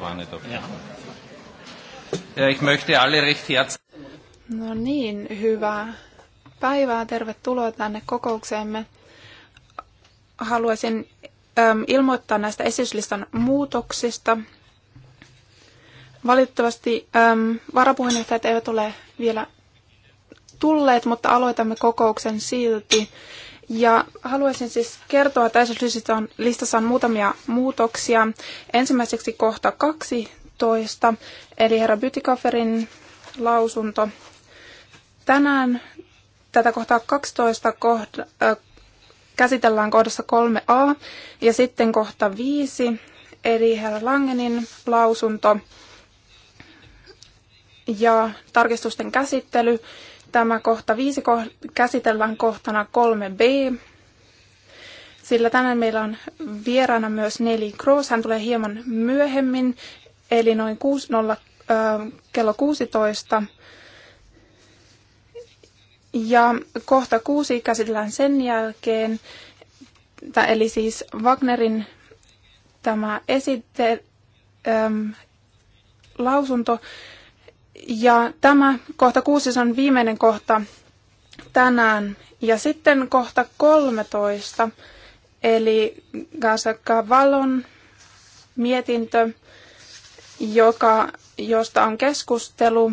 War nicht auf ja. ja, ich möchte alle recht herzlich. No niin, hyvää päivää. Tervetuloa tänne kokoukseemme. Haluaisin ähm, ilmoittaa näistä esityslistan muutoksista. Valitettavasti ähm, varapuheenjohtajat eivät ole vielä tulleet, mutta aloitamme kokouksen silti. Ja haluaisin siis kertoa, että listassa on muutamia muutoksia. Ensimmäiseksi kohta 12, eli herra Bytikaferin lausunto. Tänään tätä kohtaa 12 kohd- äh, käsitellään kohdassa 3a ja sitten kohta 5, eli herra Langenin lausunto ja tarkistusten käsittely Tämä kohta 5 käsitellään kohtana 3b, sillä tänään meillä on vieraana myös Neli Kroos. Hän tulee hieman myöhemmin, eli noin 6, 0, 6.0 kello 16. Ja kohta kuusi käsitellään sen jälkeen, eli siis Wagnerin tämä esite, äm, lausunto. Ja tämä kohta kuusi on viimeinen kohta tänään. Ja sitten kohta 13, eli Gaza Kavalon mietintö, joka, josta on keskustelu.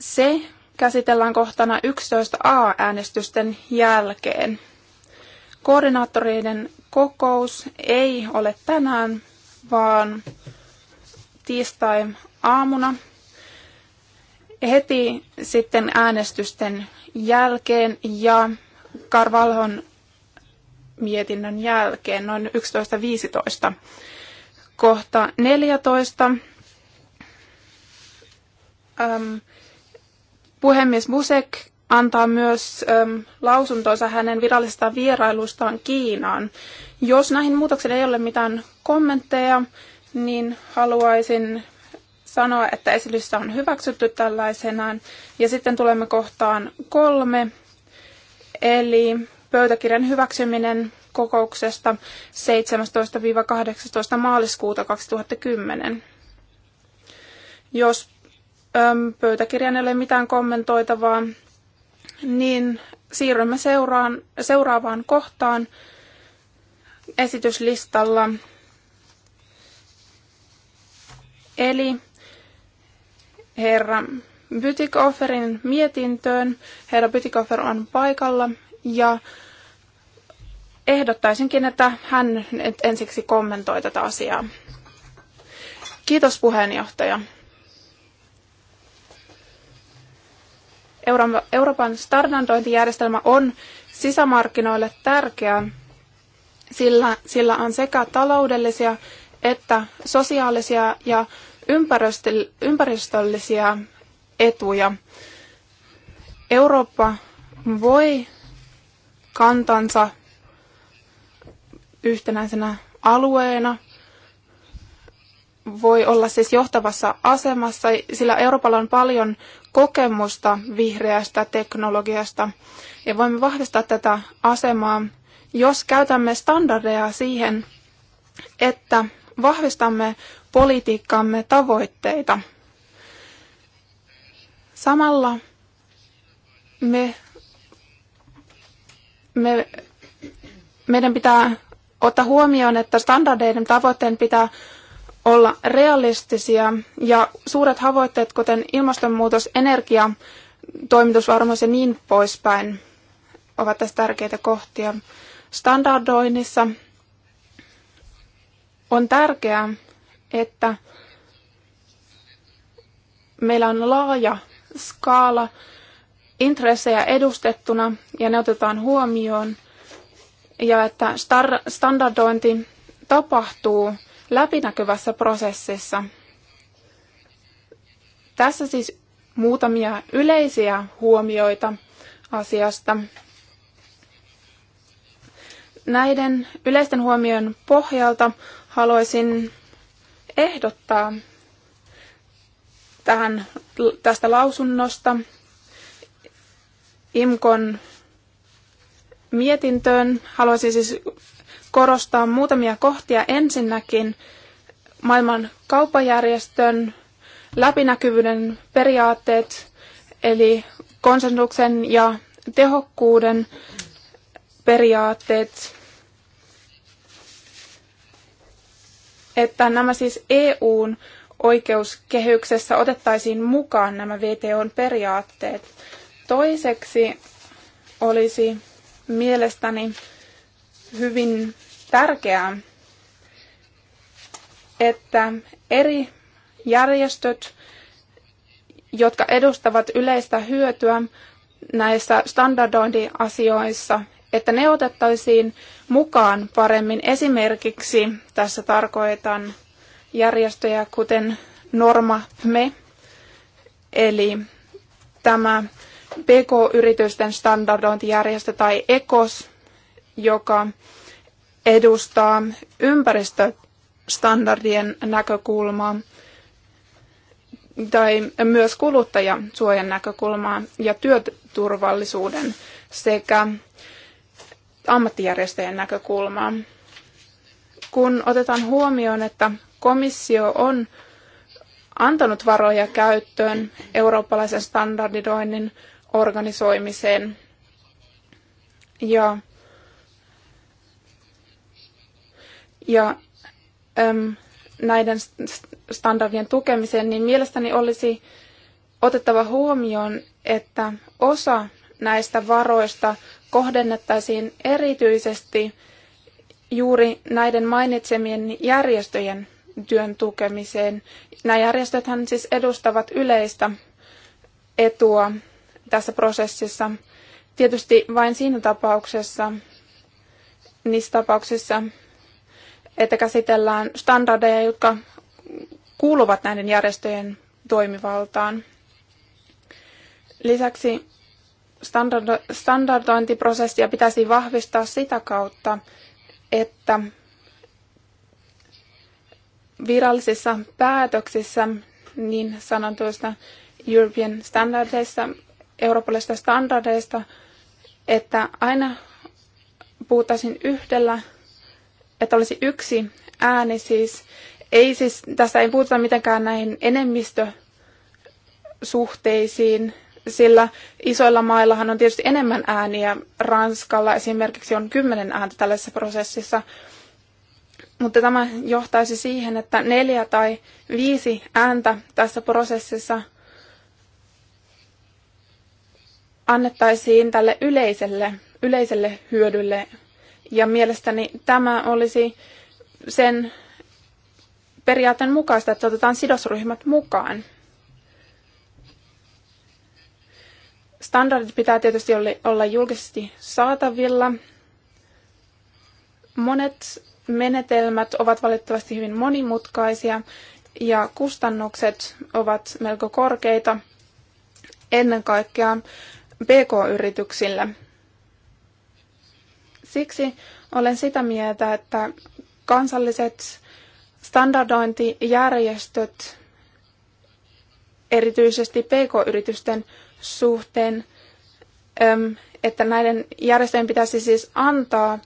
Se käsitellään kohtana 11a äänestysten jälkeen. Koordinaattoreiden kokous ei ole tänään, vaan tiistai aamuna heti sitten äänestysten jälkeen ja Karvalhon mietinnön jälkeen noin 11.15. Kohta 14. Öm, puhemies Musek antaa myös öm, lausuntonsa hänen virallisesta vierailustaan Kiinaan. Jos näihin muutoksiin ei ole mitään kommentteja, niin haluaisin sanoa, että esitystä on hyväksytty tällaisenaan. Ja sitten tulemme kohtaan kolme, eli pöytäkirjan hyväksyminen kokouksesta 17-18 maaliskuuta 2010. Jos äm, pöytäkirjan ei ole mitään kommentoitavaa, niin siirrymme seuraan, seuraavaan kohtaan esityslistalla. Eli herra Bytikofferin mietintöön. Herra Bytikoffer on paikalla ja ehdottaisinkin, että hän nyt ensiksi kommentoi tätä asiaa. Kiitos puheenjohtaja. Euroopan standardointijärjestelmä on sisämarkkinoille tärkeä, sillä, sillä on sekä taloudellisia että sosiaalisia ja ympäristöllisiä etuja. Eurooppa voi kantansa yhtenäisenä alueena voi olla siis johtavassa asemassa, sillä Euroopalla on paljon kokemusta vihreästä teknologiasta ja voimme vahvistaa tätä asemaa, jos käytämme standardeja siihen, että vahvistamme politiikkamme tavoitteita. Samalla me, me, meidän pitää ottaa huomioon, että standardeiden tavoitteen pitää olla realistisia ja suuret havoitteet, kuten ilmastonmuutos, energia, toimitusvarmuus ja niin poispäin, ovat tässä tärkeitä kohtia. Standardoinnissa on tärkeää, että meillä on laaja skaala intressejä edustettuna ja ne otetaan huomioon ja että standardointi tapahtuu läpinäkyvässä prosessissa. Tässä siis muutamia yleisiä huomioita asiasta. Näiden yleisten huomioiden pohjalta haluaisin ehdottaa tähän, tästä lausunnosta IMKON mietintöön. Haluaisin siis korostaa muutamia kohtia. Ensinnäkin maailman kauppajärjestön läpinäkyvyyden periaatteet, eli konsensuksen ja tehokkuuden periaatteet että nämä siis EUn oikeuskehyksessä otettaisiin mukaan nämä VTOn periaatteet. Toiseksi olisi mielestäni hyvin tärkeää, että eri järjestöt, jotka edustavat yleistä hyötyä näissä standardointiasioissa että ne otettaisiin mukaan paremmin. Esimerkiksi tässä tarkoitan järjestöjä kuten Norma Me, eli tämä PK-yritysten standardointijärjestö tai ECOS, joka edustaa ympäristöstandardien näkökulmaa tai myös kuluttajansuojan näkökulmaa ja työturvallisuuden sekä ammattijärjestöjen näkökulmaa. Kun otetaan huomioon, että komissio on antanut varoja käyttöön eurooppalaisen standardidoinnin organisoimiseen ja, ja äm, näiden standardien tukemiseen, niin mielestäni olisi otettava huomioon, että osa näistä varoista kohdennettaisiin erityisesti juuri näiden mainitsemien järjestöjen työn tukemiseen. Nämä järjestöthän siis edustavat yleistä etua tässä prosessissa. Tietysti vain siinä tapauksessa, niissä tapauksissa, että käsitellään standardeja, jotka kuuluvat näiden järjestöjen toimivaltaan. Lisäksi standardo- standardointiprosessia pitäisi vahvistaa sitä kautta, että virallisissa päätöksissä niin sanotuista European standardeista, eurooppalaisista standardeista, että aina puhuttaisiin yhdellä, että olisi yksi ääni siis. Ei siis, tässä ei puhuta mitenkään näihin enemmistösuhteisiin, sillä isoilla maillahan on tietysti enemmän ääniä. Ranskalla esimerkiksi on kymmenen ääntä tällaisessa prosessissa, mutta tämä johtaisi siihen, että neljä tai viisi ääntä tässä prosessissa annettaisiin tälle yleiselle, yleiselle hyödylle. Ja mielestäni tämä olisi sen periaatteen mukaista, että otetaan sidosryhmät mukaan. Standardit pitää tietysti olla julkisesti saatavilla. Monet menetelmät ovat valitettavasti hyvin monimutkaisia ja kustannukset ovat melko korkeita ennen kaikkea pk yrityksille. Siksi olen sitä mieltä, että kansalliset standardointijärjestöt, erityisesti PK-yritysten suhteen, että näiden järjestöjen pitäisi siis antaa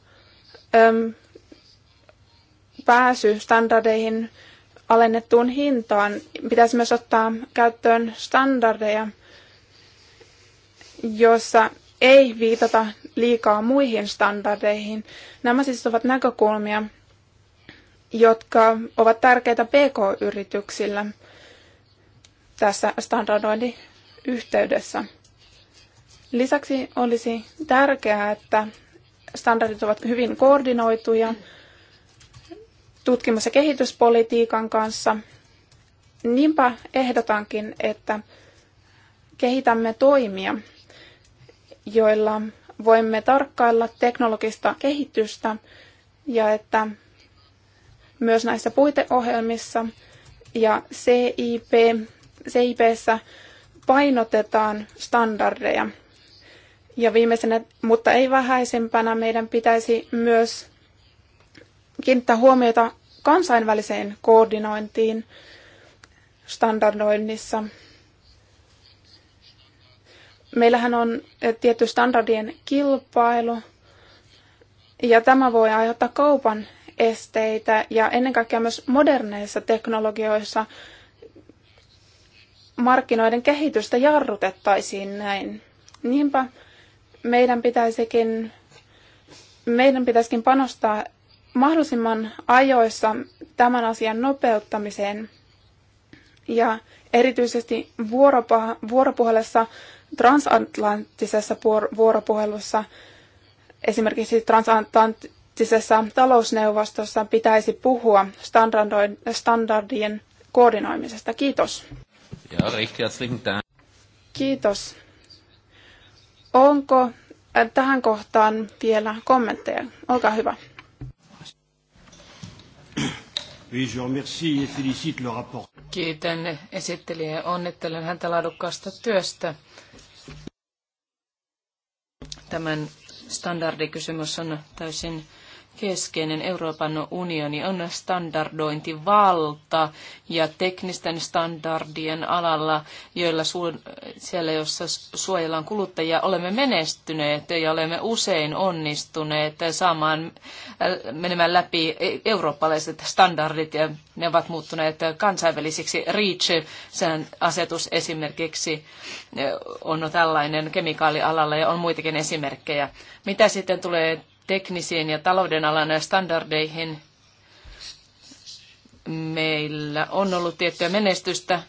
pääsy standardeihin alennettuun hintaan. Pitäisi myös ottaa käyttöön standardeja, joissa ei viitata liikaa muihin standardeihin. Nämä siis ovat näkökulmia, jotka ovat tärkeitä PK-yrityksillä tässä standardointi yhteydessä. Lisäksi olisi tärkeää, että standardit ovat hyvin koordinoituja tutkimus- ja kehityspolitiikan kanssa. Niinpä ehdotankin, että kehitämme toimia, joilla voimme tarkkailla teknologista kehitystä ja että myös näissä puiteohjelmissa ja CIP, CIPssä painotetaan standardeja. Ja viimeisenä, mutta ei vähäisempänä, meidän pitäisi myös kiinnittää huomiota kansainväliseen koordinointiin standardoinnissa. Meillähän on eh, tietty standardien kilpailu, ja tämä voi aiheuttaa kaupan esteitä, ja ennen kaikkea myös moderneissa teknologioissa markkinoiden kehitystä jarrutettaisiin näin. Niinpä meidän pitäisikin, meidän pitäisikin panostaa mahdollisimman ajoissa tämän asian nopeuttamiseen ja erityisesti vuoropuhelussa, transatlanttisessa vuoropuhelussa, esimerkiksi transatlanttisessa talousneuvostossa pitäisi puhua standardien koordinoimisesta. Kiitos. Ja, recht herzlichen Dank. Kiitos. Onko äh, tähän kohtaan vielä kommentteja? Olkaa hyvä. Kiitän esittelijä ja onnittelen häntä laadukkaasta työstä. Tämän standardikysymys on täysin keskeinen Euroopan unioni on standardointivalta ja teknisten standardien alalla, joilla siellä jossa suojellaan kuluttajia, olemme menestyneet ja olemme usein onnistuneet saamaan äh, menemään läpi e-, eurooppalaiset standardit ja ne ovat muuttuneet kansainvälisiksi. REACH, sen asetus esimerkiksi äh, on tällainen kemikaalialalla ja on muitakin esimerkkejä. Mitä sitten tulee teknisiin ja talouden alan standardeihin. Meillä on ollut tiettyä menestystä.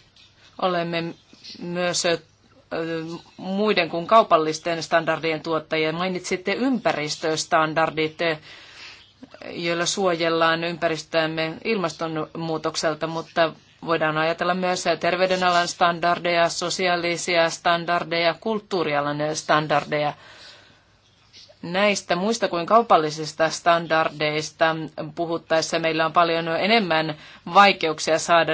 Olemme myös muiden kuin kaupallisten standardien tuottajia. Mainitsitte ympäristöstandardit, joilla suojellaan ympäristöämme ilmastonmuutokselta, mutta voidaan ajatella myös terveydenalan standardeja, sosiaalisia standardeja, kulttuurialan standardeja näistä muista kuin kaupallisista standardeista puhuttaessa meillä on paljon enemmän vaikeuksia saada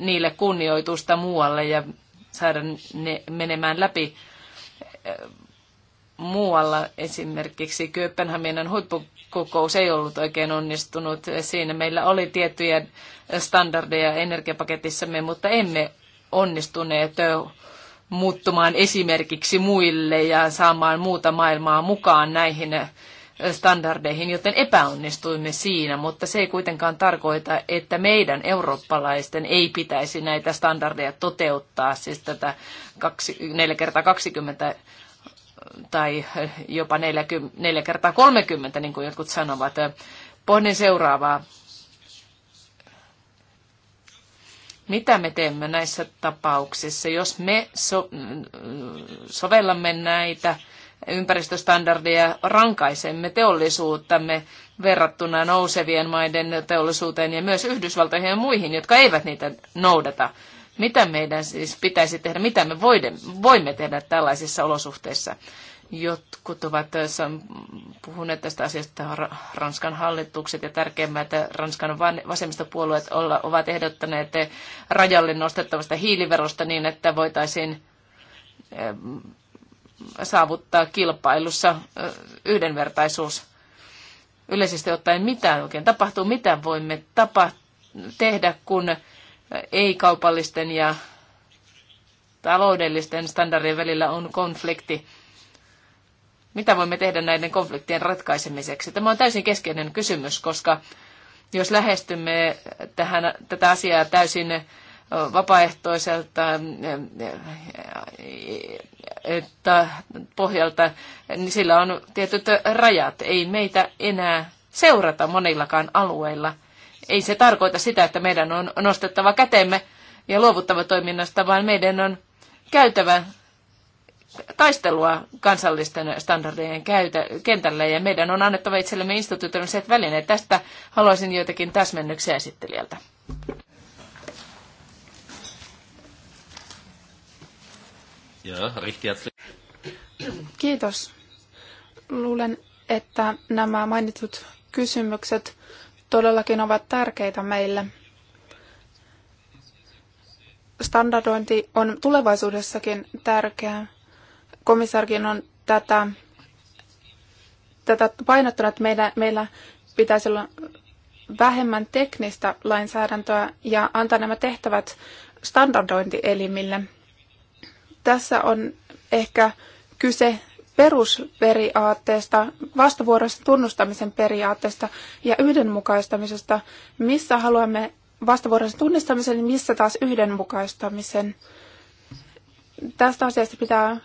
niille kunnioitusta muualle ja saada ne menemään läpi eh, muualla. Esimerkiksi Kööpenhaminan huippukokous ei ollut oikein onnistunut. Siinä meillä oli tiettyjä standardeja energiapaketissamme, mutta emme onnistuneet muuttumaan esimerkiksi muille ja saamaan muuta maailmaa mukaan näihin eh, standardeihin, joten epäonnistuimme siinä, mutta se ei kuitenkaan tarkoita, että meidän eurooppalaisten ei pitäisi näitä standardeja toteuttaa, siis tätä 4 kertaa 20 eh, tai eh, jopa 4 kertaa 30, niin kuin jotkut sanovat. Pohdin seuraavaa. Mitä me teemme näissä tapauksissa, jos me so- mm, sovellamme näitä ympäristöstandardeja, rankaisemme teollisuuttamme verrattuna nousevien maiden teollisuuteen ja myös Yhdysvaltoihin ja muihin, jotka eivät niitä noudata? Mitä meidän siis pitäisi tehdä, mitä me voimme tehdä tällaisissa olosuhteissa? Jotkut ovat puhuneet tästä asiasta Ranskan hallitukset ja tärkeimmät Ranskan vasemmistopuolueet ovat ehdottaneet rajalle nostettavasta hiiliverosta niin, että voitaisiin eh, saavuttaa kilpailussa eh, yhdenvertaisuus. Yleisesti ottaen mitä oikein tapahtuu, mitä voimme tapa- tehdä, kun ei-kaupallisten ja taloudellisten standardien välillä on konflikti. Mitä voimme tehdä näiden konfliktien ratkaisemiseksi? Tämä on täysin keskeinen kysymys, koska jos lähestymme tähän, tätä asiaa täysin vapaaehtoiselta että pohjalta, niin sillä on tietyt rajat. Ei meitä enää seurata monillakaan alueilla. Ei se tarkoita sitä, että meidän on nostettava kätemme ja luovuttava toiminnasta, vaan meidän on käytävä taistelua kansallisten standardien käytä, kentällä ja meidän on annettava itsellemme instituutioiset välineet. Tästä haluaisin joitakin täsmennyksiä esittelijältä. Kiitos. Luulen, että nämä mainitut kysymykset todellakin ovat tärkeitä meille. Standardointi on tulevaisuudessakin tärkeää komissarkin on tätä, tätä painottanut, että meillä, meillä pitäisi olla vähemmän teknistä lainsäädäntöä ja antaa nämä tehtävät standardointielimille. Tässä on ehkä kyse perusperiaatteesta, vastavuoroisen tunnustamisen periaatteesta ja yhdenmukaistamisesta, missä haluamme vastavuoroisen tunnistamisen, niin missä taas yhdenmukaistamisen. Tästä asiasta pitää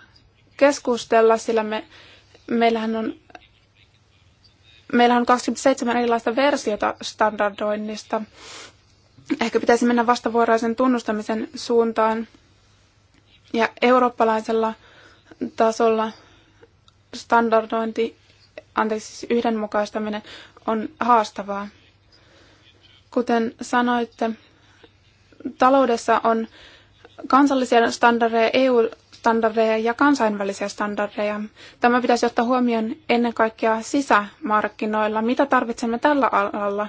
keskustella, sillä me, meillähän on Meillähän on 27 erilaista versiota standardoinnista. Ehkä pitäisi mennä vastavuoroisen tunnustamisen suuntaan. Ja eurooppalaisella tasolla standardointi, anteeksi siis yhdenmukaistaminen, on haastavaa. Kuten sanoitte, taloudessa on kansallisia standardeja, EU, standardeja ja kansainvälisiä standardeja. Tämä pitäisi ottaa huomioon ennen kaikkea sisämarkkinoilla. Mitä tarvitsemme tällä alalla?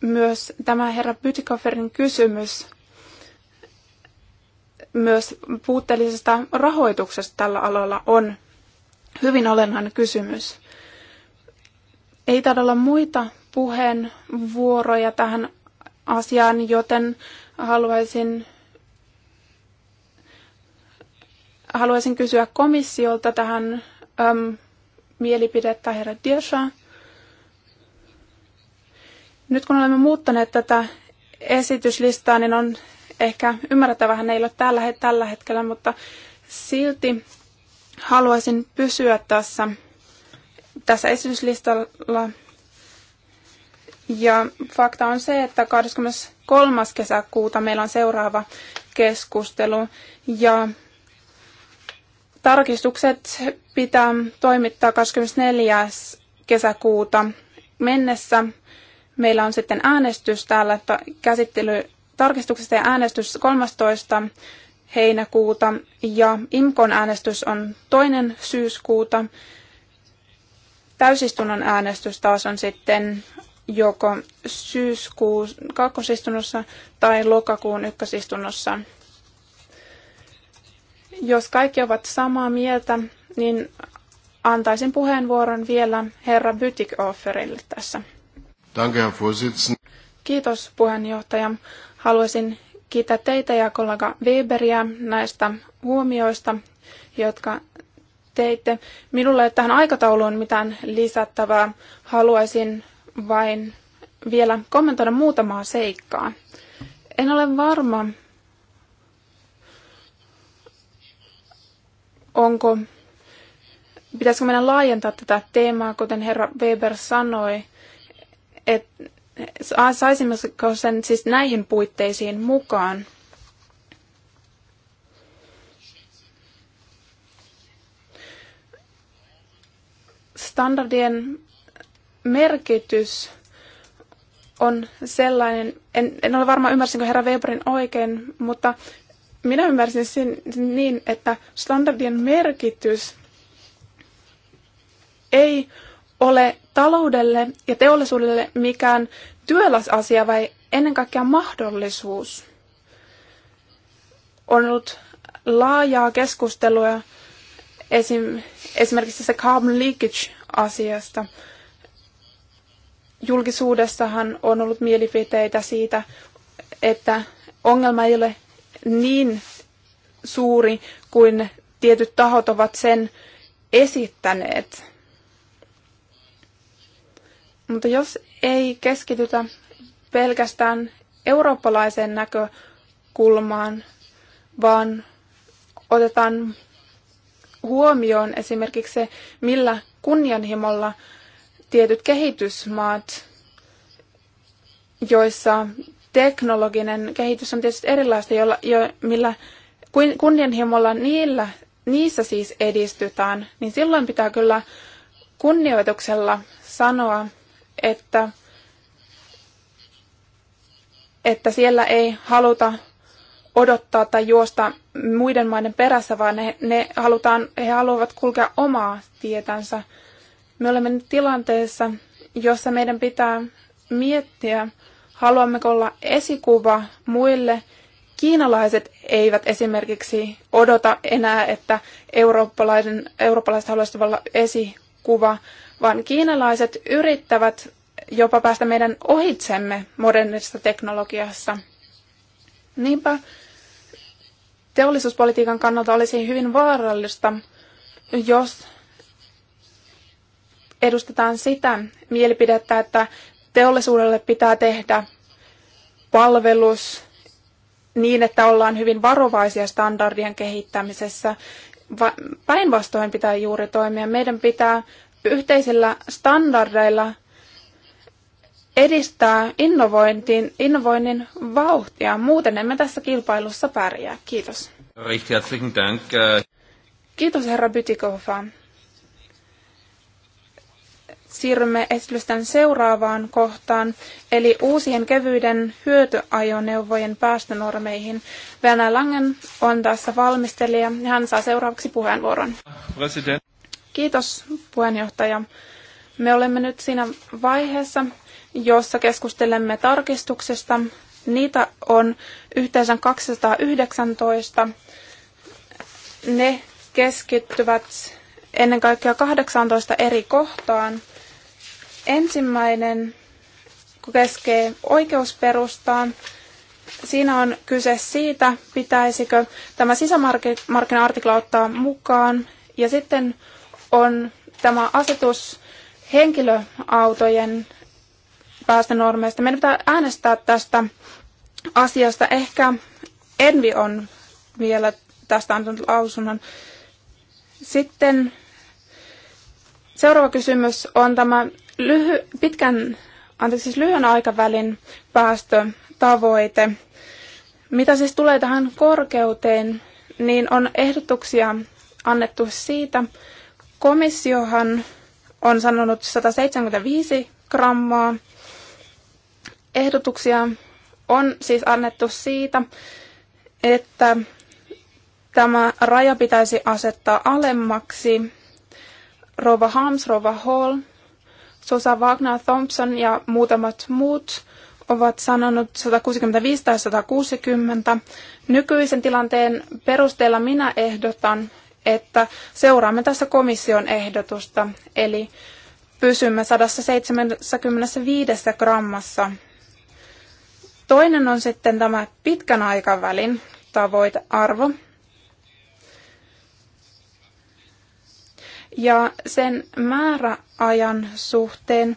Myös tämä herra Bytikoferin kysymys myös puutteellisesta rahoituksesta tällä alalla on hyvin olennainen kysymys. Ei taida olla muita puheenvuoroja tähän asiaan, joten haluaisin Haluaisin kysyä komissiolta tähän äm, mielipidettä herra Dirsha. Nyt kun olemme muuttaneet tätä esityslistaa, niin on ehkä ymmärrettävähän ne ei ole tällä, tällä hetkellä, mutta silti haluaisin pysyä tässä, tässä esityslistalla. Ja fakta on se, että 23. kesäkuuta meillä on seuraava keskustelu. Ja Tarkistukset pitää toimittaa 24. kesäkuuta mennessä. Meillä on sitten äänestys täällä käsittely tarkistuksesta ja äänestys 13. heinäkuuta ja IMKON äänestys on toinen syyskuuta. Täysistunnon äänestys taas on sitten joko syyskuun kakkosistunnossa tai lokakuun ykkösistunnossa. Jos kaikki ovat samaa mieltä, niin antaisin puheenvuoron vielä herra Bytikofferille tässä. Danke, Herr Kiitos puheenjohtaja. Haluaisin kiittää teitä ja kollega Weberiä näistä huomioista, jotka teitte. Minulla ei tähän aikatauluun mitään lisättävää. Haluaisin vain vielä kommentoida muutamaa seikkaa. En ole varma, onko, pitäisikö meidän laajentaa tätä teemaa, kuten herra Weber sanoi, että saisimmeko sen siis näihin puitteisiin mukaan? Standardien merkitys on sellainen, en, en ole varma ymmärsinkö herra Weberin oikein, mutta minä ymmärsin sen niin, että standardien merkitys ei ole taloudelle ja teollisuudelle mikään työläsasia, vai ennen kaikkea mahdollisuus. On ollut laajaa keskustelua esim, esimerkiksi se carbon leakage-asiasta. Julkisuudessahan on ollut mielipiteitä siitä, että ongelma ei ole niin suuri kuin tietyt tahot ovat sen esittäneet. Mutta jos ei keskitytä pelkästään eurooppalaiseen näkökulmaan, vaan otetaan huomioon esimerkiksi se, millä kunnianhimolla tietyt kehitysmaat, joissa teknologinen kehitys on tietysti erilaista, jolla, jo, millä kunnianhimolla niillä, niissä siis edistytään, niin silloin pitää kyllä kunnioituksella sanoa, että, että siellä ei haluta odottaa tai juosta muiden maiden perässä, vaan ne, ne halutaan, he haluavat kulkea omaa tietänsä. Me olemme nyt tilanteessa, jossa meidän pitää miettiä, Haluammeko olla esikuva muille? Kiinalaiset eivät esimerkiksi odota enää, että eurooppalaisen, eurooppalaiset haluaisivat olla esikuva, vaan kiinalaiset yrittävät jopa päästä meidän ohitsemme modernissa teknologiassa. Niinpä teollisuuspolitiikan kannalta olisi hyvin vaarallista, jos edustetaan sitä mielipidettä, että teollisuudelle pitää tehdä palvelus niin, että ollaan hyvin varovaisia standardien kehittämisessä. Päinvastoin pitää juuri toimia. Meidän pitää yhteisillä standardeilla edistää innovointiin, innovoinnin vauhtia. Muuten emme tässä kilpailussa pärjää. Kiitos. Äh. Kiitos herra Bytikova siirrymme esitysten seuraavaan kohtaan, eli uusien kevyiden hyötyajoneuvojen päästönormeihin. Venä Langen on tässä valmistelija ja hän saa seuraavaksi puheenvuoron. President. Kiitos puheenjohtaja. Me olemme nyt siinä vaiheessa, jossa keskustelemme tarkistuksesta. Niitä on yhteensä 219. Ne keskittyvät ennen kaikkea 18 eri kohtaan. Ensimmäinen keskee oikeusperustaan. Siinä on kyse siitä, pitäisikö tämä sisämarkkina-artikla ottaa mukaan. Ja sitten on tämä asetus henkilöautojen päästönormeista. Meidän pitää äänestää tästä asiasta. Ehkä Envi on vielä tästä antanut lausunnon. Sitten seuraava kysymys on tämä lyhy, pitkän, anteeksi, siis lyhyen aikavälin päästötavoite. Mitä siis tulee tähän korkeuteen, niin on ehdotuksia annettu siitä. Komissiohan on sanonut 175 grammaa. Ehdotuksia on siis annettu siitä, että tämä raja pitäisi asettaa alemmaksi. Rova Hams, Rova Hall Sosa Wagner Thompson ja muutamat muut ovat sanonut 165 tai 160. Nykyisen tilanteen perusteella minä ehdotan, että seuraamme tässä komission ehdotusta, eli pysymme 175 grammassa. Toinen on sitten tämä pitkän aikavälin tavoitearvo, ja sen määräajan suhteen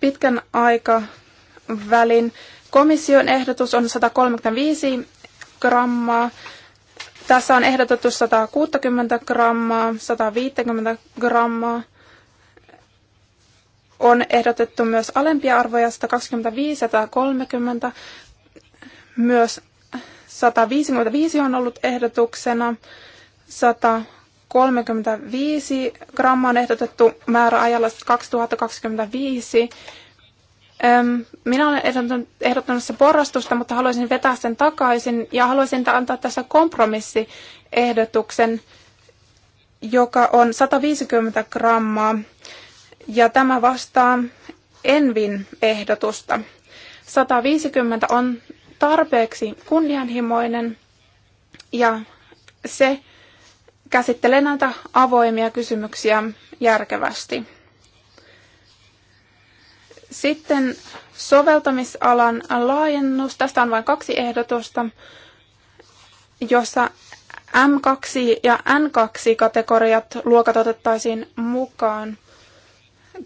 pitkän aikavälin komission ehdotus on 135 grammaa. Tässä on ehdotettu 160 grammaa, 150 grammaa. On ehdotettu myös alempia arvoja 125 ja 130. Myös 155 on ollut ehdotuksena. 100 35 grammaa on ehdotettu määräajalla 2025. Minä olen ehdottanut, ehdottanut porrastusta, mutta haluaisin vetää sen takaisin ja haluaisin antaa tässä kompromissiehdotuksen, joka on 150 grammaa. Ja tämä vastaa Envin ehdotusta. 150 on tarpeeksi kunnianhimoinen ja se käsittelee näitä avoimia kysymyksiä järkevästi. Sitten soveltamisalan laajennus. Tästä on vain kaksi ehdotusta, jossa M2 ja N2-kategoriat luokat otettaisiin mukaan.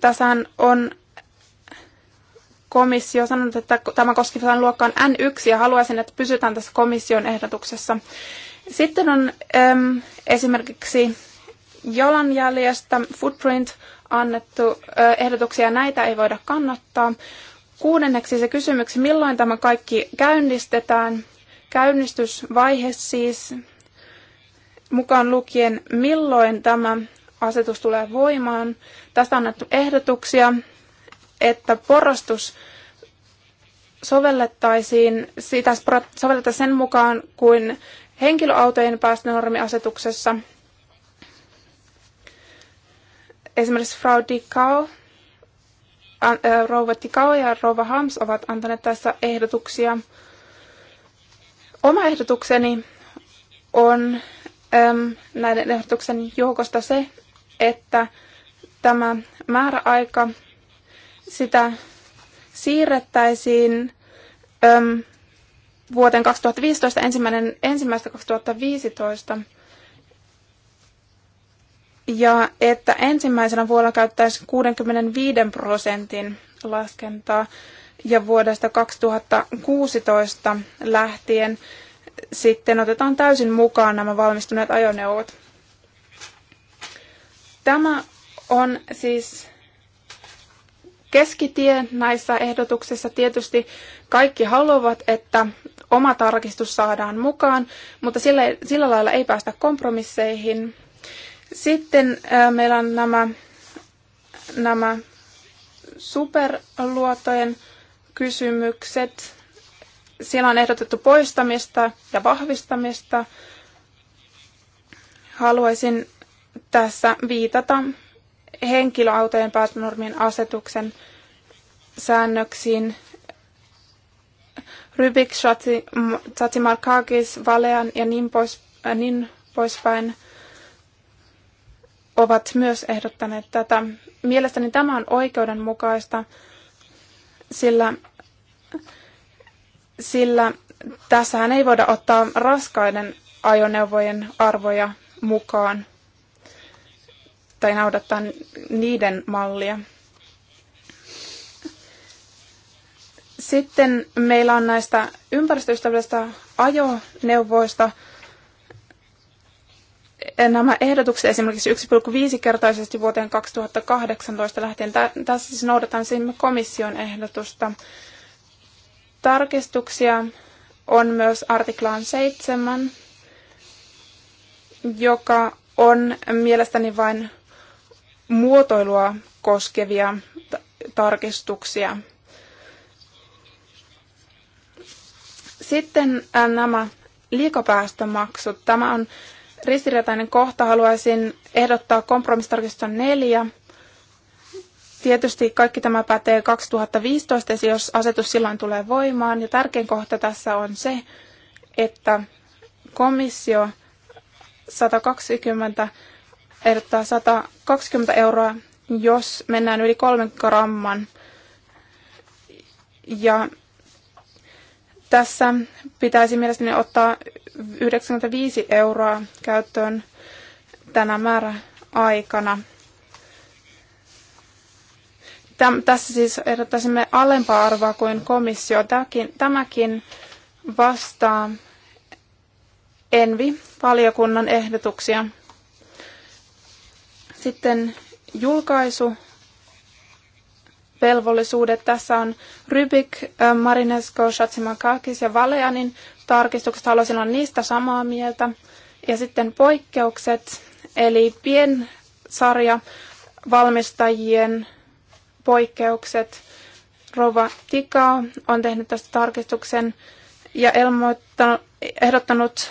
Tässä on komissio sanonut, että tämä koskee luokkaan N1 ja haluaisin, että pysytään tässä komission ehdotuksessa. Sitten on äm, esimerkiksi jalanjäljestä footprint annettu ö, äh, ehdotuksia, näitä ei voida kannattaa. Kuudenneksi se kysymys, milloin tämä kaikki käynnistetään. Käynnistysvaihe siis mukaan lukien, milloin tämä asetus tulee voimaan. Tästä on annettu ehdotuksia, että porrastus sovellettaisiin, sitä sovelletta sen mukaan, kuin henkilöautojen päästönormiasetuksessa. Esimerkiksi Frau Dikau, Rouva Dikau ja Rouva Hams ovat antaneet tässä ehdotuksia. Oma ehdotukseni on äm, näiden ehdotuksen joukosta se, että tämä määräaika sitä siirrettäisiin äm, vuoteen 2015, ensimmäinen, ensimmäistä 2015, ja että ensimmäisenä vuonna käyttäisi 65 prosentin laskentaa, ja vuodesta 2016 lähtien sitten otetaan täysin mukaan nämä valmistuneet ajoneuvot. Tämä on siis keskitie näissä ehdotuksissa. Tietysti kaikki haluavat, että oma tarkistus saadaan mukaan, mutta sillä, sillä lailla ei päästä kompromisseihin. Sitten ää, meillä on nämä, nämä superluotojen kysymykset. Siellä on ehdotettu poistamista ja vahvistamista. Haluaisin tässä viitata henkilöautojen päästönormien asetuksen säännöksiin. Rybik, Tsatsimarkakis, Valean ja niin, pois, äh, niin poispäin ovat myös ehdottaneet tätä. Mielestäni tämä on oikeudenmukaista, sillä, sillä tässähän ei voida ottaa raskaiden ajoneuvojen arvoja mukaan tai noudattaa niiden mallia. Sitten meillä on näistä ympäristöystävällisistä ajoneuvoista nämä ehdotukset esimerkiksi 1,5-kertaisesti vuoteen 2018 lähtien. Tässä siis noudatan sinne komission ehdotusta. Tarkistuksia on myös artiklaan 7, joka on mielestäni vain muotoilua koskevia tarkistuksia. Sitten äh, nämä liikapäästömaksut. Tämä on ristiriitainen kohta. Haluaisin ehdottaa kompromissitarkistusta neljä. Tietysti kaikki tämä pätee 2015, jos asetus silloin tulee voimaan. Ja tärkein kohta tässä on se, että komissio 120 ehdottaa 120 euroa, jos mennään yli kolmen gramman. Ja tässä pitäisi mielestäni ottaa 95 euroa käyttöön tänä määrä aikana. Täm, tässä siis ehdottaisimme alempaa arvoa kuin komissio. Tämäkin, tämäkin vastaa Envi-valiokunnan ehdotuksia. Sitten julkaisu velvollisuudet. Tässä on Rybik, äh, Marinesko, Shatsimakakis ja Valeanin tarkistukset. Haluaisin olla niistä samaa mieltä. Ja sitten poikkeukset, eli piensarja valmistajien poikkeukset. Rova Tikao on tehnyt tästä tarkistuksen ja ehdottanut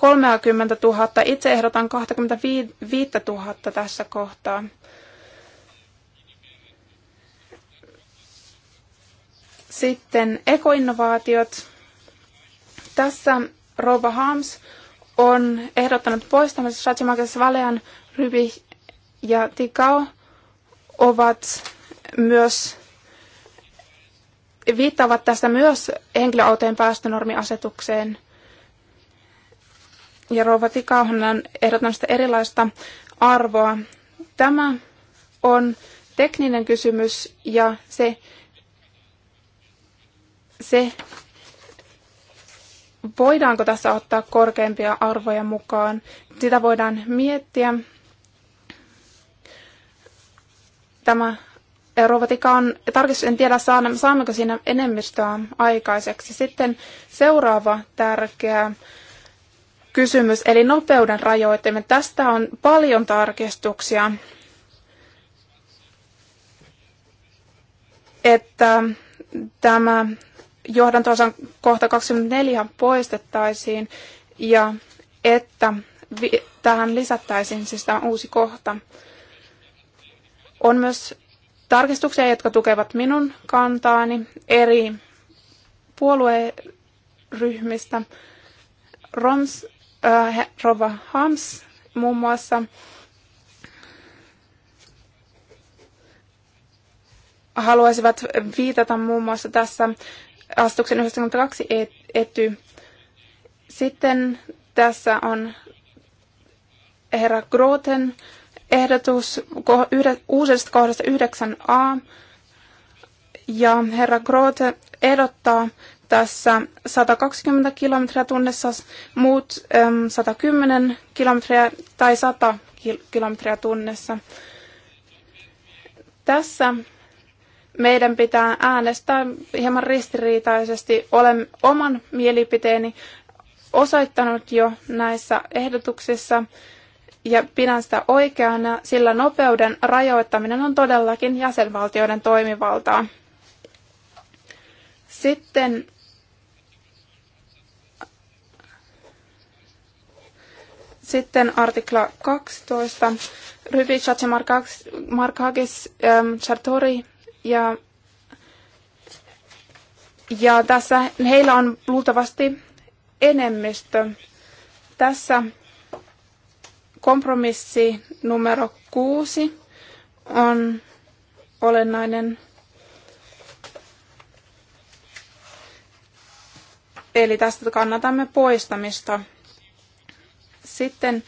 30 000. Itse ehdotan 25 000 tässä kohtaa. Sitten ekoinnovaatiot. Tässä Rova Harms on ehdottanut poistamista Shachimakes Valean, Rybi ja Tikao ovat myös viittaavat tästä myös henkilöautojen päästönormiasetukseen – ja Rova Tikauhan on ehdottanut sitä erilaista arvoa. Tämä on tekninen kysymys ja se, se voidaanko tässä ottaa korkeampia arvoja mukaan, sitä voidaan miettiä. Tämä robotika on, tarkistus en tiedä saammeko siinä enemmistöä aikaiseksi. Sitten seuraava tärkeä kysymys, eli nopeuden rajoittaminen. Tästä on paljon tarkistuksia, että tämä johdantoosan kohta 24 poistettaisiin ja että vi- tähän lisättäisiin siis tämä uusi kohta. On myös tarkistuksia, jotka tukevat minun kantaani eri puolueryhmistä. Roms Äh, Rova Hams muun muassa haluaisivat viitata muun muassa tässä astuksen 92 e-, ety. Sitten tässä on herra Groten ehdotus uudesta kohdasta 9a. Ja herra Grote ehdottaa tässä 120 kilometriä tunnissa, muut 110 ähm, kilometriä tai 100 kilometriä tunnissa. Tässä meidän pitää äänestää hieman ristiriitaisesti. Olen oman mielipiteeni osoittanut jo näissä ehdotuksissa ja pidän sitä oikeana, sillä nopeuden rajoittaminen on todellakin jäsenvaltioiden toimivaltaa. Sitten Sitten artikla 12. Ryvi Markakis Chartori ähm, ja, ja tässä heillä on luultavasti enemmistö. Tässä kompromissi numero kuusi on olennainen. Eli tästä kannatamme poistamista. Sitten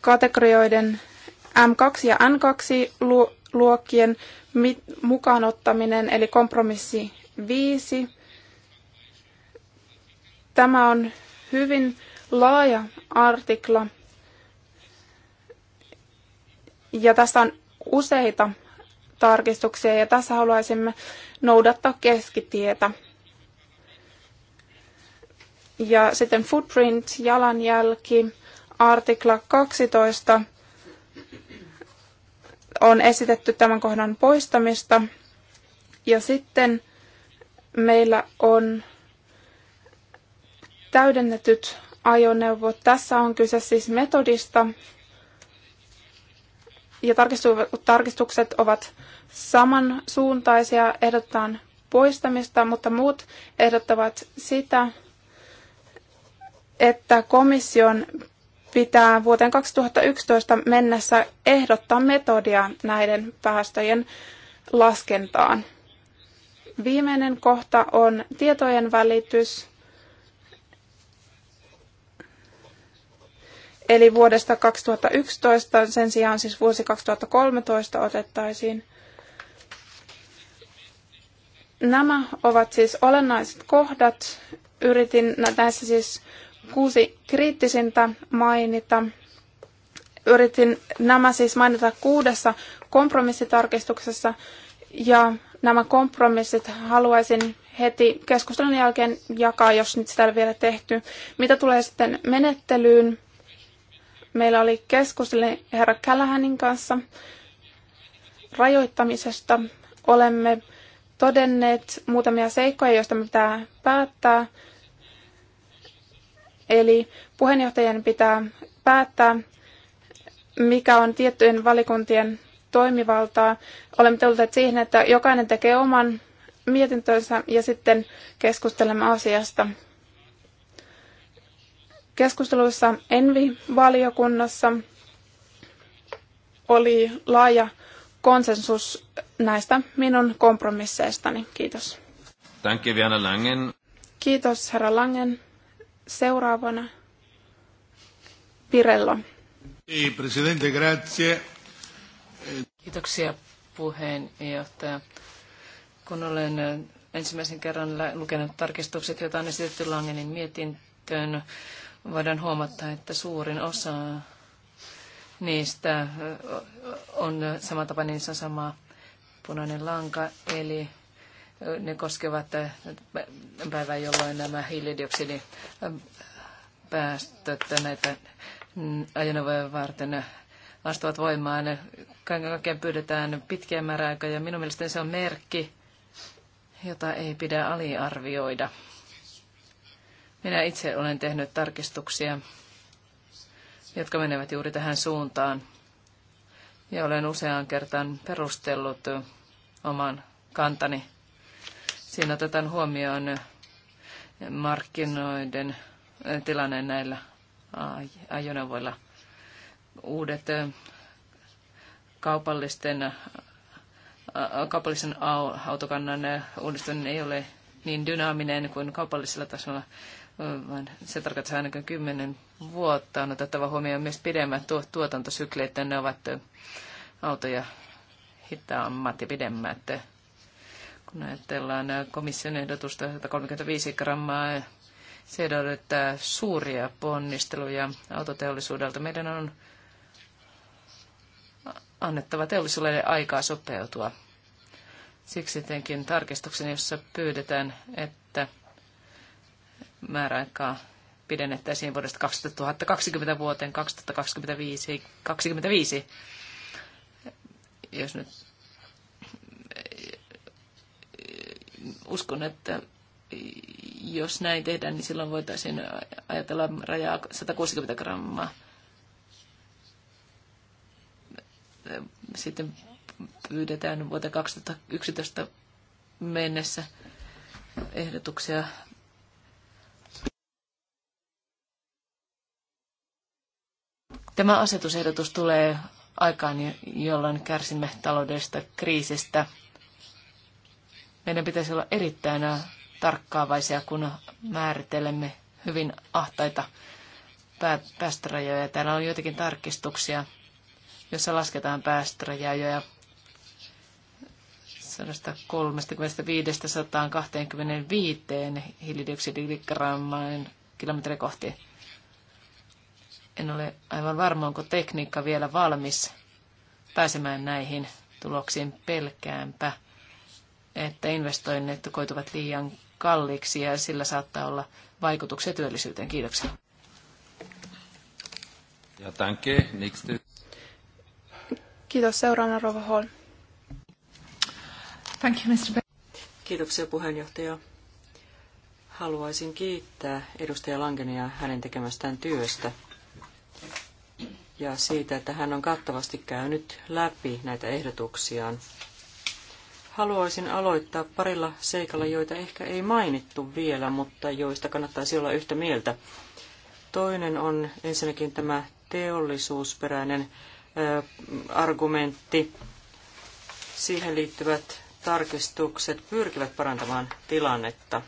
kategorioiden M2 ja N2-luokkien mukaan ottaminen, eli kompromissi 5. Tämä on hyvin laaja artikla, ja tässä on useita tarkistuksia, ja tässä haluaisimme noudattaa keskitietä. Ja sitten footprint, jalanjälki, artikla 12 on esitetty tämän kohdan poistamista. Ja sitten meillä on täydennetyt ajoneuvot. Tässä on kyse siis metodista. Ja tarkistukset ovat samansuuntaisia, ehdotetaan poistamista, mutta muut ehdottavat sitä, että komission pitää vuoteen 2011 mennessä ehdottaa metodia näiden päästöjen laskentaan. Viimeinen kohta on tietojen välitys. Eli vuodesta 2011, sen sijaan siis vuosi 2013 otettaisiin. Nämä ovat siis olennaiset kohdat. Yritin näissä siis kuusi kriittisintä mainita. Yritin nämä siis mainita kuudessa kompromissitarkistuksessa ja nämä kompromissit haluaisin heti keskustelun jälkeen jakaa, jos nyt sitä ei vielä tehty. Mitä tulee sitten menettelyyn? Meillä oli keskustelu herra Kälähänin kanssa rajoittamisesta. Olemme todenneet muutamia seikkoja, joista me pitää päättää. Eli puheenjohtajien pitää päättää, mikä on tiettyjen valikuntien toimivaltaa. Olemme tulleet siihen, että jokainen tekee oman mietintönsä ja sitten keskustelemme asiasta. Keskusteluissa Envi-valiokunnassa oli laaja konsensus näistä minun kompromisseistani. Kiitos. Danke, Werner Langen. Kiitos, herra Langen. Seuraavana Pirello. Kiitoksia puheenjohtaja. Kun olen äh, ensimmäisen kerran lukenut tarkistukset, joita on esitetty Langenin mietintöön, voidaan huomata, että suurin osa niistä äh, on samantapainen, niissä on sama punainen lanka, eli ne koskevat eh, päivää, jolloin nämä hiilidioksidipäästöt näitä ajoneuvoja varten astuvat voimaan. Kaiken kaikkiaan pyydetään pitkiä määräaikoja. Minun mielestäni se on merkki, jota ei pidä aliarvioida. Minä itse olen tehnyt tarkistuksia, jotka menevät juuri tähän suuntaan. Ja olen useaan kertaan perustellut oman kantani. Siinä otetaan huomioon markkinoiden eh, tilanne näillä ajoneuvoilla. Uudet eh, kaupallisten, eh, kaupallisen autokannan uudistuminen ei ole niin dynaaminen kuin kaupallisella tasolla, vaan se tarkoittaa ainakin kymmenen vuotta. On otettava huomioon myös pidemmät tuotantosykleet, ne ovat autoja hitaammat ja pidemmät kun ajatellaan komission ehdotusta 135 grammaa, se edellyttää suuria ponnisteluja autoteollisuudelta. Meidän on annettava teollisuudelle aikaa sopeutua. Siksi tietenkin tarkistuksen, jossa pyydetään, että määräaikaa pidennettäisiin vuodesta 2020 vuoteen 2025. 25. Jos nyt uskon, että jos näin tehdään, niin silloin voitaisiin ajatella rajaa 160 grammaa. Sitten pyydetään vuoteen 2011 mennessä ehdotuksia Tämä asetusehdotus tulee aikaan, jolloin kärsimme taloudellisesta kriisistä meidän pitäisi olla erittäin tarkkaavaisia, kun määrittelemme hyvin ahtaita päästörajoja. Täällä on joitakin tarkistuksia, jossa lasketaan päästörajoja 135-125 hiilidioksidikrammaan kilometriä kohti. En ole aivan varma, onko tekniikka vielä valmis pääsemään näihin tuloksiin pelkäänpä että investoinnit koituvat liian kalliiksi ja sillä saattaa olla vaikutuksia työllisyyteen. Kiitoksia. Ja danke. next. Kiitos. Seuraavana Rova Holm. Thank you, Mr. Kiitoksia puheenjohtaja. Haluaisin kiittää edustaja Langenia hänen tekemästään työstä ja siitä, että hän on kattavasti käynyt läpi näitä ehdotuksiaan haluaisin aloittaa parilla seikalla, joita ehkä ei mainittu vielä, mutta joista kannattaisi olla yhtä mieltä. Toinen on ensinnäkin tämä teollisuusperäinen ö, argumentti. Siihen liittyvät tarkistukset pyrkivät parantamaan tilannetta.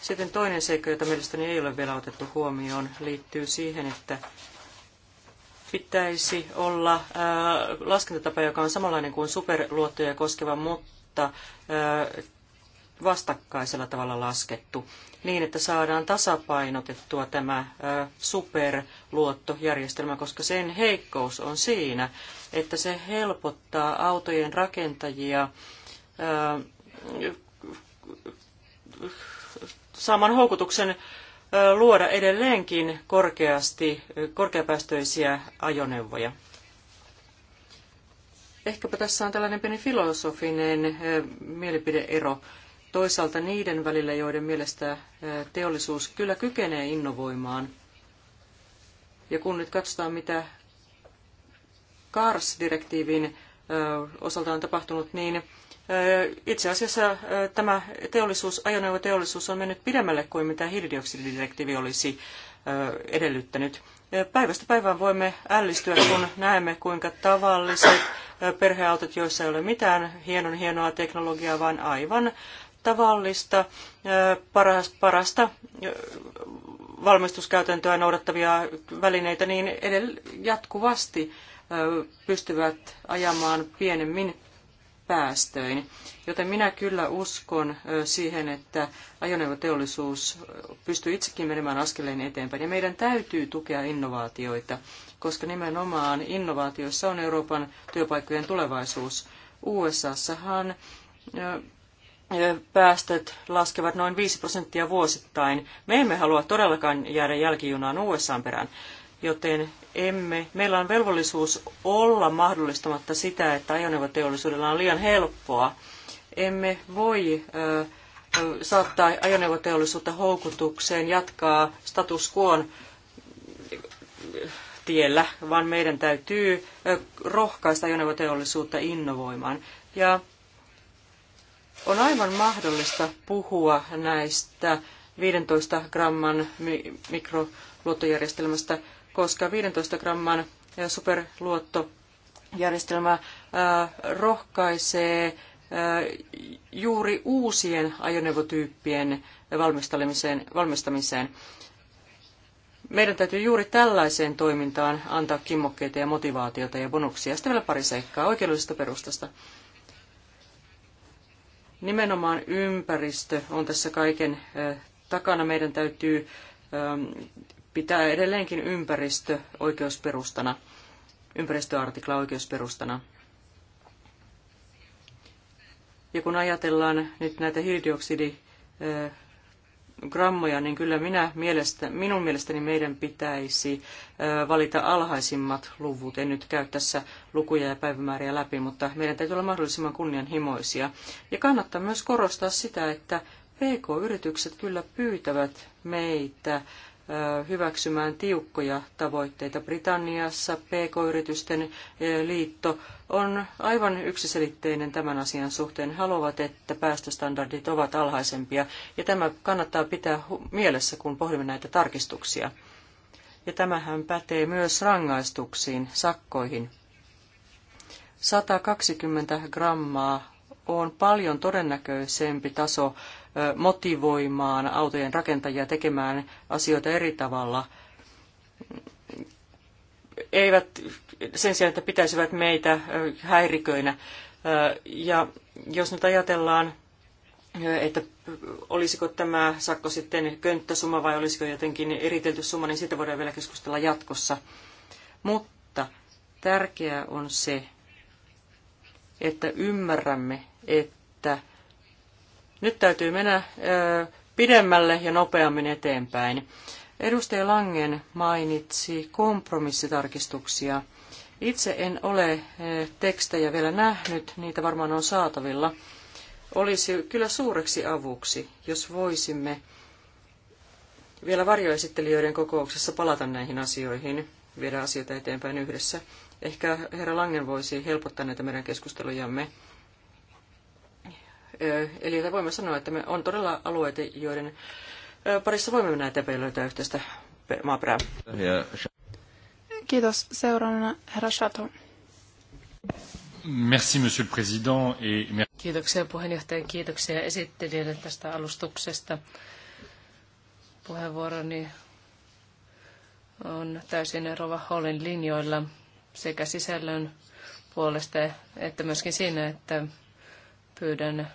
Sitten toinen seikka, jota mielestäni ei ole vielä otettu huomioon, liittyy siihen, että pitäisi olla laskentatapa, joka on samanlainen kuin superluottoja koskeva, mutta vastakkaisella tavalla laskettu, niin että saadaan tasapainotettua tämä superluottojärjestelmä, koska sen heikkous on siinä, että se helpottaa autojen rakentajia saamaan houkutuksen luoda edelleenkin korkeasti, korkeapäästöisiä ajoneuvoja. Ehkäpä tässä on tällainen pieni filosofinen mielipideero toisaalta niiden välillä, joiden mielestä teollisuus kyllä kykenee innovoimaan. Ja kun nyt katsotaan, mitä CARS-direktiivin osalta on tapahtunut, niin itse asiassa tämä teollisuus, ajoneuvoteollisuus on mennyt pidemmälle kuin mitä hiilidioksididirektiivi olisi edellyttänyt. Päivästä päivään voimme ällistyä, kun näemme, kuinka tavalliset perheautot, joissa ei ole mitään hienon hienoa teknologiaa, vaan aivan tavallista, parasta valmistuskäytäntöä noudattavia välineitä, niin edell jatkuvasti pystyvät ajamaan pienemmin päästöin. Joten minä kyllä uskon siihen, että ajoneuvoteollisuus pystyy itsekin menemään askeleen eteenpäin. Ja meidän täytyy tukea innovaatioita, koska nimenomaan innovaatioissa on Euroopan työpaikkojen tulevaisuus. USAssahan päästöt laskevat noin 5 prosenttia vuosittain. Me emme halua todellakaan jäädä jälkijunaan USAn perään joten emme, meillä on velvollisuus olla mahdollistamatta sitä, että ajoneuvoteollisuudella on liian helppoa. Emme voi ö, saattaa ajoneuvoteollisuutta houkutukseen jatkaa status quoon tiellä, vaan meidän täytyy rohkaista ajoneuvoteollisuutta innovoimaan. Ja on aivan mahdollista puhua näistä 15 gramman mikroluottojärjestelmästä koska 15 gramman superluottojärjestelmä rohkaisee juuri uusien ajoneuvotyyppien valmistamiseen, valmistamiseen. Meidän täytyy juuri tällaiseen toimintaan antaa kimmokkeita ja motivaatiota ja bonuksia. Sitten vielä pari seikkaa oikeudellisesta perustasta. Nimenomaan ympäristö on tässä kaiken takana. Meidän täytyy pitää edelleenkin ympäristö oikeusperustana, ympäristöartikla oikeusperustana. Ja kun ajatellaan nyt näitä hiilidioksidigrammoja, niin kyllä minä mielestä, minun mielestäni meidän pitäisi valita alhaisimmat luvut. En nyt käy tässä lukuja ja päivämääriä läpi, mutta meidän täytyy olla mahdollisimman kunnianhimoisia. Ja kannattaa myös korostaa sitä, että PK-yritykset kyllä pyytävät meitä hyväksymään tiukkoja tavoitteita. Britanniassa PK-yritysten liitto on aivan yksiselitteinen tämän asian suhteen. Haluavat, että päästöstandardit ovat alhaisempia, ja tämä kannattaa pitää mielessä, kun pohdimme näitä tarkistuksia. Ja tämähän pätee myös rangaistuksiin, sakkoihin. 120 grammaa on paljon todennäköisempi taso motivoimaan autojen rakentajia tekemään asioita eri tavalla. Eivät sen sijaan, että pitäisivät meitä häiriköinä. Ja jos nyt ajatellaan, että olisiko tämä sakko sitten könttäsumma vai olisiko jotenkin eritelty summa, niin siitä voidaan vielä keskustella jatkossa. Mutta tärkeää on se, että ymmärrämme, että nyt täytyy mennä pidemmälle ja nopeammin eteenpäin. Edustaja Langen mainitsi kompromissitarkistuksia. Itse en ole tekstejä vielä nähnyt, niitä varmaan on saatavilla. Olisi kyllä suureksi avuksi, jos voisimme vielä varjoesittelijöiden kokouksessa palata näihin asioihin, viedä asioita eteenpäin yhdessä. Ehkä herra Langen voisi helpottaa näitä meidän keskustelujamme. Eli voimme sanoa, että me on todella alueita, joiden parissa voimme mennä eteenpäin löytää yhteistä maaperää. Kiitos. Seuraavana herra Chateau. Merci, monsieur le président. Et... Kiitoksia puheenjohtajan, kiitoksia esittelijälle tästä alustuksesta. Puheenvuoroni on täysin Rova Hallin linjoilla sekä sisällön puolesta että myöskin siinä, että pyydän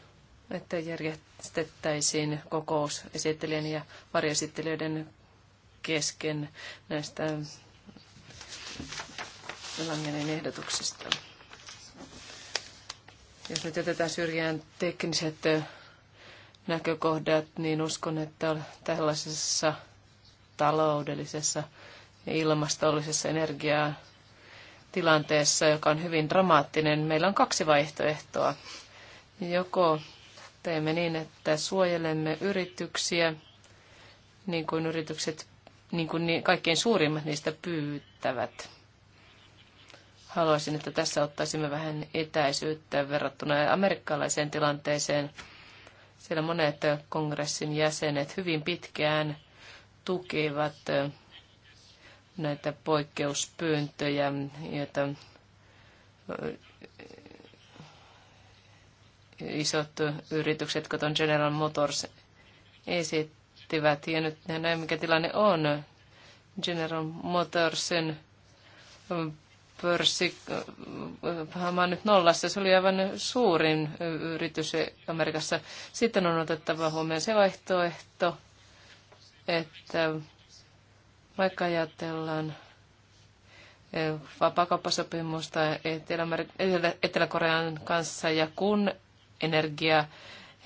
että järjestettäisiin kokous esittelijän ja varjesittelijöiden kesken näistä Langenin ehdotuksista. Jos nyt jätetään syrjään tekniset näkökohdat, niin uskon, että tällaisessa taloudellisessa ja ilmastollisessa energiaa tilanteessa, joka on hyvin dramaattinen, meillä on kaksi vaihtoehtoa. Joko teemme niin, että suojelemme yrityksiä, niin kuin yritykset, niin kuin kaikkein suurimmat niistä pyytävät. Haluaisin, että tässä ottaisimme vähän etäisyyttä verrattuna amerikkalaiseen tilanteeseen. Siellä monet kongressin jäsenet hyvin pitkään tukivat näitä poikkeuspyyntöjä, joita isot yritykset, kuten General Motors, esittivät. Ja nyt näin, mikä tilanne on. General Motorsin pörssi, mä nyt nollassa, se oli aivan suurin yritys Amerikassa. Sitten on otettava huomioon se vaihtoehto, että vaikka ajatellaan eh, vapaakauppasopimusta Etelä-Korean kanssa ja kun energia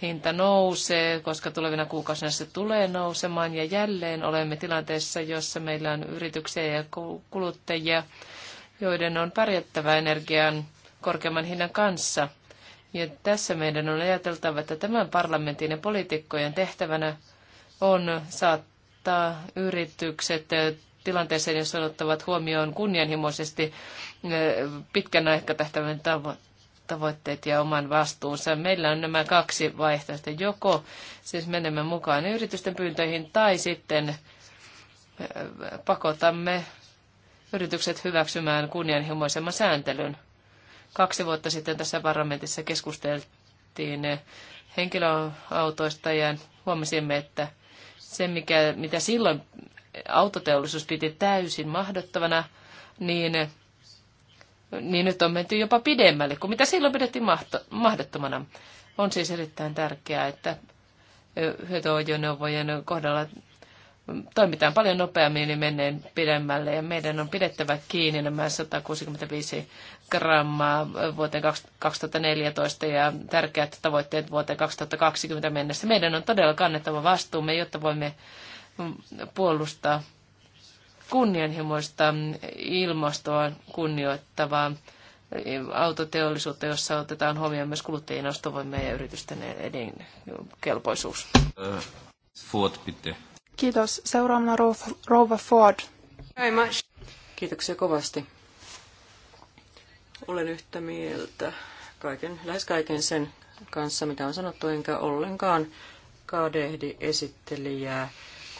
hinta nousee, koska tulevina kuukausina se tulee nousemaan ja jälleen olemme tilanteessa, jossa meillä on yrityksiä ja kuluttajia, joiden on pärjättävä energian korkeamman hinnan kanssa. Ja tässä meidän on ajateltava, että tämän parlamentin ja poliitikkojen tehtävänä on saattaa yritykset tilanteeseen, jossa ottavat huomioon kunnianhimoisesti eh, pitkän aikatahtävän tavoitteet ja oman vastuunsa. Meillä on nämä kaksi vaihtoehtoa. Joko siis menemme mukaan yritysten pyyntöihin tai sitten äh, pakotamme yritykset hyväksymään kunnianhimoisemman sääntelyn. Kaksi vuotta sitten tässä parlamentissa keskusteltiin henkilöautoista ja huomasimme, että se, mikä, mitä silloin autoteollisuus piti täysin mahdottavana, niin niin nyt on menty jopa pidemmälle kuin mitä silloin pidettiin mahdottomana. On siis erittäin tärkeää, että hyötyajoneuvojen kohdalla toimitaan paljon nopeammin ja niin menneen pidemmälle ja meidän on pidettävä kiinni nämä 165 grammaa vuoteen 2014 ja tärkeät tavoitteet vuoteen 2020 mennessä. Meidän on todella kannettava vastuumme, jotta voimme puolustaa kunnianhimoista ilmastoa kunnioittavaa autoteollisuutta, jossa otetaan huomioon myös kuluttajien ostovoimia ja yritysten edinkelpoisuus. Ford, bitte. Kiitos. Seuraavana Rouva Ford. Very much. Kiitoksia kovasti. Olen yhtä mieltä kaiken, lähes kaiken sen kanssa, mitä on sanottu, enkä ollenkaan kadehdi esittelijää,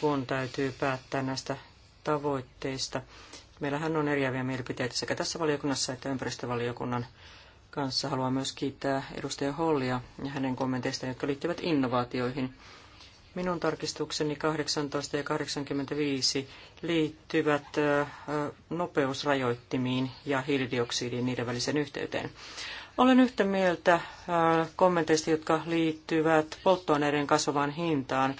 kun täytyy päättää näistä tavoitteista. Meillähän on eriäviä mielipiteitä sekä tässä valiokunnassa että ympäristövaliokunnan kanssa. Haluan myös kiittää edustaja Hollia ja hänen kommenteistaan, jotka liittyvät innovaatioihin. Minun tarkistukseni 18 ja 85 liittyvät nopeusrajoittimiin ja hiilidioksidin niiden välisen yhteyteen. Olen yhtä mieltä kommenteista, jotka liittyvät polttoaineiden kasvavaan hintaan.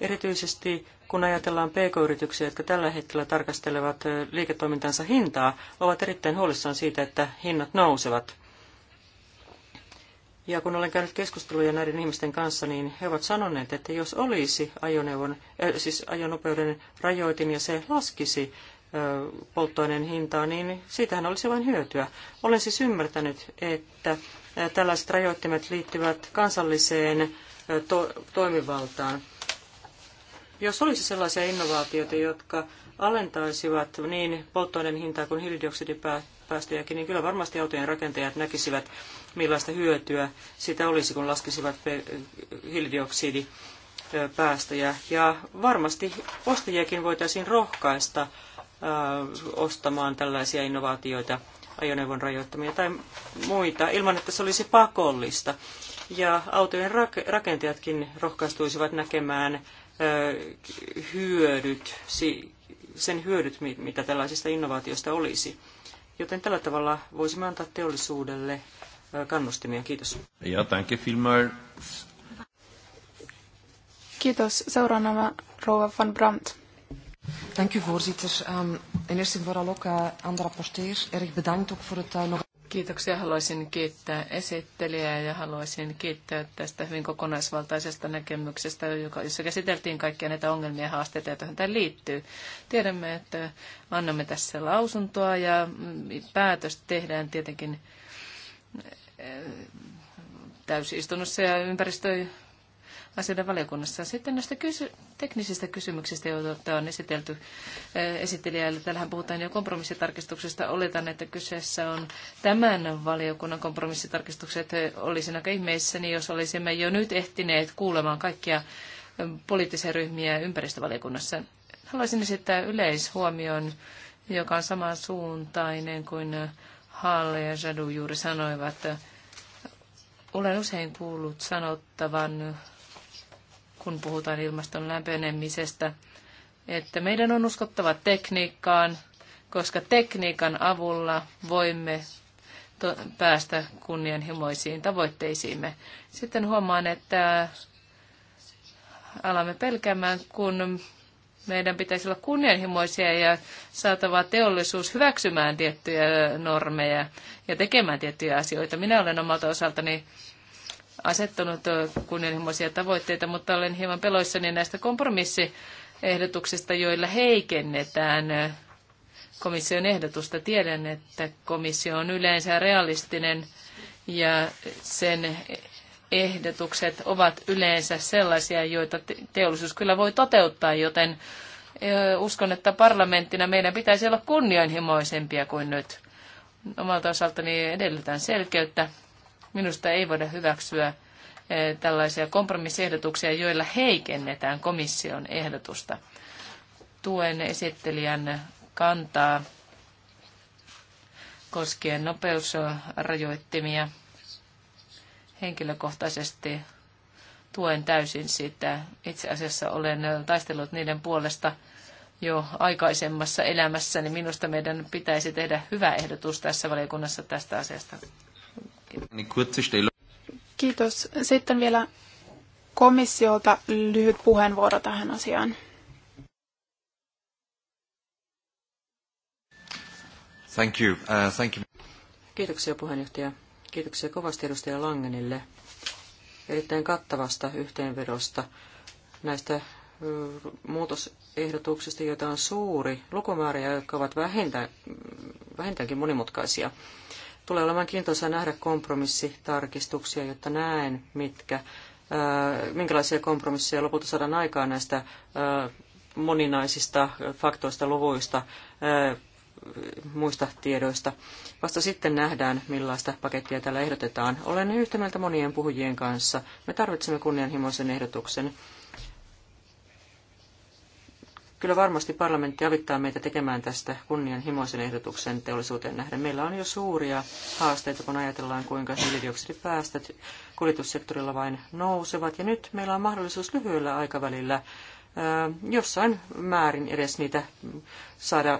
Erityisesti kun ajatellaan pk-yrityksiä, jotka tällä hetkellä tarkastelevat liiketoimintansa hintaa, ovat erittäin huolissaan siitä, että hinnat nousevat. Ja kun olen käynyt keskusteluja näiden ihmisten kanssa, niin he ovat sanoneet, että jos olisi ajoneuvon, äh, siis ajonopeuden rajoitin ja se laskisi äh, polttoaineen hintaa, niin siitähän olisi vain hyötyä. Olen siis ymmärtänyt, että äh, tällaiset rajoittimet liittyvät kansalliseen äh, to- toimivaltaan. Jos olisi sellaisia innovaatioita, jotka alentaisivat niin polttoaineen hintaa kuin hiilidioksidipäästöjäkin, niin kyllä varmasti autojen rakentajat näkisivät, millaista hyötyä siitä olisi, kun laskisivat hiilidioksidipäästöjä. Ja varmasti ostajiakin voitaisiin rohkaista äh, ostamaan tällaisia innovaatioita, ajoneuvon rajoittamia tai muita, ilman että se olisi pakollista. Ja autojen rakentajatkin rohkaistuisivat näkemään hyödyt, sen hyödyt, mitä tällaisista innovaatioista olisi. Joten tällä tavalla voisimme antaa teollisuudelle kannustimia. Kiitos. Ja danke vielmals. Kiitos. Seuraava rouva van Brandt. Dank u voorzitter. Um, en eerst en vooral ook uh, aan de rapporteur. Erg bedankt ook voor het uh, nog... Kiitoksia. Haluaisin kiittää esittelijää ja haluaisin kiittää tästä hyvin kokonaisvaltaisesta näkemyksestä, jossa käsiteltiin kaikkia näitä ongelmia ja haasteita, joita tähän liittyy. Tiedämme, että annamme tässä lausuntoa ja päätös tehdään tietenkin eh, täysistunnossa ja ympäristö- asioiden valiokunnassa. Sitten näistä kysy- teknisistä kysymyksistä, joita on esitelty eh, esittelijälle. Täällähän puhutaan jo kompromissitarkistuksesta. Oletan, että kyseessä on tämän valiokunnan kompromissitarkistukset. Eh, olisin aika ihmeissäni, niin jos olisimme jo nyt ehtineet kuulemaan kaikkia eh, poliittisia ryhmiä ympäristövaliokunnassa. Haluaisin esittää yleishuomion, joka on samansuuntainen kuin Halle ja Jadu juuri sanoivat. Olen usein kuullut sanottavan kun puhutaan ilmaston lämpenemisestä, että meidän on uskottava tekniikkaan, koska tekniikan avulla voimme päästä kunnianhimoisiin tavoitteisiimme. Sitten huomaan, että alamme pelkäämään, kun meidän pitäisi olla kunnianhimoisia ja saatava teollisuus hyväksymään tiettyjä normeja ja tekemään tiettyjä asioita. Minä olen omalta osaltani asettanut kunnianhimoisia tavoitteita, mutta olen hieman peloissani näistä kompromissiehdotuksista, joilla heikennetään komission ehdotusta. Tiedän, että komissio on yleensä realistinen ja sen ehdotukset ovat yleensä sellaisia, joita teollisuus kyllä voi toteuttaa, joten uskon, että parlamenttina meidän pitäisi olla kunnianhimoisempia kuin nyt. Omalta osaltani edellytän selkeyttä Minusta ei voida hyväksyä eh, tällaisia kompromissiehdotuksia, joilla heikennetään komission ehdotusta. Tuen esittelijän kantaa koskien nopeusrajoittimia. Henkilökohtaisesti tuen täysin sitä. Itse asiassa olen taistellut niiden puolesta jo aikaisemmassa elämässäni. Minusta meidän pitäisi tehdä hyvä ehdotus tässä valiokunnassa tästä asiasta. Kiitos. Sitten vielä komissiolta lyhyt puheenvuoro tähän asiaan. Thank you. Uh, thank you. Kiitoksia puheenjohtaja. Kiitoksia kovasti edustaja Langenille erittäin kattavasta yhteenvedosta näistä muutosehdotuksista, joita on suuri lukumäärä ja jotka ovat vähintään, vähintäänkin monimutkaisia. Tulee olemaan kiintoisaa nähdä kompromissitarkistuksia, jotta näen, mitkä, minkälaisia kompromisseja lopulta saadaan aikaan näistä moninaisista faktoista, luvuista, muista tiedoista. Vasta sitten nähdään, millaista pakettia täällä ehdotetaan. Olen yhtä mieltä monien puhujien kanssa. Me tarvitsemme kunnianhimoisen ehdotuksen. Kyllä varmasti parlamentti avittaa meitä tekemään tästä kunnianhimoisen ehdotuksen teollisuuteen nähden. Meillä on jo suuria haasteita, kun ajatellaan, kuinka hiilidioksidipäästöt kuljetussektorilla vain nousevat. Ja nyt meillä on mahdollisuus lyhyellä aikavälillä jossain määrin edes niitä saada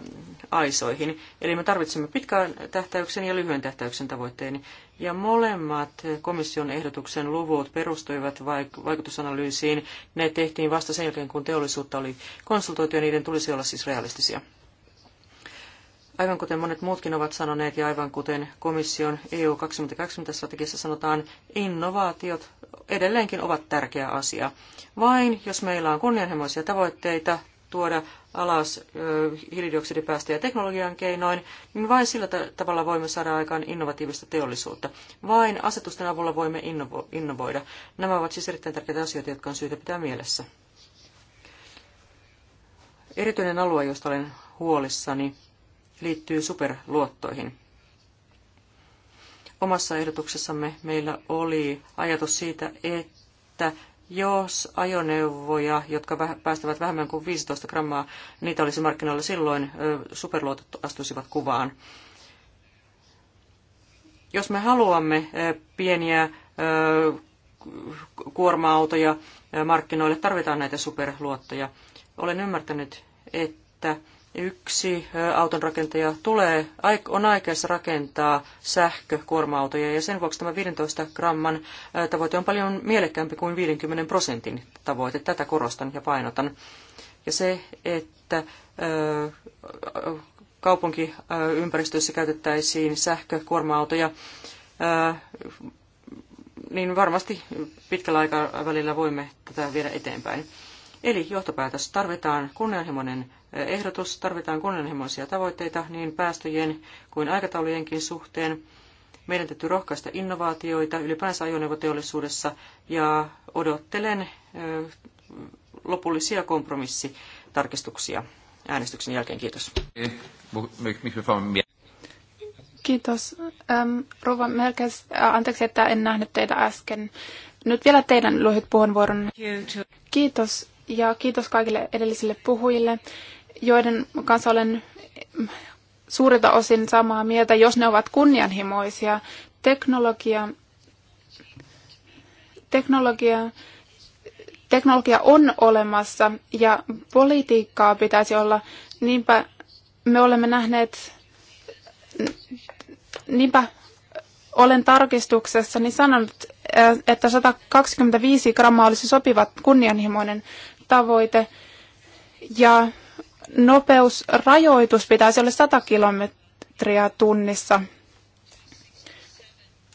aisoihin. Eli me tarvitsemme pitkän tähtäyksen ja lyhyen tähtäyksen tavoitteen. Ja molemmat komission ehdotuksen luvut perustuivat vaikutusanalyysiin. Ne tehtiin vasta sen jälkeen, kun teollisuutta oli konsultoitu ja niiden tulisi olla siis realistisia. Aivan kuten monet muutkin ovat sanoneet ja aivan kuten komission EU 2020-strategiassa sanotaan, innovaatiot edelleenkin ovat tärkeä asia. Vain jos meillä on kunnianhimoisia tavoitteita tuoda alas hiilidioksidipäästöjä teknologian keinoin, niin vain sillä tavalla voimme saada aikaan innovatiivista teollisuutta. Vain asetusten avulla voimme innovo- innovoida. Nämä ovat siis erittäin tärkeitä asioita, jotka on syytä pitää mielessä. Erityinen alue, josta olen huolissani, liittyy superluottoihin. Omassa ehdotuksessamme meillä oli ajatus siitä, että jos ajoneuvoja, jotka päästävät vähemmän kuin 15 grammaa, niitä olisi markkinoilla silloin, superluotot astuisivat kuvaan. Jos me haluamme pieniä kuorma-autoja markkinoille, tarvitaan näitä superluottoja. Olen ymmärtänyt, että yksi autonrakentaja tulee, on aikeissa rakentaa sähkökuorma-autoja ja sen vuoksi tämä 15 gramman tavoite on paljon mielekkäämpi kuin 50 prosentin tavoite. Tätä korostan ja painotan. Ja se, että kaupunkiympäristöissä käytettäisiin sähkökuorma-autoja, niin varmasti pitkällä aikavälillä voimme tätä viedä eteenpäin. Eli johtopäätös. Tarvitaan kunnianhimoinen ehdotus, tarvitaan kunnianhimoisia tavoitteita niin päästöjen kuin aikataulujenkin suhteen. Meidän täytyy rohkaista innovaatioita ylipäänsä ajoneuvoteollisuudessa ja odottelen lopullisia kompromissitarkistuksia äänestyksen jälkeen. Kiitos. Kiitos. Ähm, Rova Merkes, äh, anteeksi, että en nähnyt teitä äsken. Nyt vielä teidän lyhyt puheenvuoron. Kiitos ja kiitos kaikille edellisille puhujille, joiden kanssa olen suurilta osin samaa mieltä, jos ne ovat kunnianhimoisia. Teknologia, teknologia, teknologia on olemassa ja politiikkaa pitäisi olla. Niinpä me olemme nähneet, niinpä olen niin sanonut, että 125 grammaa olisi sopiva kunnianhimoinen tavoite. Ja nopeusrajoitus pitäisi olla 100 kilometriä tunnissa.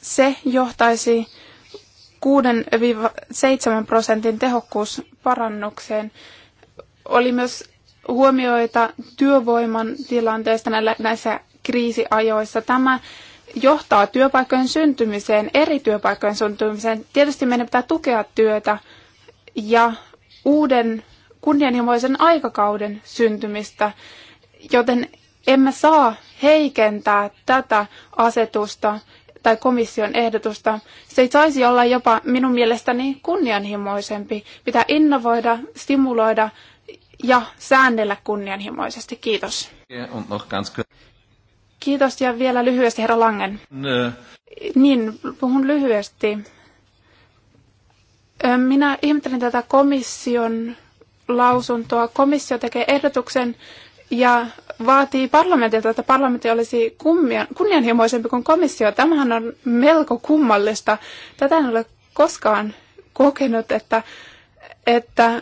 Se johtaisi 6-7 prosentin tehokkuusparannukseen. Oli myös huomioita työvoiman tilanteesta näissä kriisiajoissa. Tämä johtaa työpaikkojen syntymiseen, eri työpaikkojen syntymiseen. Tietysti meidän pitää tukea työtä ja uuden kunnianhimoisen aikakauden syntymistä, joten emme saa heikentää tätä asetusta tai komission ehdotusta. Se ei saisi olla jopa minun mielestäni kunnianhimoisempi. Pitää innovoida, stimuloida ja säännellä kunnianhimoisesti. Kiitos. Kiitos ja vielä lyhyesti herra Langen. Nö. Niin, puhun lyhyesti. Minä ihmettelin tätä komission lausuntoa. Komissio tekee ehdotuksen ja vaatii parlamentilta, että parlamentti olisi kunnian, kunnianhimoisempi kuin komissio. Tämähän on melko kummallista. Tätä en ole koskaan kokenut, että, että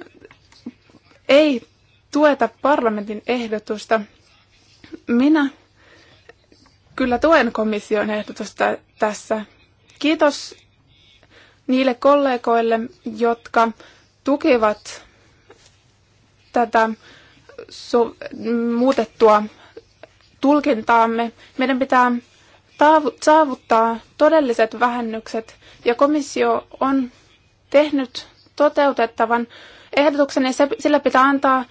ei tueta parlamentin ehdotusta. Minä kyllä tuen komission ehdotusta tässä. Kiitos niille kollegoille, jotka tukivat tätä muutettua tulkintaamme. Meidän pitää saavuttaa todelliset vähennykset ja komissio on tehnyt toteutettavan ehdotuksen ja sillä pitää antaa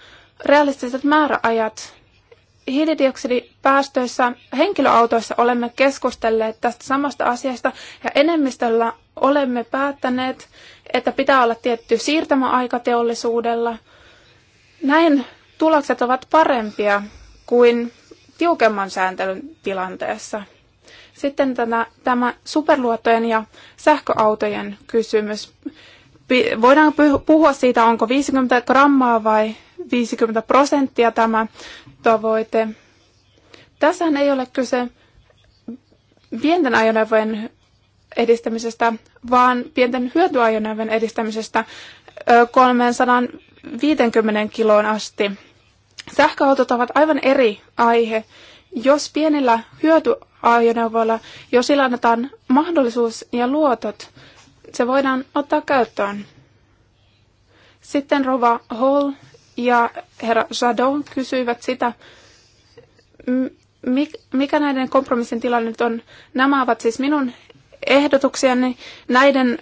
realistiset määräajat hiilidioksidipäästöissä henkilöautoissa olemme keskustelleet tästä samasta asiasta ja enemmistöllä olemme päättäneet, että pitää olla tietty siirtymäaika teollisuudella. Näin tulokset ovat parempia kuin tiukemman sääntelyn tilanteessa. Sitten tämä, tämä superluottojen ja sähköautojen kysymys voidaan puhua siitä, onko 50 grammaa vai 50 prosenttia tämä tavoite. Tässä ei ole kyse pienten ajoneuvojen edistämisestä, vaan pienten hyötyajoneuvojen edistämisestä 350 kiloon asti. Sähköautot ovat aivan eri aihe. Jos pienillä hyötyajoneuvoilla, jos sillä annetaan mahdollisuus ja luotot, se voidaan ottaa käyttöön. Sitten Rova Hall ja herra Jadot kysyivät sitä, mikä näiden kompromissin tilanne nyt on. Nämä ovat siis minun ehdotuksiani näiden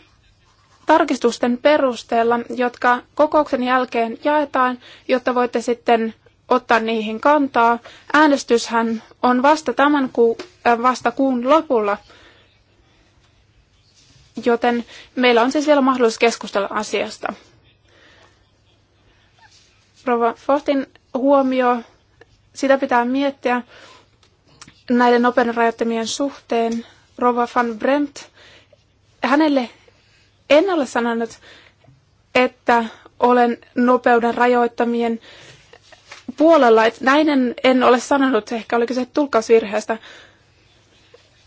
tarkistusten perusteella, jotka kokouksen jälkeen jaetaan, jotta voitte sitten ottaa niihin kantaa. Äänestyshän on vasta tämän ku, äh, vasta kuun lopulla. Joten meillä on siis vielä mahdollisuus keskustella asiasta. Rova Fortin huomio, sitä pitää miettiä näiden nopeiden rajoittamien suhteen. Rova van Brent, hänelle en ole sanonut, että olen nopeuden rajoittamien puolella. Että näin en, en ole sanonut, ehkä oli kyse tulkkausvirheestä.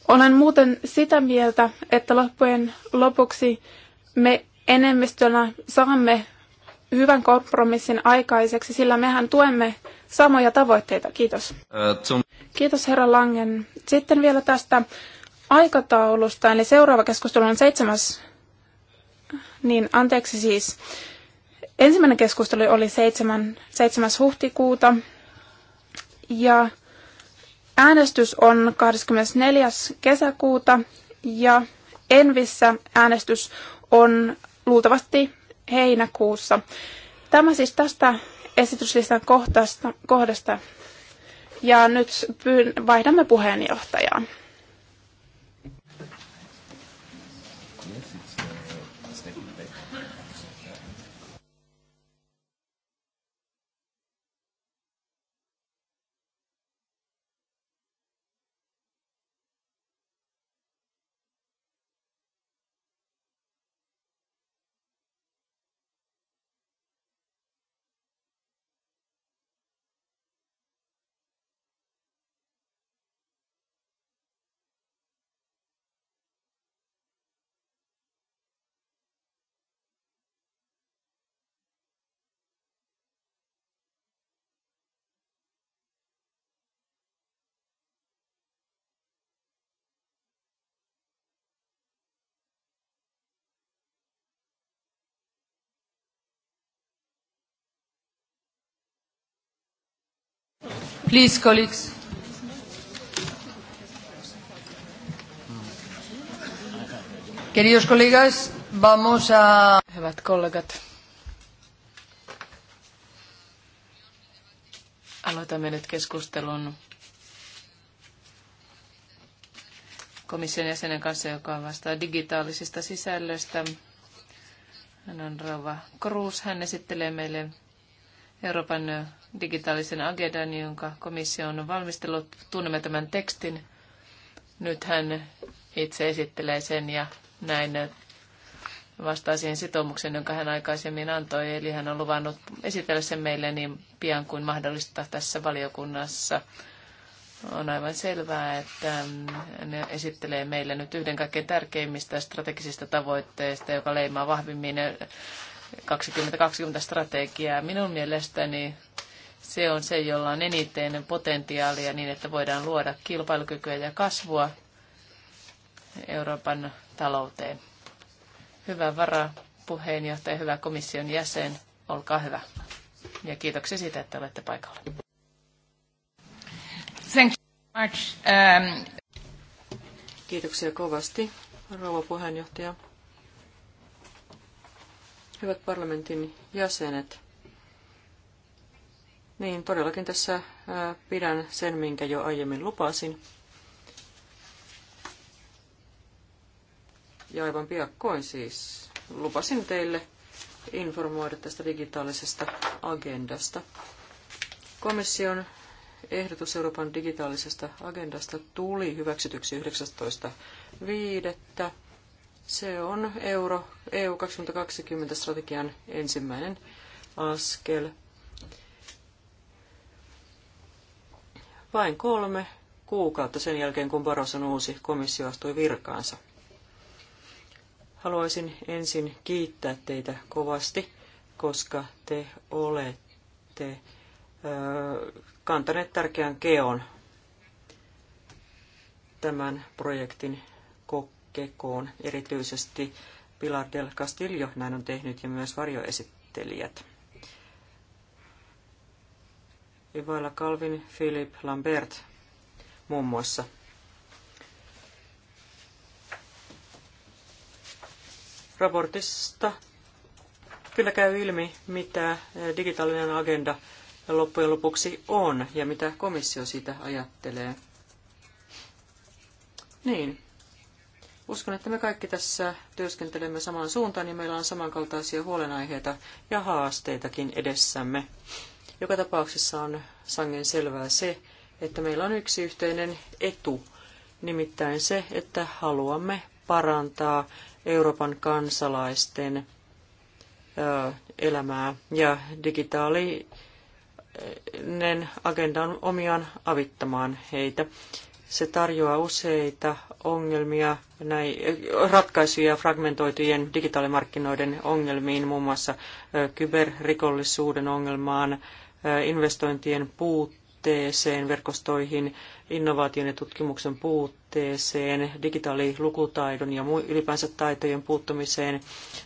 Olen muuten sitä mieltä, että loppujen lopuksi me enemmistönä saamme hyvän kompromissin aikaiseksi, sillä mehän tuemme samoja tavoitteita. Kiitos. Kiitos herra Langen. Sitten vielä tästä aikataulusta, eli seuraava keskustelu on seitsemäs, niin anteeksi siis. Ensimmäinen keskustelu oli 7. 7. huhtikuuta ja Äänestys on 24. kesäkuuta ja Envissä äänestys on luultavasti heinäkuussa. Tämä siis tästä esityslistan kohdasta, kohdasta. Ja nyt vaihdamme puheenjohtajaa. Please, colleagues. Queridos colegas, vamos a... Hyvät kollegat, aloitamme nyt keskustelun komission jäsenen kanssa, joka vastaa digitaalisista sisällöistä. Hän on Rauva Cruz. Hän esittelee meille Euroopan digitaalisen agendan, jonka komissio on valmistellut. Tunnemme tämän tekstin. Nyt hän itse esittelee sen ja näin vastaa siihen sitoumukseen, jonka hän aikaisemmin antoi. Eli hän on luvannut esitellä sen meille niin pian kuin mahdollista tässä valiokunnassa. On aivan selvää, että ne esittelee meille nyt yhden kaikkein tärkeimmistä strategisista tavoitteista, joka leimaa vahvimmin 2020 strategiaa. Minun mielestäni se on se, jolla on eniten potentiaalia niin, että voidaan luoda kilpailukykyä ja kasvua Euroopan talouteen. Hyvä vara, puheenjohtaja, hyvä komission jäsen, olkaa hyvä. Ja kiitoksia siitä, että olette paikalla. Thank you much. Um... Kiitoksia kovasti, rouva puheenjohtaja. Hyvät parlamentin jäsenet, niin todellakin tässä pidän sen, minkä jo aiemmin lupasin. Ja aivan piakkoin siis lupasin teille informoida tästä digitaalisesta agendasta. Komission ehdotus Euroopan digitaalisesta agendasta tuli hyväksytyksi 19.5. Se on euro, EU 2020 strategian ensimmäinen askel. Vain kolme kuukautta sen jälkeen, kun Barroson uusi komissio astui virkaansa. Haluaisin ensin kiittää teitä kovasti, koska te olette kantaneet tärkeän keon tämän projektin kekoon, erityisesti Pilar del Castillo näin on tehnyt ja myös varjoesittelijät. Ivaila Calvin, Philip Lambert muun muassa. Raportista kyllä käy ilmi, mitä eh, digitaalinen agenda loppujen lopuksi on ja mitä komissio siitä ajattelee. Niin, Uskon, että me kaikki tässä työskentelemme samaan suuntaan ja meillä on samankaltaisia huolenaiheita ja haasteitakin edessämme. Joka tapauksessa on sangen selvää se, että meillä on yksi yhteinen etu, nimittäin se, että haluamme parantaa Euroopan kansalaisten elämää ja digitaalinen agenda on omiaan avittamaan heitä. Se tarjoaa useita ongelmia, näin, ratkaisuja fragmentoitujen digitaalimarkkinoiden ongelmiin, muun muassa kyberrikollisuuden ongelmaan, investointien puutteeseen, verkostoihin, innovaation ja tutkimuksen puutteeseen, digitaalilukutaidon ja ylipäänsä taitojen puuttumiseen,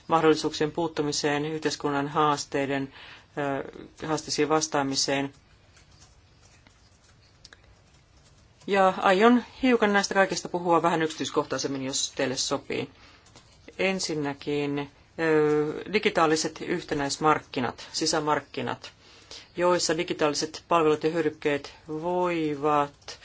mahdollisuuksien puuttumiseen, yhteiskunnan haasteiden haasteisiin vastaamiseen Ja aion hiukan näistä kaikista puhua vähän yksityiskohtaisemmin, jos teille sopii. Ensinnäkin digitaaliset yhtenäismarkkinat, sisämarkkinat, joissa digitaaliset palvelut ja hyödykkeet voivat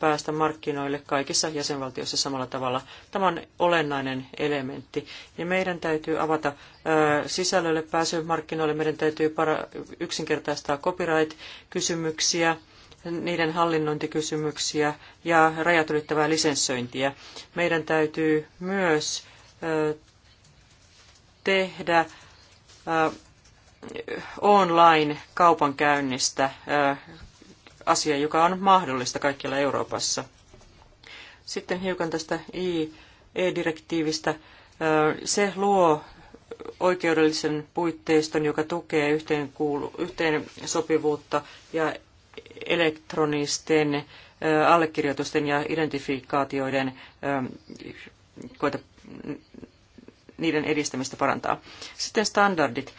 päästä markkinoille kaikissa jäsenvaltioissa samalla tavalla. Tämä on olennainen elementti. Ja meidän täytyy avata sisällölle pääsy markkinoille, meidän täytyy para- yksinkertaistaa copyright-kysymyksiä, niiden hallinnointikysymyksiä ja rajat ylittävää lisenssöintiä. Meidän täytyy myös tehdä online-kaupankäynnistä asia, joka on mahdollista kaikkialla Euroopassa. Sitten hiukan tästä IE-direktiivistä. Se luo oikeudellisen puitteiston, joka tukee yhteen sopivuutta ja elektronisten allekirjoitusten ja identifikaatioiden koeta niiden edistämistä parantaa. Sitten standardit.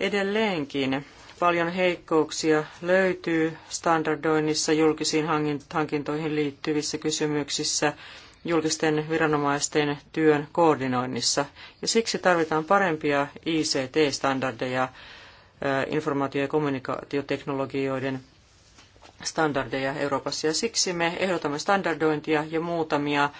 Edelleenkin paljon heikkouksia löytyy standardoinnissa julkisiin hankintoihin liittyvissä kysymyksissä julkisten viranomaisten työn koordinoinnissa. Ja siksi tarvitaan parempia ICT-standardeja informaatio- ja kommunikaatioteknologioiden standardeja Euroopassa ja siksi me ehdotamme standardointia ja muutamia ö,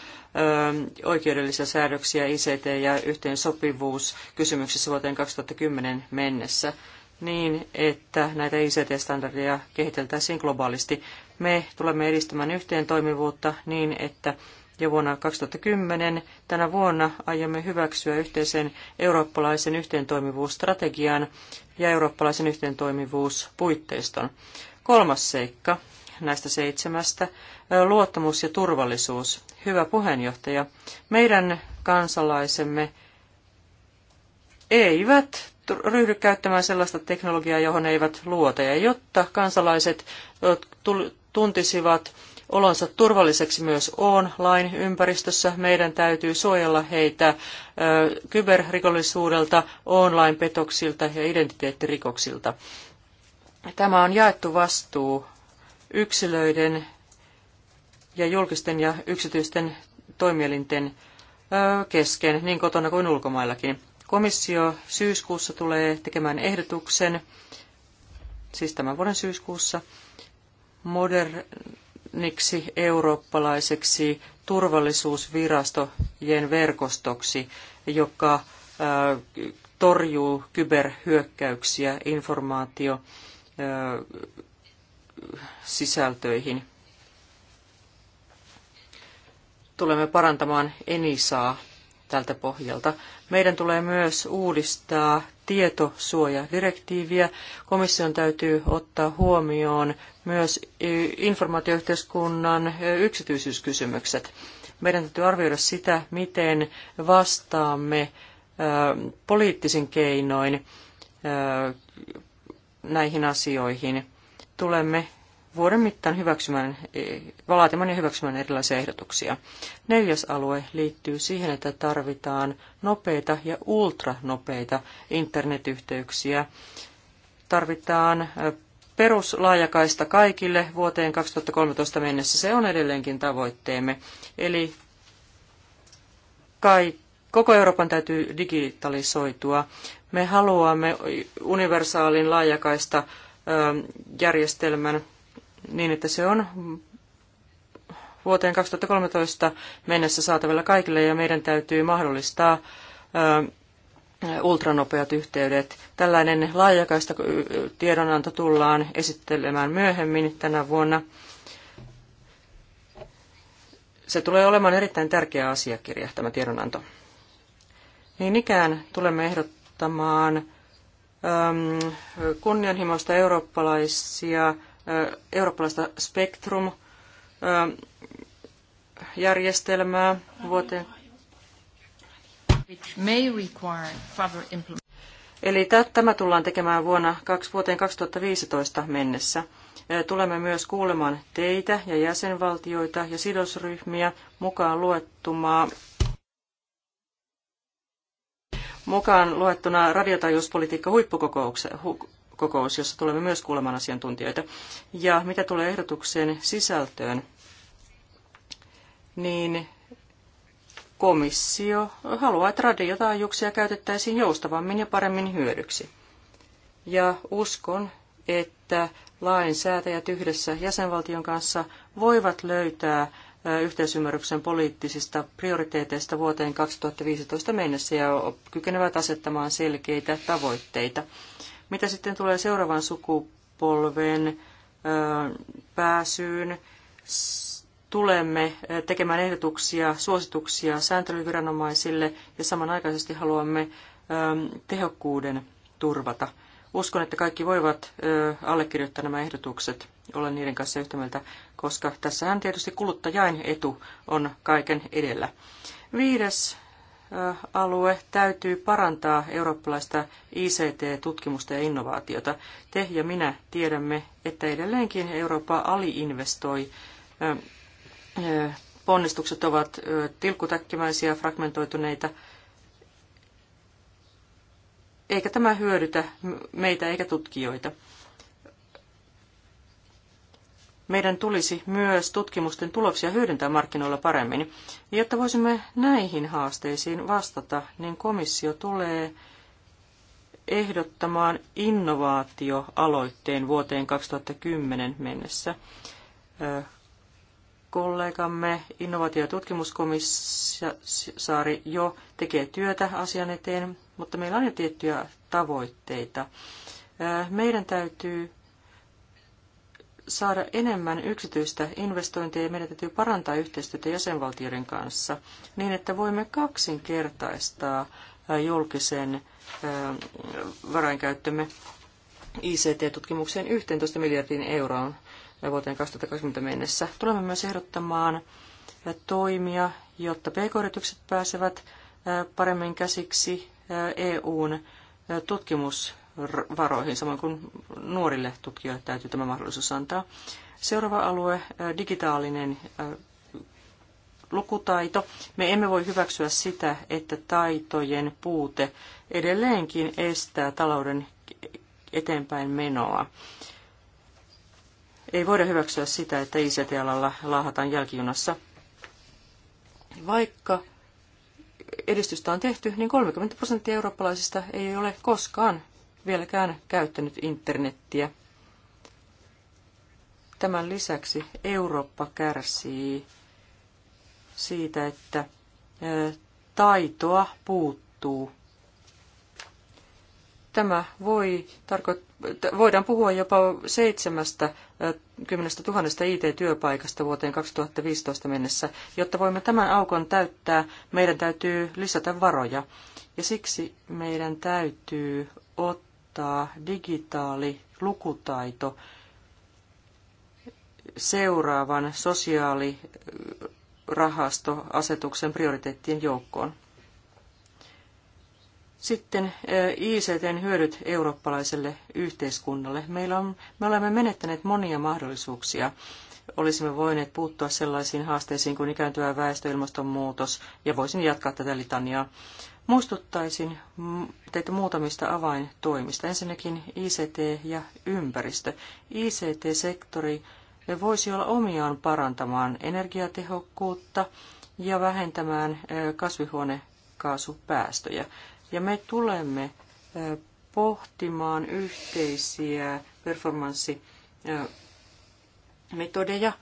oikeudellisia säädöksiä ICT- ja yhteensopivuuskysymyksissä vuoteen 2010 mennessä niin, että näitä ICT-standardeja kehiteltäisiin globaalisti. Me tulemme edistämään yhteen toimivuutta niin, että jo vuonna 2010 tänä vuonna aiomme hyväksyä yhteisen eurooppalaisen yhteentoimivuusstrategian ja eurooppalaisen yhteentoimivuuspuitteiston. Kolmas seikka näistä seitsemästä, luottamus ja turvallisuus. Hyvä puheenjohtaja, meidän kansalaisemme eivät ryhdy käyttämään sellaista teknologiaa, johon eivät luota. Ja jotta kansalaiset tuntisivat olonsa turvalliseksi myös online ympäristössä, meidän täytyy suojella heitä kyberrikollisuudelta, online-petoksilta ja identiteettirikoksilta. Tämä on jaettu vastuu yksilöiden ja julkisten ja yksityisten toimielinten kesken, niin kotona kuin ulkomaillakin. Komissio syyskuussa tulee tekemään ehdotuksen, siis tämän vuoden syyskuussa, moderniksi eurooppalaiseksi turvallisuusvirastojen verkostoksi, joka torjuu kyberhyökkäyksiä, informaatio- sisältöihin. Tulemme parantamaan Enisaa tältä pohjalta. Meidän tulee myös uudistaa tietosuojadirektiiviä. Komission täytyy ottaa huomioon myös informaatioyhteiskunnan yksityisyyskysymykset. Meidän täytyy arvioida sitä, miten vastaamme poliittisin keinoin näihin asioihin. Tulemme vuoden mittaan hyväksymään, laatimaan e, ja hyväksymään erilaisia ehdotuksia. Neljäs alue liittyy siihen, että tarvitaan nopeita ja ultranopeita internetyhteyksiä. Tarvitaan e, peruslaajakaista kaikille vuoteen 2013 mennessä. Se on edelleenkin tavoitteemme. Eli kaikki Koko Euroopan täytyy digitalisoitua. Me haluamme universaalin laajakaista järjestelmän niin, että se on vuoteen 2013 mennessä saatavilla kaikille ja meidän täytyy mahdollistaa ultranopeat yhteydet. Tällainen laajakaista tiedonanto tullaan esittelemään myöhemmin tänä vuonna. Se tulee olemaan erittäin tärkeä asiakirja, tämä tiedonanto. Niin ikään tulemme ehdottamaan äm, kunnianhimoista eurooppalaisia, äh, eurooppalaista spektrum äh, järjestelmää vuoteen. Eli tämä tullaan tekemään vuonna vuoteen 2015 mennessä. Äh, tulemme myös kuulemaan teitä ja jäsenvaltioita ja sidosryhmiä mukaan luettumaa mukaan luettuna radiotajuuspolitiikka huippukokous, jossa tulemme myös kuulemaan asiantuntijoita. Ja mitä tulee ehdotuksen sisältöön, niin komissio haluaa, että radiotaajuuksia käytettäisiin joustavammin ja paremmin hyödyksi. Ja uskon, että lainsäätäjät yhdessä jäsenvaltion kanssa voivat löytää yhteisymmärryksen poliittisista prioriteeteista vuoteen 2015 mennessä ja kykenevät asettamaan selkeitä tavoitteita. Mitä sitten tulee seuraavan sukupolven pääsyyn? Tulemme tekemään ehdotuksia, suosituksia sääntelyviranomaisille ja samanaikaisesti haluamme tehokkuuden turvata – Uskon, että kaikki voivat allekirjoittaa nämä ehdotukset, olla niiden kanssa yhtä mieltä, koska tässähän tietysti kuluttajain etu on kaiken edellä. Viides alue täytyy parantaa eurooppalaista ICT-tutkimusta ja innovaatiota. Te ja minä tiedämme, että edelleenkin Eurooppa aliinvestoi. Ponnistukset ovat tilkutäkkimäisiä, fragmentoituneita eikä tämä hyödytä meitä eikä tutkijoita. Meidän tulisi myös tutkimusten tuloksia hyödyntää markkinoilla paremmin. Jotta voisimme näihin haasteisiin vastata, niin komissio tulee ehdottamaan innovaatioaloitteen vuoteen 2010 mennessä. Kollegamme innovaatio- ja tutkimuskomissaari jo tekee työtä asian eteen mutta meillä on jo tiettyjä tavoitteita. Meidän täytyy saada enemmän yksityistä investointia ja meidän täytyy parantaa yhteistyötä jäsenvaltioiden kanssa niin, että voimme kaksinkertaistaa julkisen varainkäyttömme ICT-tutkimukseen 11 miljardin euroon vuoteen 2020 mennessä. Tulemme myös ehdottamaan toimia, jotta pk-yritykset pääsevät paremmin käsiksi EUn tutkimusvaroihin, samoin kuin nuorille tutkijoille täytyy tämä mahdollisuus antaa. Seuraava alue, äh, digitaalinen äh, lukutaito. Me emme voi hyväksyä sitä, että taitojen puute edelleenkin estää talouden eteenpäin menoa. Ei voida hyväksyä sitä, että ICT-alalla laahataan jälkijunassa. Vaikka edistystä on tehty, niin 30 prosenttia eurooppalaisista ei ole koskaan vieläkään käyttänyt internettiä. Tämän lisäksi Eurooppa kärsii siitä, että taitoa puuttuu. Tämä voi tarkoittaa, voidaan puhua jopa 70 000 IT-työpaikasta vuoteen 2015 mennessä. Jotta voimme tämän aukon täyttää, meidän täytyy lisätä varoja. Ja siksi meidän täytyy ottaa digitaali lukutaito seuraavan sosiaalirahastoasetuksen prioriteettien joukkoon. Sitten eh, ICTn hyödyt eurooppalaiselle yhteiskunnalle. Meillä on, me olemme menettäneet monia mahdollisuuksia. Olisimme voineet puuttua sellaisiin haasteisiin kuin ikääntyvä väestö, ilmastonmuutos ja voisin jatkaa tätä litaniaa. Muistuttaisin teitä muutamista avaintoimista. Ensinnäkin ICT ja ympäristö. ICT-sektori voisi olla omiaan parantamaan energiatehokkuutta ja vähentämään eh, kasvihuonekaasupäästöjä. Ja me tulemme pohtimaan yhteisiä performanssimetodeja,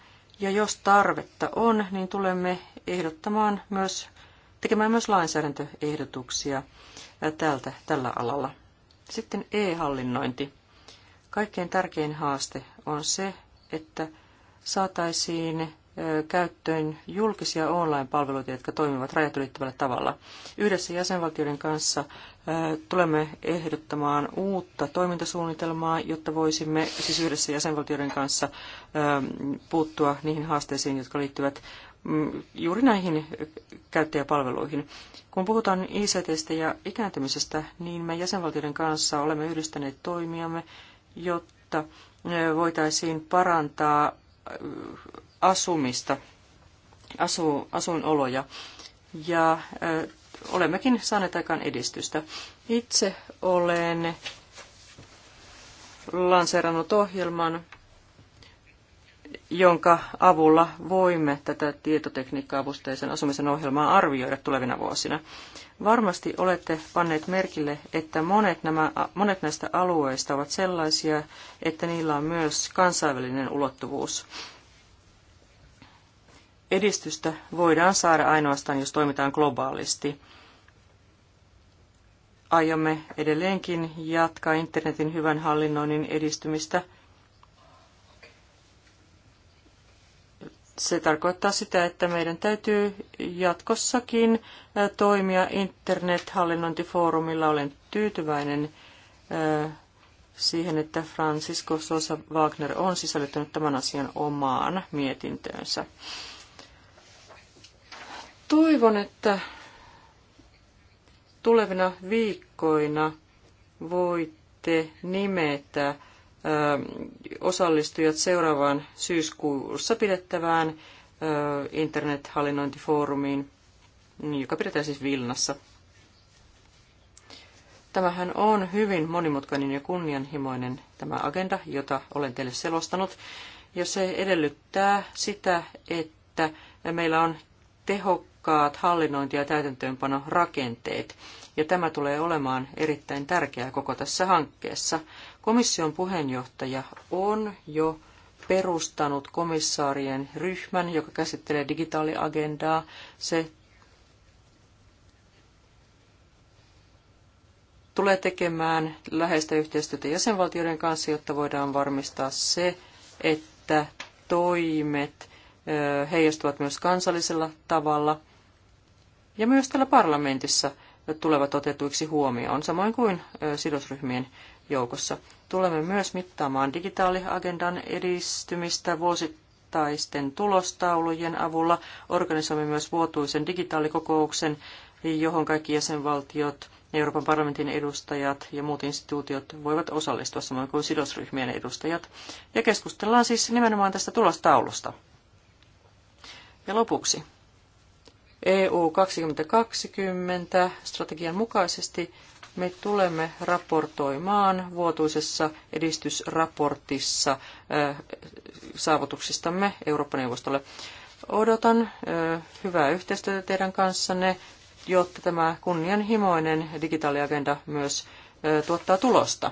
ja jos tarvetta on, niin tulemme ehdottamaan myös, tekemään myös lainsäädäntöehdotuksia tältä, tällä alalla. Sitten e-hallinnointi. Kaikkein tärkein haaste on se, että saataisiin käyttöön julkisia online-palveluita, jotka toimivat rajat ylittävällä tavalla. Yhdessä jäsenvaltioiden kanssa tulemme ehdottamaan uutta toimintasuunnitelmaa, jotta voisimme siis yhdessä jäsenvaltioiden kanssa puuttua niihin haasteisiin, jotka liittyvät mm, juuri näihin käyttäjäpalveluihin. Kun puhutaan ICTstä ja ikääntymisestä, niin me jäsenvaltioiden kanssa olemme yhdistäneet toimiamme, jotta voitaisiin parantaa asumista, asu, asuinoloja. Ja ö, olemmekin saaneet aikaan edistystä. Itse olen lanseerannut ohjelman, jonka avulla voimme tätä tietotekniikka-avusteisen asumisen ohjelmaa arvioida tulevina vuosina. Varmasti olette panneet merkille, että monet, nämä, monet näistä alueista ovat sellaisia, että niillä on myös kansainvälinen ulottuvuus. Edistystä voidaan saada ainoastaan, jos toimitaan globaalisti. Aiomme edelleenkin jatkaa internetin hyvän hallinnoinnin edistymistä. Se tarkoittaa sitä, että meidän täytyy jatkossakin toimia internethallinnointifoorumilla. Olen tyytyväinen siihen, että Francisco Sosa Wagner on sisällyttänyt tämän asian omaan mietintöönsä. Toivon, että tulevina viikkoina voitte nimetä osallistujat seuraavaan syyskuussa pidettävään internethallinnointifoorumiin, joka pidetään siis Vilnassa. Tämähän on hyvin monimutkainen ja kunnianhimoinen tämä agenda, jota olen teille selostanut, ja se edellyttää sitä, että meillä on teho, tehokkaat hallinnointi- ja täytäntöönpanorakenteet. Ja tämä tulee olemaan erittäin tärkeää koko tässä hankkeessa. Komission puheenjohtaja on jo perustanut komissaarien ryhmän, joka käsittelee digitaaliagendaa. Se tulee tekemään läheistä yhteistyötä jäsenvaltioiden kanssa, jotta voidaan varmistaa se, että toimet heijastuvat myös kansallisella tavalla – ja myös täällä parlamentissa tulevat otetuiksi huomioon, samoin kuin sidosryhmien joukossa. Tulemme myös mittaamaan digitaaliagendan edistymistä vuosittaisten tulostaulujen avulla. Organisoimme myös vuotuisen digitaalikokouksen, johon kaikki jäsenvaltiot, Euroopan parlamentin edustajat ja muut instituutiot voivat osallistua, samoin kuin sidosryhmien edustajat. Ja keskustellaan siis nimenomaan tästä tulostaulusta. Ja lopuksi EU 2020 strategian mukaisesti me tulemme raportoimaan vuotuisessa edistysraportissa saavutuksistamme Eurooppa-neuvostolle. Odotan hyvää yhteistyötä teidän kanssanne, jotta tämä kunnianhimoinen digitaaliagenda myös tuottaa tulosta.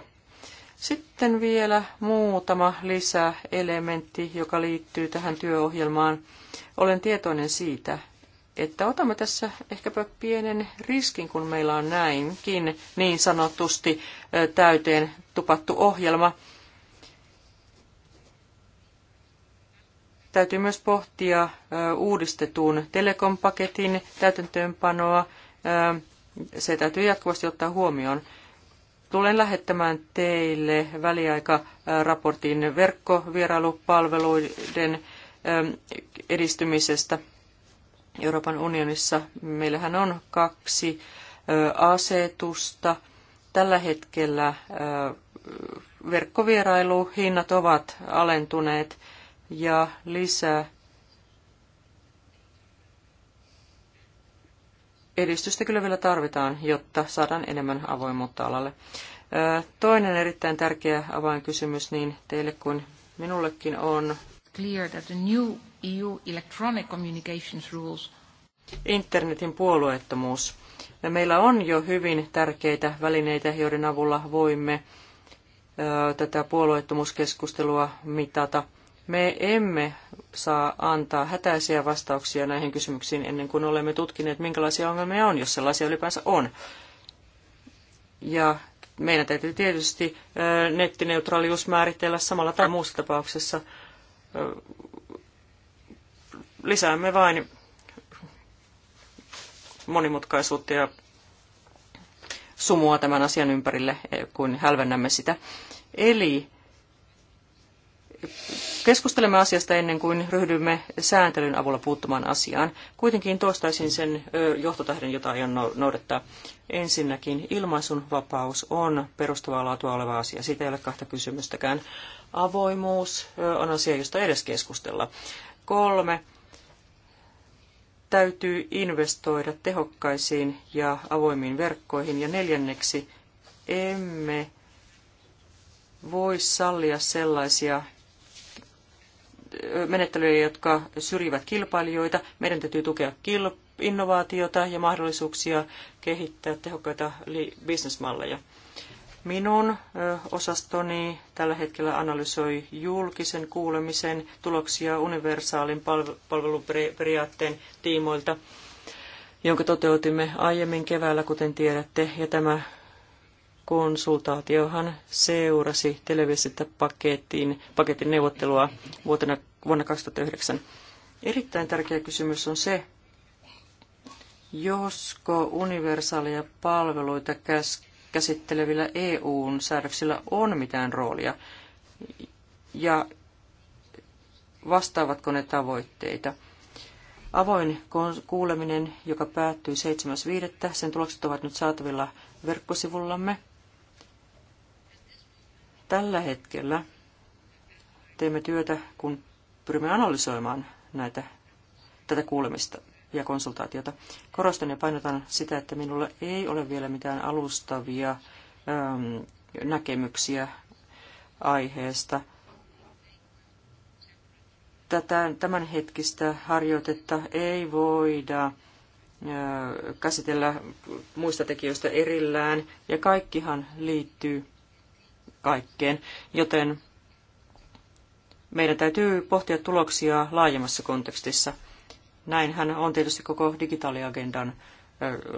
Sitten vielä muutama lisäelementti, joka liittyy tähän työohjelmaan. Olen tietoinen siitä, että otamme tässä ehkäpä pienen riskin, kun meillä on näinkin niin sanotusti täyteen tupattu ohjelma. Täytyy myös pohtia uudistetun telekompaketin täytäntöönpanoa. Se täytyy jatkuvasti ottaa huomioon. Tulen lähettämään teille väliaikaraportin verkkovierailupalveluiden edistymisestä – Euroopan unionissa. Meillähän on kaksi asetusta. Tällä hetkellä verkkovierailuhinnat ovat alentuneet ja lisää edistystä kyllä vielä tarvitaan, jotta saadaan enemmän avoimuutta alalle. Toinen erittäin tärkeä avainkysymys niin teille kuin minullekin on clear that the new EU electronic communications rules. Internetin puolueettomuus. Meillä on jo hyvin tärkeitä välineitä, joiden avulla voimme tätä puolueettomuuskeskustelua mitata. Me emme saa antaa hätäisiä vastauksia näihin kysymyksiin ennen kuin olemme tutkineet, minkälaisia ongelmia on, jos sellaisia ylipäänsä on. Ja meidän täytyy tietysti nettineutraalius määritellä samalla tai muussa tapauksessa lisäämme vain monimutkaisuutta ja sumua tämän asian ympärille, eh, kun hälvennämme sitä. Eli keskustelemme asiasta ennen kuin ryhdymme sääntelyn avulla puuttumaan asiaan. Kuitenkin toistaisin sen eh, johtotähden, jota aion no-, noudattaa. Ensinnäkin ilmaisun vapaus on perustavaa laatua oleva asia. Siitä ei ole kahta kysymystäkään. Avoimuus eh, on asia, josta edes keskustella. Kolme täytyy investoida tehokkaisiin ja avoimiin verkkoihin. Ja neljänneksi, emme voi sallia sellaisia menettelyjä, jotka syrjivät kilpailijoita. Meidän täytyy tukea innovaatiota ja mahdollisuuksia kehittää tehokkaita bisnesmalleja. Minun osastoni tällä hetkellä analysoi julkisen kuulemisen tuloksia universaalin palveluperiaatteen tiimoilta, jonka toteutimme aiemmin keväällä, kuten tiedätte, ja tämä konsultaatiohan seurasi televisiota paketin neuvottelua vuotena, vuonna 2009. Erittäin tärkeä kysymys on se, josko universaalia palveluita käs, käsittelevillä EUn säädöksillä on mitään roolia ja vastaavatko ne tavoitteita. Avoin kuuleminen, joka päättyy 7.5. Sen tulokset ovat nyt saatavilla verkkosivullamme. Tällä hetkellä teemme työtä, kun pyrimme analysoimaan näitä, tätä kuulemista ja konsultaatiota. Korostan ja painotan sitä, että minulla ei ole vielä mitään alustavia ähm, näkemyksiä aiheesta. Tätä, tämänhetkistä harjoitetta ei voida äh, käsitellä muista tekijöistä erillään, ja kaikkihan liittyy kaikkeen, joten meidän täytyy pohtia tuloksia laajemmassa kontekstissa – Näinhän on tietysti koko digitaaliagendan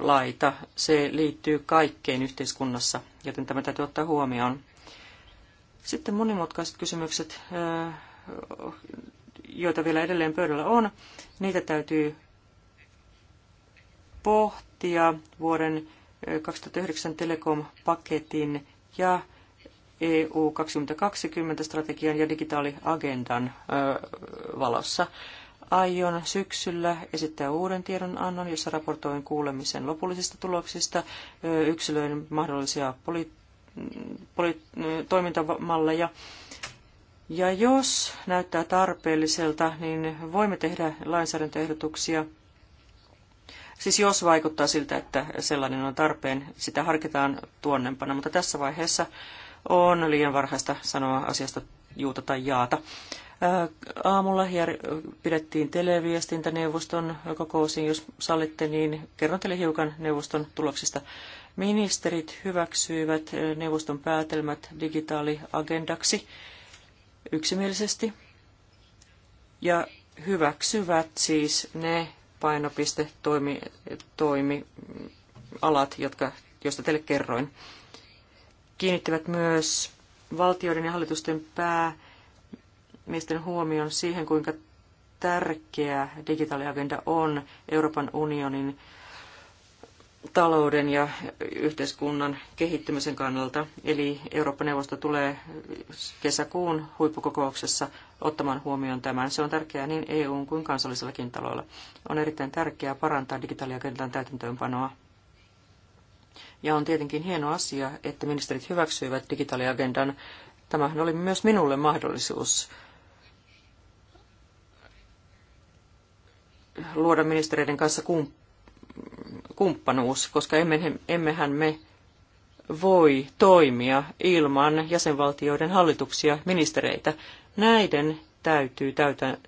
laita. Se liittyy kaikkeen yhteiskunnassa, joten tämä täytyy ottaa huomioon. Sitten monimutkaiset kysymykset, joita vielä edelleen pöydällä on, niitä täytyy pohtia vuoden 2009 telekom-paketin ja EU 2020-strategian ja digitaaliagendan valossa. Aion syksyllä esittää uuden tiedonannon, jossa raportoin kuulemisen lopullisista tuloksista, yksilöin mahdollisia poli- poli- toimintamalleja. Ja jos näyttää tarpeelliselta, niin voimme tehdä lainsäädäntöehdotuksia. Siis jos vaikuttaa siltä, että sellainen on tarpeen, sitä harkitaan tuonnempana, mutta tässä vaiheessa on liian varhaista sanoa asiasta juuta tai jaata. Aamulla pidettiin televiestintäneuvoston kokousin, jos sallitte, niin kerron teille hiukan neuvoston tuloksista. Ministerit hyväksyivät neuvoston päätelmät digitaaliagendaksi yksimielisesti ja hyväksyvät siis ne painopiste toimi toimi alat, jotka, joista teille kerroin. Kiinnittivät myös valtioiden ja hallitusten pää miesten huomion siihen, kuinka tärkeä digitaaliagenda on Euroopan unionin talouden ja yhteiskunnan kehittymisen kannalta. Eli Eurooppa-neuvosto tulee kesäkuun huippukokouksessa ottamaan huomioon tämän. Se on tärkeää niin EUn kuin kansallisellakin taloilla. On erittäin tärkeää parantaa digitaaliagendan täytäntöönpanoa. Ja on tietenkin hieno asia, että ministerit hyväksyivät digitaaliagendan. Tämähän oli myös minulle mahdollisuus luoda ministereiden kanssa kumppanuus, koska emmehän me voi toimia ilman jäsenvaltioiden hallituksia, ministereitä. Näiden täytyy täytä,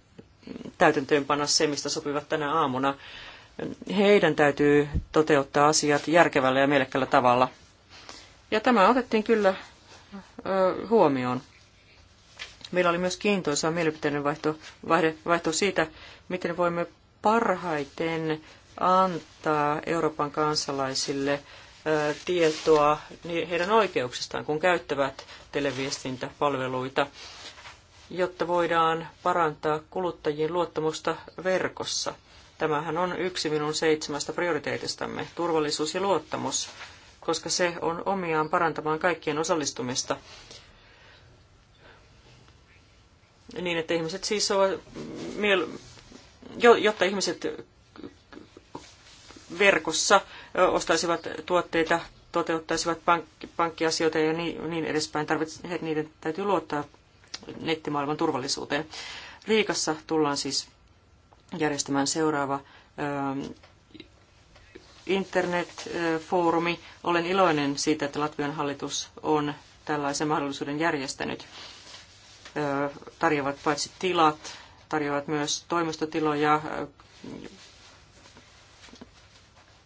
täytäntöönpanna se, mistä sopivat tänä aamuna. Heidän täytyy toteuttaa asiat järkevällä ja mielekkällä tavalla. Ja tämä otettiin kyllä ö, huomioon. Meillä oli myös kiintoisa mielipiteinen vaihto, vaihde, vaihto siitä, miten voimme parhaiten antaa Euroopan kansalaisille tietoa heidän oikeuksistaan, kun käyttävät televiestintäpalveluita, jotta voidaan parantaa kuluttajien luottamusta verkossa. Tämähän on yksi minun seitsemästä prioriteetistamme, turvallisuus ja luottamus, koska se on omiaan parantamaan kaikkien osallistumista niin, että ihmiset siis ovat miel- jotta ihmiset verkossa ostaisivat tuotteita, toteuttaisivat pankki, pankkiasioita ja niin, niin edespäin. Tarvits, niiden täytyy luottaa nettimaailman turvallisuuteen. Riikassa tullaan siis järjestämään seuraava internetfoorumi. Olen iloinen siitä, että Latvian hallitus on tällaisen mahdollisuuden järjestänyt. Tarjoavat paitsi tilat, tarjoavat myös toimistotiloja,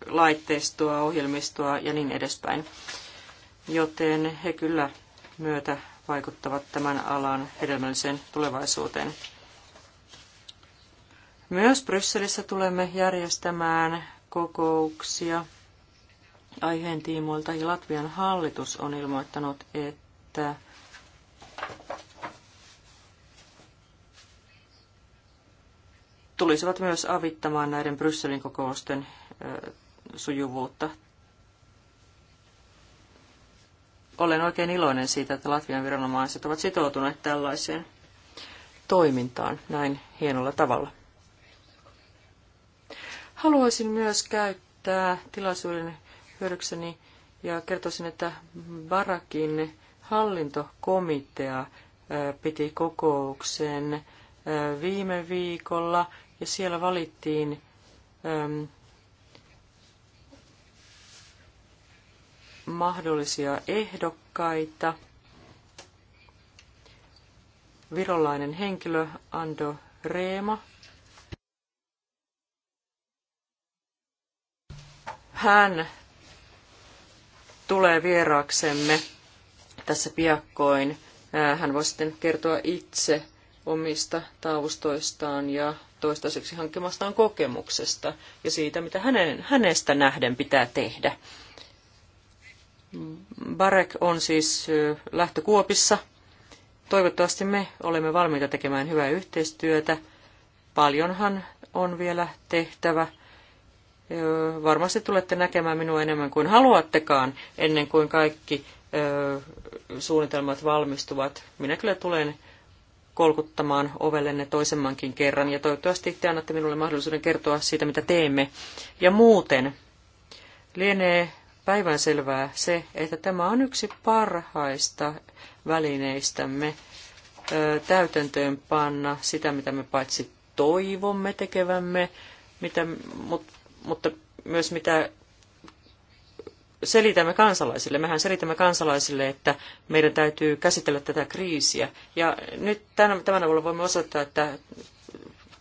laitteistoa, ohjelmistoa ja niin edespäin. Joten he kyllä myötä vaikuttavat tämän alan hedelmälliseen tulevaisuuteen. Myös Brysselissä tulemme järjestämään kokouksia aiheen tiimoilta ja Latvian hallitus on ilmoittanut, että tulisivat myös avittamaan näiden Brysselin kokousten sujuvuutta. Olen oikein iloinen siitä, että Latvian viranomaiset ovat sitoutuneet tällaiseen toimintaan näin hienolla tavalla. Haluaisin myös käyttää tilaisuuden hyödykseni ja kertoisin, että Barakin hallintokomitea piti kokouksen viime viikolla ja siellä valittiin äm, mahdollisia ehdokkaita. Virolainen henkilö Ando Reema. Hän tulee vieraaksemme tässä piakkoin. Äh, hän voi sitten kertoa itse omista taustoistaan ja toistaiseksi hankkimastaan kokemuksesta ja siitä, mitä hänen, hänestä nähden pitää tehdä. Barek on siis lähtökuopissa. Toivottavasti me olemme valmiita tekemään hyvää yhteistyötä. Paljonhan on vielä tehtävä. Varmasti tulette näkemään minua enemmän kuin haluattekaan ennen kuin kaikki suunnitelmat valmistuvat. Minä kyllä tulen kolkuttamaan ovellenne toisemmankin kerran. Ja toivottavasti te annatte minulle mahdollisuuden kertoa siitä, mitä teemme. Ja muuten lienee päivänselvää se, että tämä on yksi parhaista välineistämme täytäntöön panna sitä, mitä me paitsi toivomme tekevämme, mitä, mut, mutta myös mitä selitämme kansalaisille, mehän selitämme kansalaisille, että meidän täytyy käsitellä tätä kriisiä. Ja nyt tämän, tämän avulla voimme osoittaa, että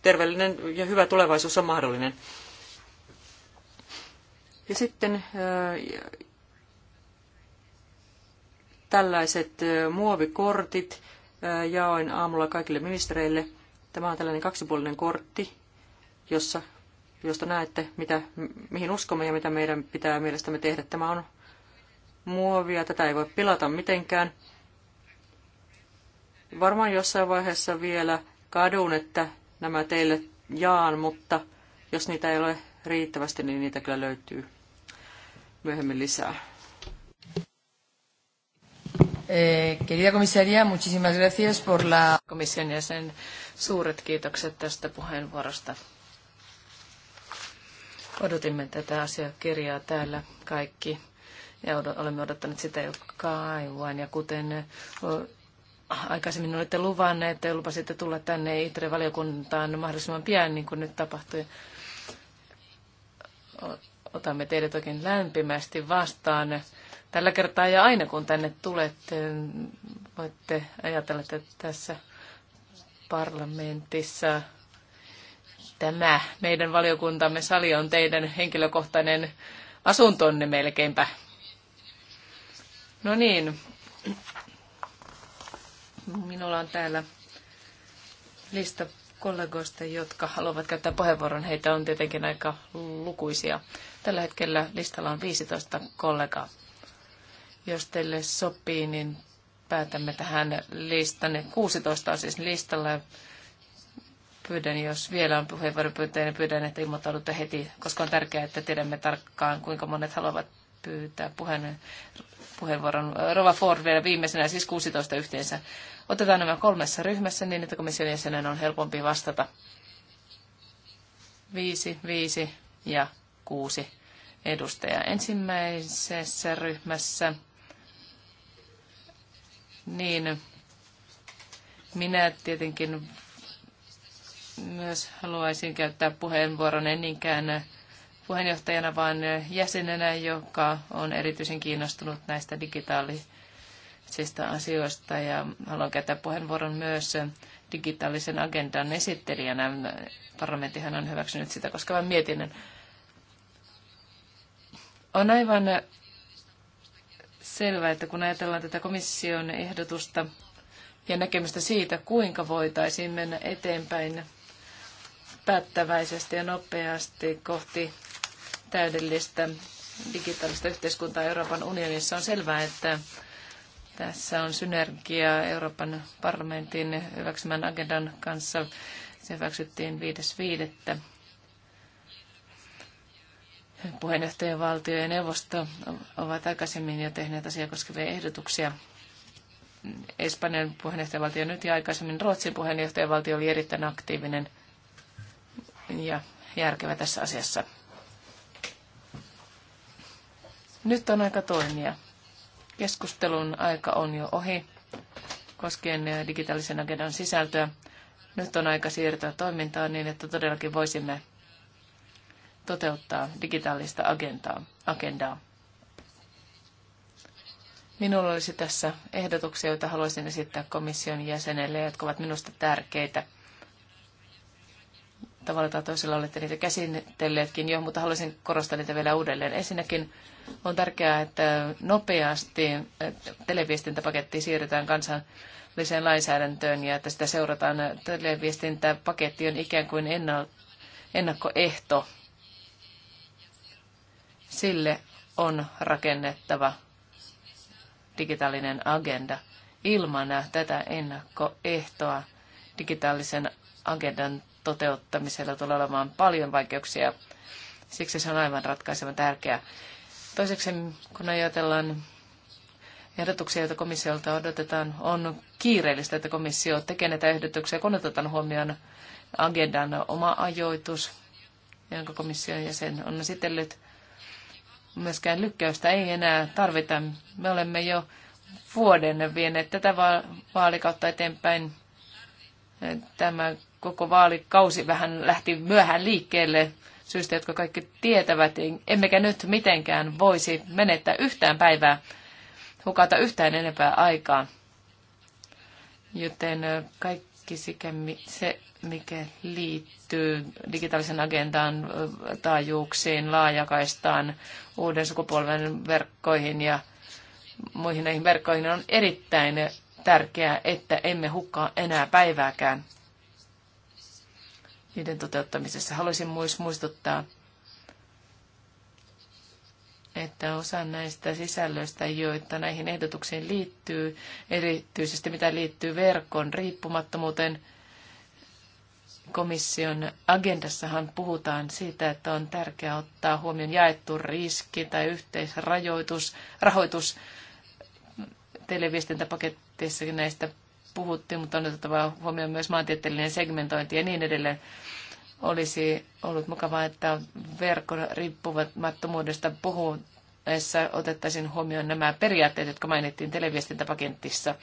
terveellinen ja hyvä tulevaisuus on mahdollinen. Ja sitten äh, tällaiset äh, muovikortit äh, jaoin aamulla kaikille ministereille. Tämä on tällainen kaksipuolinen kortti, jossa josta näette, mitä, mihin uskomme ja mitä meidän pitää mielestämme tehdä. Tämä on muovia, tätä ei voi pilata mitenkään. Varmaan jossain vaiheessa vielä kadun, että nämä teille jaan, mutta jos niitä ei ole riittävästi, niin niitä kyllä löytyy myöhemmin lisää. Eh, querida comisaria, muchísimas gracias por la... Komission jäsen, suuret kiitokset tästä puheenvuorosta. Odotimme tätä asiakirjaa täällä kaikki ja olemme odottaneet sitä jo kaivuan. Ja kuten äh, aikaisemmin olette luvanneet että lupasitte tulla tänne ITRE-valiokuntaan mahdollisimman pian, niin kuin nyt tapahtui, otamme teidät oikein lämpimästi vastaan. Tällä kertaa ja aina kun tänne tulette, voitte ajatella, että tässä parlamentissa Tämä meidän valiokuntamme sali on teidän henkilökohtainen asuntonne melkeinpä. No niin. Minulla on täällä lista kollegoista, jotka haluavat käyttää puheenvuoron. Heitä on tietenkin aika lukuisia. Tällä hetkellä listalla on 15 kollegaa. Jos teille sopii, niin päätämme tähän listan. 16 on siis listalla Pyydän, jos vielä on puheenvuoropyyntöjä, niin pyydän, että ilmoittaudutte heti, koska on tärkeää, että tiedämme tarkkaan, kuinka monet haluavat pyytää puheen, puheenvuoron. Rova Ford vielä viimeisenä, siis 16 yhteensä. Otetaan nämä kolmessa ryhmässä niin, että komission jäsenen on helpompi vastata. Viisi, viisi ja kuusi edustajaa ensimmäisessä ryhmässä. Niin minä tietenkin myös haluaisin käyttää puheenvuoron en niinkään puheenjohtajana, vaan jäsenenä, joka on erityisen kiinnostunut näistä digitaalisista asioista. Ja haluan käyttää puheenvuoron myös digitaalisen agendan esittelijänä. Parlamenttihan on hyväksynyt sitä koskevan mietinnön. On aivan selvää, että kun ajatellaan tätä komission ehdotusta ja näkemystä siitä, kuinka voitaisiin mennä eteenpäin päättäväisesti ja nopeasti kohti täydellistä digitaalista yhteiskuntaa Euroopan unionissa. On selvää, että tässä on synergia Euroopan parlamentin hyväksymän agendan kanssa. Se hyväksyttiin 5.5. Puheenjohtajan valtio ja neuvosto ovat aikaisemmin jo tehneet asiaa koskevia ehdotuksia. Espanjan puheenjohtajavaltio nyt ja aikaisemmin Ruotsin puheenjohtajavaltio oli erittäin aktiivinen – ja järkevä tässä asiassa. Nyt on aika toimia. Keskustelun aika on jo ohi koskien digitaalisen agendan sisältöä. Nyt on aika siirtyä toimintaan niin, että todellakin voisimme toteuttaa digitaalista agendaa. agendaa. Minulla olisi tässä ehdotuksia, joita haluaisin esittää komission jäsenelle, jotka ovat minusta tärkeitä – tavalla tai toisella olette niitä käsitelleetkin jo, mutta haluaisin korostaa niitä vielä uudelleen. Ensinnäkin on tärkeää, että nopeasti televiestintäpaketti siirretään kansalliseen lainsäädäntöön ja että sitä seurataan. Televiestintäpaketti on ikään kuin ennakkoehto. Sille on rakennettava digitaalinen agenda. Ilman tätä ennakkoehtoa digitaalisen agendan toteuttamisella tulee olemaan paljon vaikeuksia. Siksi se on aivan ratkaisevan tärkeää. Toiseksi, kun ajatellaan ehdotuksia, joita komissiolta odotetaan, on kiireellistä, että komissio tekee näitä ehdotuksia, kun otetaan huomioon agendan oma ajoitus, jonka komission jäsen on esitellyt. Myöskään lykkäystä ei enää tarvita. Me olemme jo vuoden vieneet tätä vaalikautta eteenpäin Tämä koko vaalikausi vähän lähti myöhään liikkeelle syystä, jotka kaikki tietävät. Emmekä nyt mitenkään voisi menettää yhtään päivää, hukata yhtään enempää aikaa. Joten kaikki sikä, se, mikä liittyy digitaalisen agendaan, taajuuksiin, laajakaistaan, uuden sukupolven verkkoihin ja muihin näihin verkkoihin on erittäin tärkeää, että emme hukkaa enää päivääkään niiden toteuttamisessa. Haluaisin muistuttaa, että osa näistä sisällöistä, joita näihin ehdotuksiin liittyy, erityisesti mitä liittyy verkon riippumattomuuteen, komission agendassahan puhutaan siitä, että on tärkeää ottaa huomioon jaettu riski tai yhteisrajoitus, rahoitus televiestintäpaketti budjetissa näistä puhuttiin, mutta on otettava huomioon myös maantieteellinen segmentointi ja niin edelleen. Olisi ollut mukavaa, että verkon riippumattomuudesta puhuessa otettaisiin huomioon nämä periaatteet, jotka mainittiin televiestintäpakentissa.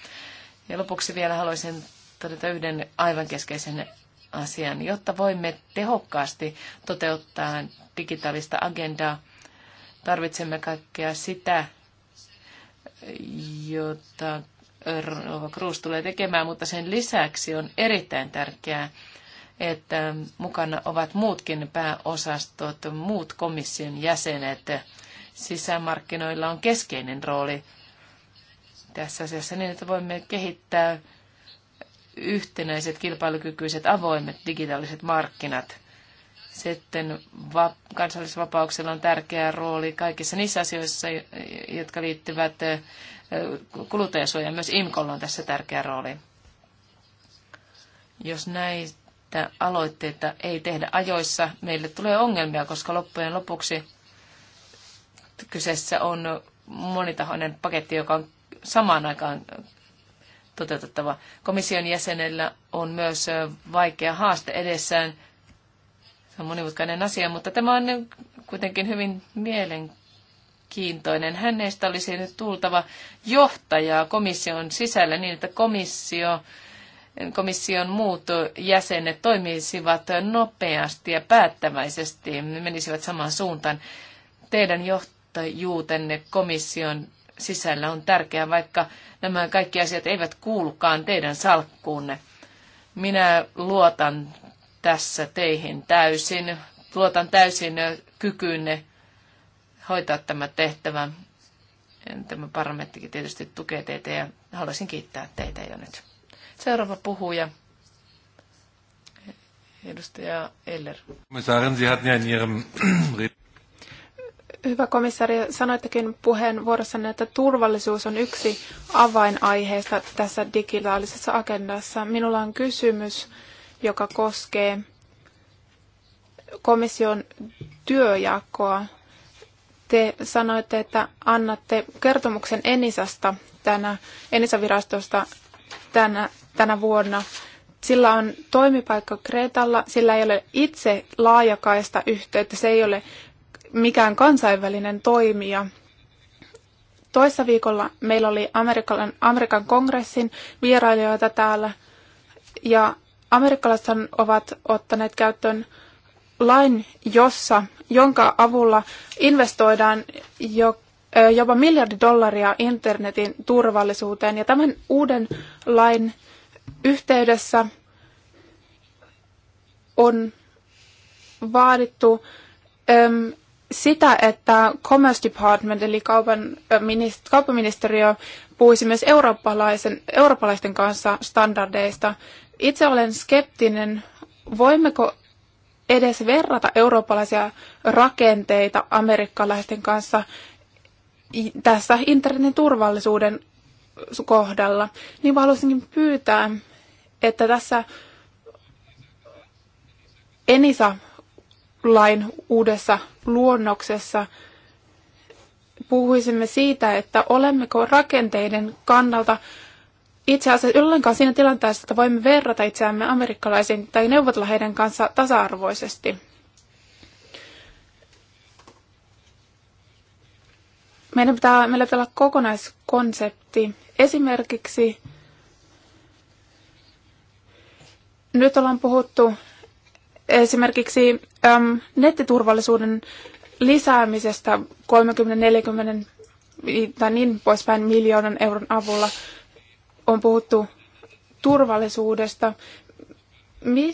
Ja lopuksi vielä haluaisin todeta yhden aivan keskeisen asian, jotta voimme tehokkaasti toteuttaa digitaalista agendaa. Tarvitsemme kaikkea sitä, jota Rova Cruz tulee tekemään, mutta sen lisäksi on erittäin tärkeää, että mukana ovat muutkin pääosastot, muut komission jäsenet. Sisämarkkinoilla on keskeinen rooli tässä asiassa niin, että voimme kehittää yhtenäiset, kilpailukykyiset, avoimet digitaaliset markkinat. Sitten va- kansallisvapauksella on tärkeä rooli kaikissa niissä asioissa, jotka liittyvät kuluttajasuoja. Myös IMKOlla on tässä tärkeä rooli. Jos näitä aloitteita ei tehdä ajoissa, meille tulee ongelmia, koska loppujen lopuksi kyseessä on monitahoinen paketti, joka on samaan aikaan toteutettava. Komission jäsenellä on myös vaikea haaste edessään. Se on monimutkainen asia, mutta tämä on kuitenkin hyvin mielenkiintoinen mielenkiintoinen. Hänestä olisi nyt tultava johtajaa komission sisällä niin, että komissio, komission muut jäsenet toimisivat nopeasti ja päättäväisesti, menisivät samaan suuntaan. Teidän johtajuutenne komission sisällä on tärkeää, vaikka nämä kaikki asiat eivät kuulukaan teidän salkkuunne. Minä luotan tässä teihin täysin. Luotan täysin kykyynne hoitaa tämä tehtävä. Tämä parametrikin tietysti tukee teitä ja haluaisin kiittää teitä jo nyt. Seuraava puhuja. Edustaja Eller. Hyvä komissaari, sanoittekin puheenvuorossanne, että turvallisuus on yksi avainaiheista tässä digitaalisessa agendassa. Minulla on kysymys, joka koskee komission työjakoa te sanoitte, että annatte kertomuksen Enisasta tänä, Enisavirastosta tänä, tänä vuonna. Sillä on toimipaikka Kreetalla, sillä ei ole itse laajakaista yhteyttä, se ei ole mikään kansainvälinen toimija. Toissa viikolla meillä oli Amerikan, Amerikan kongressin vierailijoita täällä ja amerikkalaiset ovat ottaneet käyttöön lain, jossa, jonka avulla investoidaan jo, jopa miljardi dollaria internetin turvallisuuteen. Ja tämän uuden lain yhteydessä on vaadittu äm, sitä, että Commerce Department eli kaupan, minist, kauppaministeriö puhuisi myös eurooppalaisen, eurooppalaisten kanssa standardeista. Itse olen skeptinen, voimmeko edes verrata eurooppalaisia rakenteita amerikkalaisten kanssa tässä internetin turvallisuuden kohdalla, niin haluaisinkin pyytää, että tässä Enisa-lain uudessa luonnoksessa puhuisimme siitä, että olemmeko rakenteiden kannalta itse asiassa ollenkaan siinä tilanteessa, että voimme verrata itseämme amerikkalaisiin tai neuvotella heidän kanssa tasa-arvoisesti. Meidän pitää, meillä pitää olla kokonaiskonsepti. Esimerkiksi nyt ollaan puhuttu esimerkiksi äm, nettiturvallisuuden lisäämisestä 30-40 tai niin poispäin miljoonan euron avulla on puhuttu turvallisuudesta.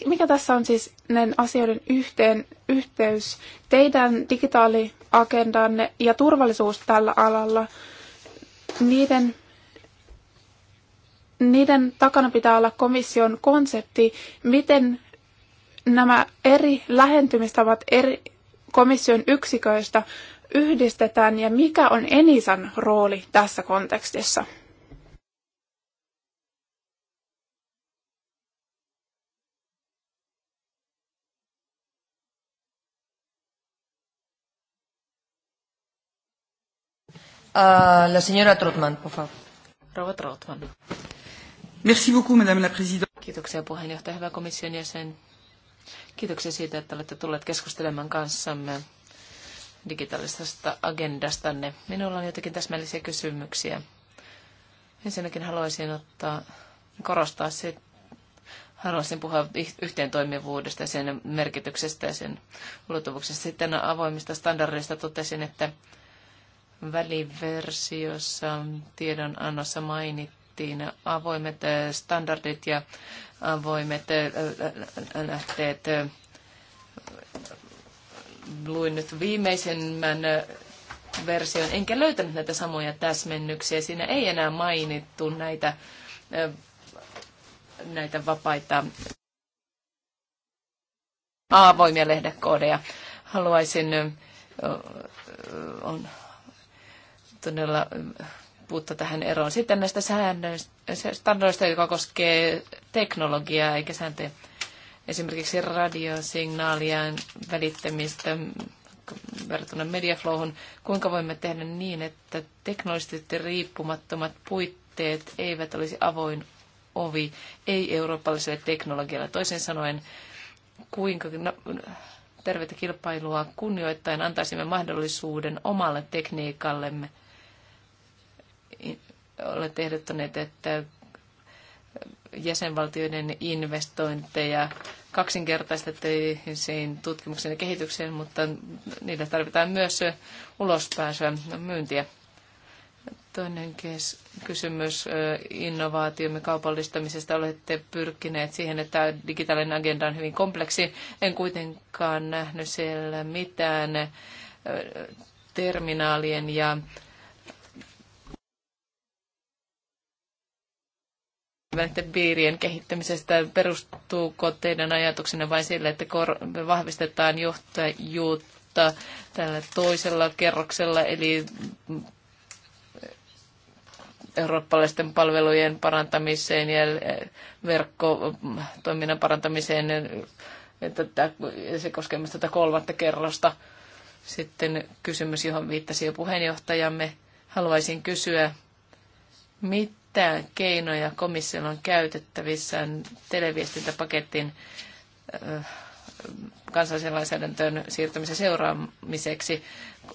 Mikä tässä on siis näiden asioiden yhteen, yhteys? Teidän digitaaliagendanne ja turvallisuus tällä alalla, niiden, niiden takana pitää olla komission konsepti, miten nämä eri lähentymistavat eri komission yksiköistä yhdistetään ja mikä on Enisan rooli tässä kontekstissa? Uh, la señora Trotman, por favor. Rouva Trotman. Merci beaucoup, madame la présidente. Kiitoksia puheenjohtaja, hyvä komission jäsen. Kiitoksia siitä, että olette tulleet keskustelemaan kanssamme digitaalisesta agendastanne. Minulla on jotenkin täsmällisiä kysymyksiä. Ensinnäkin haluaisin ottaa, korostaa sitä, haluaisin puhua yhteen toimivuudesta ja sen merkityksestä ja sen ulottuvuuksesta. Sitten avoimista standardeista totesin, että väliversiossa tiedonannossa mainittiin avoimet eh, standardit ja avoimet eh, lähteet. Luin nyt viimeisemmän eh, version, enkä löytänyt näitä samoja täsmennyksiä. Siinä ei enää mainittu näitä, näitä vapaita avoimia lehdekoodeja. Haluaisin on todella eh, puuttua tähän eroon. Sitten näistä säännöistä, standardoista, joka koskee teknologiaa eikä sääntöjä. Esimerkiksi radiosignaalien välittämistä verrattuna mediaflowhun. Kuinka voimme tehdä niin, että teknologisesti riippumattomat puitteet eivät olisi avoin ovi ei-eurooppalaiselle teknologialle. Toisin sanoen, kuinka no, tervettä kilpailua kunnioittain antaisimme mahdollisuuden omalle tekniikallemme – olette ehdottaneet, että jäsenvaltioiden investointeja kaksinkertaistettaisiin tutkimuksen ja kehitykseen, mutta niillä tarvitaan myös ulospääsyä, myyntiä. Toinen kes- kysymys innovaatiomme kaupallistamisesta. Olette pyrkineet siihen, että digitaalinen agenda on hyvin kompleksi. En kuitenkaan nähnyt siellä mitään terminaalien ja näiden piirien kehittämisestä. Perustuuko teidän ajatuksenne vain sille, että vahvistetaan johtajuutta tällä toisella kerroksella, eli eurooppalaisten palvelujen parantamiseen ja eh, verkkotoiminnan parantamiseen, että se koskee myös tätä kolmatta kerrosta. Sitten kysymys, johon viittasi jo puheenjohtajamme. Haluaisin kysyä, mitä mitä keinoja komissiolla on käytettävissään televiestintäpaketin kansallisen lainsäädäntöön siirtämisen seuraamiseksi.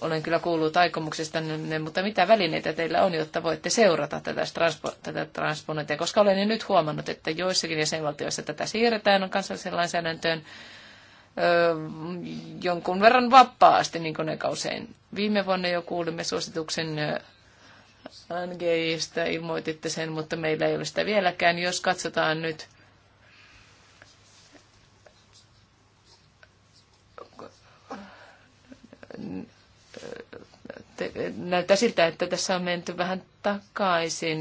Olen kyllä kuullut aikomuksesta, mutta mitä välineitä teillä on, jotta voitte seurata tätä, transpo, tätä transponointia? Koska olen jo nyt huomannut, että joissakin jäsenvaltioissa tätä siirretään kansalliseen lainsäädäntöön öö, jonkun verran vapaasti, niin kuin ne usein. Viime vuonna jo kuulimme suosituksen NGIstä ilmoititte sen, mutta meillä ei ole sitä vieläkään. Jos katsotaan nyt näyttää siltä, että tässä on menty vähän takaisin,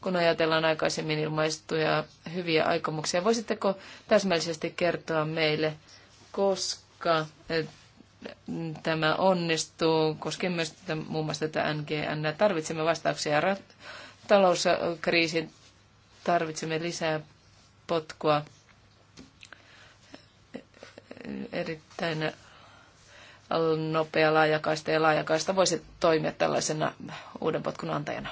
kun ajatellaan aikaisemmin ilmaistuja hyviä aikomuksia. Voisitteko täsmällisesti kertoa meille, koska tämä onnistuu, koskee myös tätä, muun muassa tätä NGN. Tarvitsemme vastauksia rat- talouskriisin, tarvitsemme lisää potkua erittäin nopea laajakaista ja laajakaista voisi toimia tällaisena uuden potkun antajana.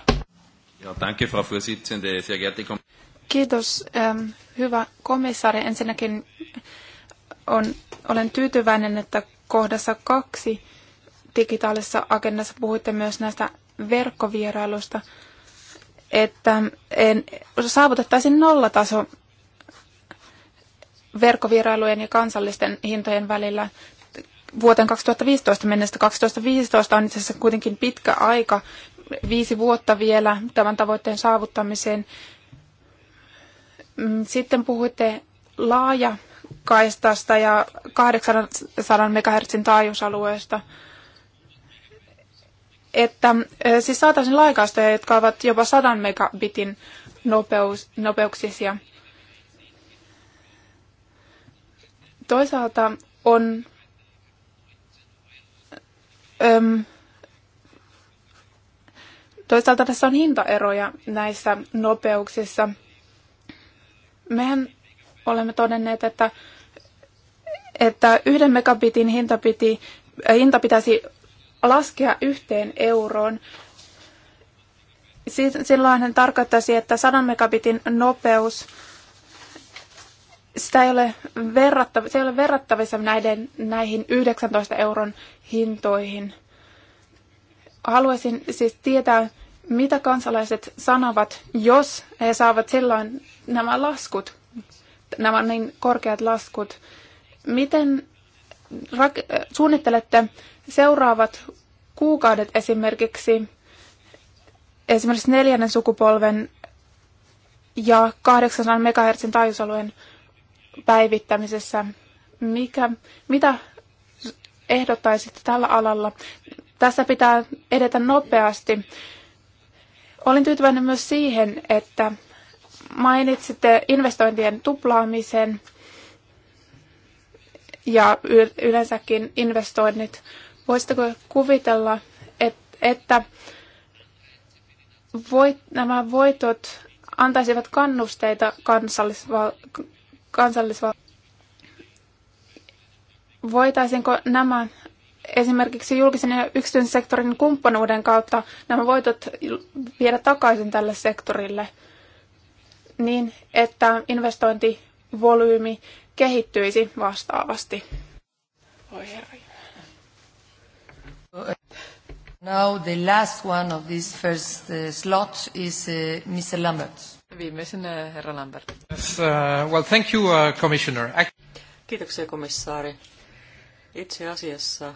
Kiitos, ähm, hyvä komissaari. Ensinnäkin on, olen tyytyväinen, että kohdassa kaksi digitaalisessa agendassa puhuitte myös näistä verkkovierailusta, että en, saavutettaisiin nollataso verkkovierailujen ja kansallisten hintojen välillä vuoteen 2015 mennessä. 2015 on itse asiassa kuitenkin pitkä aika, viisi vuotta vielä tämän tavoitteen saavuttamiseen. Mm, sitten puhuitte laaja kaistasta ja 800 MHz taajuusalueesta. Että eh, siis saataisiin laikaistoja, jotka ovat jopa 100 megabitin nopeus, nopeuksisia. Toisaalta on öm, ehm, toisaalta tässä on hintaeroja näissä nopeuksissa. Mehän olemme todenneet, että, että yhden megabitin hinta, piti, äh, hinta pitäisi laskea yhteen euroon. Silloin hän tarkoittaisi, että 100 megabitin nopeus sitä ei ole, verrattav- se ei ole verrattavissa näiden, näihin 19 euron hintoihin. Haluaisin siis tietää, mitä kansalaiset sanovat, jos he saavat silloin nämä laskut nämä niin korkeat laskut. Miten suunnittelette seuraavat kuukaudet esimerkiksi, esimerkiksi neljännen sukupolven ja 800 MHz taajuusalueen päivittämisessä. Mikä, mitä ehdottaisitte tällä alalla? Tässä pitää edetä nopeasti. Olin tyytyväinen myös siihen, että Mainitsitte investointien tuplaamisen ja yleensäkin investoinnit. Voisitteko kuvitella, että voit, nämä voitot antaisivat kannusteita kansallisval, kansallisval, voitaisinko nämä esimerkiksi julkisen ja yksityisen sektorin kumppanuuden kautta nämä voitot viedä takaisin tälle sektorille? niin, että investointivolyymi kehittyisi vastaavasti. Voi herra. Now the last one of this first uh, slot is uh, Mr. Lambert. Viimeisenä herra Lambert. Yes, uh, well, thank you, uh, Commissioner. Kiitoksia komissaari. Itse asiassa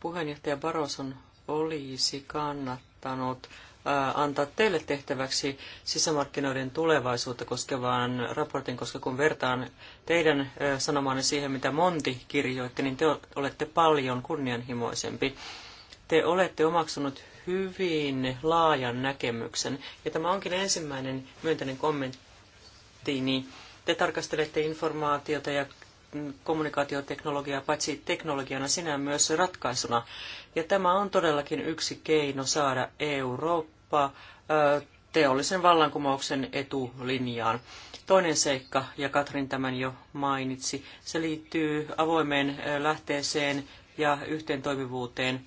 puheenjohtaja Baroson olisi kannattanut Äh, antaa teille tehtäväksi sisämarkkinoiden tulevaisuutta koskevaan raportin, koska kun vertaan teidän äh, sanomaanne siihen, mitä Monti kirjoitti, niin te olette paljon kunnianhimoisempi. Te olette omaksunut hyvin laajan näkemyksen, ja tämä onkin ensimmäinen myönteinen niin Te tarkastelette informaatiota ja kommunikaatioteknologiaa paitsi teknologiana sinä myös ratkaisuna. Ja tämä on todellakin yksi keino saada Eurooppa Eurooppa teollisen vallankumouksen etulinjaan. Toinen seikka, ja Katrin tämän jo mainitsi, se liittyy avoimeen lähteeseen ja yhteen toimivuuteen.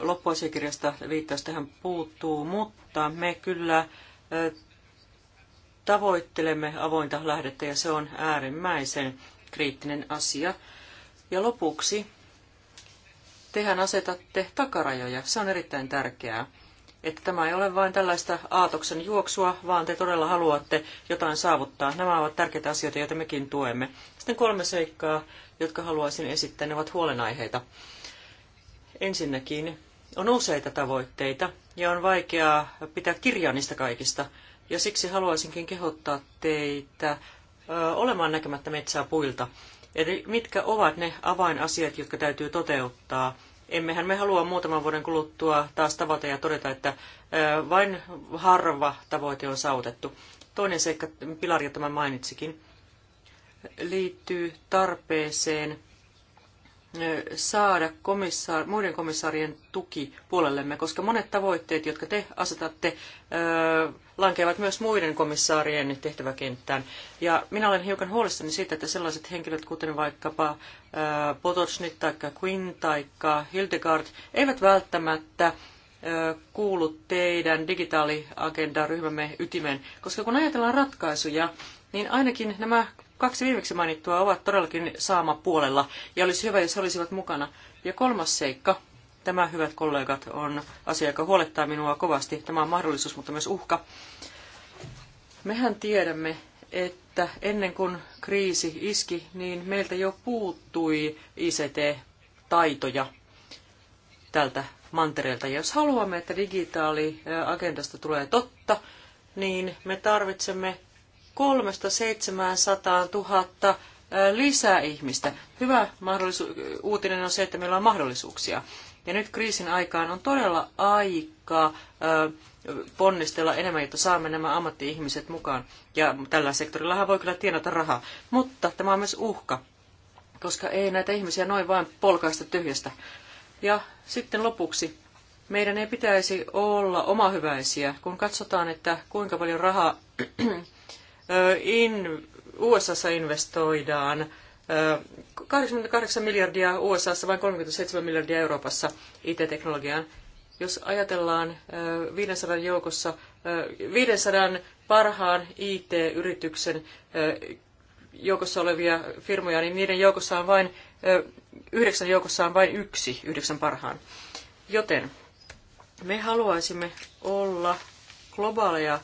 Loppuasiakirjasta viittaus tähän puuttuu, mutta me kyllä tavoittelemme avointa lähdettä ja se on äärimmäisen kriittinen asia. Ja lopuksi tehän asetatte takarajoja. Se on erittäin tärkeää, että tämä ei ole vain tällaista aatoksen juoksua, vaan te todella haluatte jotain saavuttaa. Nämä ovat tärkeitä asioita, joita mekin tuemme. Sitten kolme seikkaa, jotka haluaisin esittää, ne ovat huolenaiheita. Ensinnäkin on useita tavoitteita ja on vaikeaa pitää kirjaa niistä kaikista. Ja siksi haluaisinkin kehottaa teitä olemaan näkemättä metsää puilta. Eli mitkä ovat ne avainasiat, jotka täytyy toteuttaa? Emmehän me halua muutaman vuoden kuluttua taas tavata ja todeta, että vain harva tavoite on saavutettu. Toinen seikka, Pilari tämän mainitsikin, liittyy tarpeeseen saada komissaar, muiden komissaarien tuki puolellemme, koska monet tavoitteet, jotka te asetatte, lankeavat myös muiden komissaarien tehtäväkenttään. Ja minä olen hiukan huolissani siitä, että sellaiset henkilöt, kuten vaikkapa Potocnik tai Quinn tai Hildegard, eivät välttämättä kuulu teidän digitaaliagenda-ryhmämme ytimeen, koska kun ajatellaan ratkaisuja, niin ainakin nämä kaksi viimeksi mainittua ovat todellakin saama puolella ja olisi hyvä, jos olisivat mukana. Ja kolmas seikka, tämä hyvät kollegat, on asia, joka huolettaa minua kovasti. Tämä on mahdollisuus, mutta myös uhka. Mehän tiedämme, että ennen kuin kriisi iski, niin meiltä jo puuttui ICT-taitoja tältä mantereelta. Jos haluamme, että digitaaliagendasta tulee totta, niin me tarvitsemme kolmesta 000 lisää ihmistä. Hyvä mahdollisu- uutinen on se, että meillä on mahdollisuuksia. Ja nyt kriisin aikaan on todella aika ponnistella enemmän, jotta saamme nämä ammatti-ihmiset mukaan. Ja tällä sektorillahan voi kyllä tienata rahaa. Mutta tämä on myös uhka, koska ei näitä ihmisiä noin vain polkaista tyhjästä. Ja sitten lopuksi, meidän ei pitäisi olla omahyväisiä, kun katsotaan, että kuinka paljon rahaa in, USAssa investoidaan 88 miljardia USAssa, vain 37 miljardia Euroopassa IT-teknologiaan. Jos ajatellaan 500 joukossa, 500 parhaan IT-yrityksen joukossa olevia firmoja, niin niiden joukossa on vain, yhdeksän joukossa on vain yksi, yhdeksän parhaan. Joten me haluaisimme olla globaaleja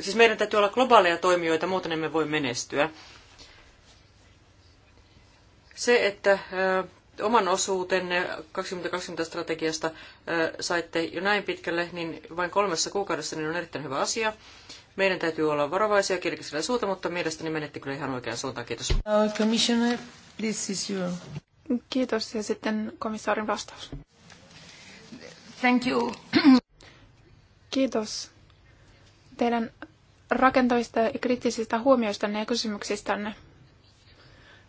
siis meidän täytyy olla globaaleja toimijoita, muuten emme voi menestyä. Se, että oman osuutenne 2020-strategiasta saitte jo näin pitkälle, niin vain kolmessa kuukaudessa niin on erittäin hyvä asia. Meidän täytyy olla varovaisia kirkisellä suuta, mutta mielestäni menette kyllä ihan oikeaan suuntaan. Kiitos. Uh, commissioner, this is you. Kiitos ja sitten komissaarin vastaus. Thank you. Kiitos teidän rakentoista ja kriittisistä huomioistanne ja kysymyksistänne.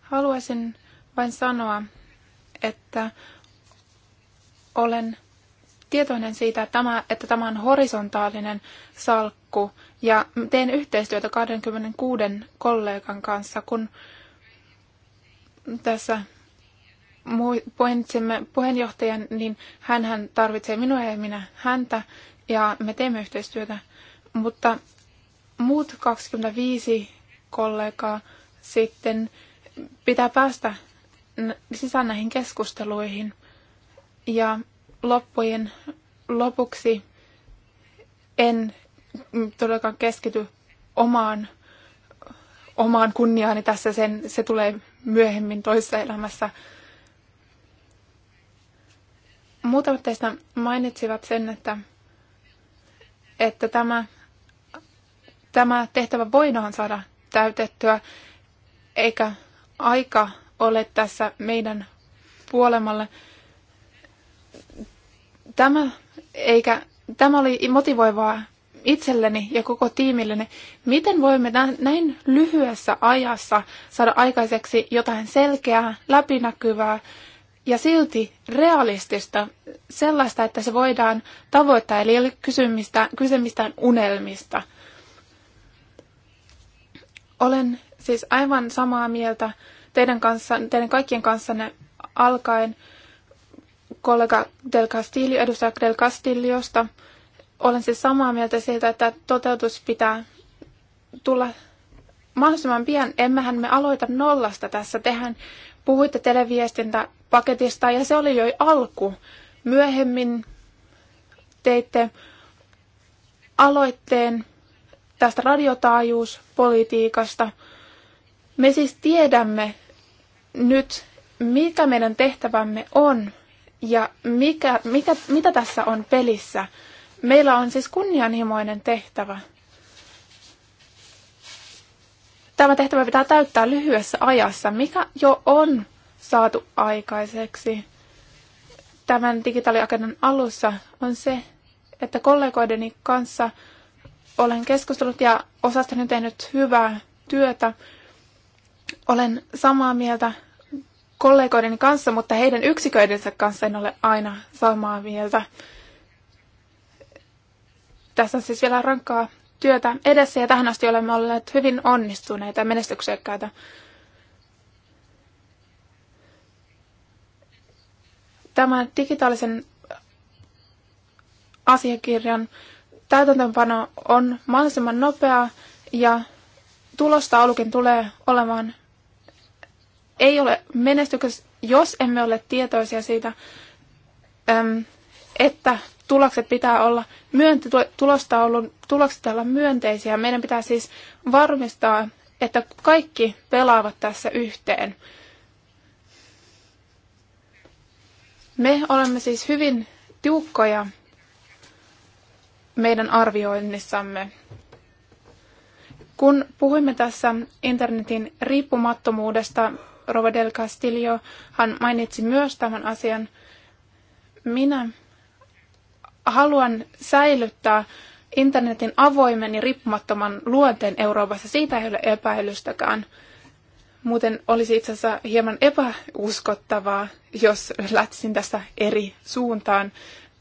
Haluaisin vain sanoa, että olen tietoinen siitä, että tämä, että tämä on horisontaalinen salkku ja teen yhteistyötä 26 kollegan kanssa, kun tässä pointsimme puheenjohtajan, niin hän tarvitsee minua ja minä häntä ja me teemme yhteistyötä mutta muut 25 kollegaa sitten pitää päästä sisään näihin keskusteluihin. Ja loppujen lopuksi en todellakaan keskity omaan, omaan kunniaani tässä. Sen, se tulee myöhemmin toisessa elämässä. Muutamat teistä mainitsivat sen, että, että tämä tämä tehtävä voidaan saada täytettyä, eikä aika ole tässä meidän puolemalle. Tämä, eikä, tämä oli motivoivaa itselleni ja koko tiimilleni, miten voimme näin lyhyessä ajassa saada aikaiseksi jotain selkeää, läpinäkyvää ja silti realistista, sellaista, että se voidaan tavoittaa, eli ei ole kysymistä, mistään unelmista – olen siis aivan samaa mieltä teidän, kanssa, teidän kaikkien kanssanne alkaen kollega Del Castillo, edustaja Del Castillosta. Olen siis samaa mieltä siitä, että toteutus pitää tulla mahdollisimman pian. Emmehän me aloita nollasta tässä. Tehän puhuitte televiestintäpaketista ja se oli jo alku. Myöhemmin teitte aloitteen tästä radiotaajuuspolitiikasta. Me siis tiedämme nyt, mikä meidän tehtävämme on ja mikä, mikä, mitä tässä on pelissä. Meillä on siis kunnianhimoinen tehtävä. Tämä tehtävä pitää täyttää lyhyessä ajassa, mikä jo on saatu aikaiseksi tämän digitaaliagendan alussa on se, että kollegoideni kanssa olen keskustellut ja osastani tehnyt hyvää työtä. Olen samaa mieltä kollegoideni kanssa, mutta heidän yksiköidensä kanssa en ole aina samaa mieltä. Tässä on siis vielä rankkaa työtä edessä ja tähän asti olemme olleet hyvin onnistuneita ja menestyksekkäitä. Tämän digitaalisen asiakirjan täytäntöönpano on mahdollisimman nopea ja tulostaulukin tulee olemaan, ei ole menestykäs jos emme ole tietoisia siitä, että tulokset pitää olla myönte, tulostaulun, tulokset olla myönteisiä. Meidän pitää siis varmistaa, että kaikki pelaavat tässä yhteen. Me olemme siis hyvin tiukkoja meidän arvioinnissamme. Kun puhuimme tässä internetin riippumattomuudesta, Rova del Castillo hän mainitsi myös tämän asian. Minä haluan säilyttää internetin avoimen ja riippumattoman luonteen Euroopassa. Siitä ei ole epäilystäkään. Muuten olisi itse asiassa hieman epäuskottavaa, jos lähtisin tässä eri suuntaan.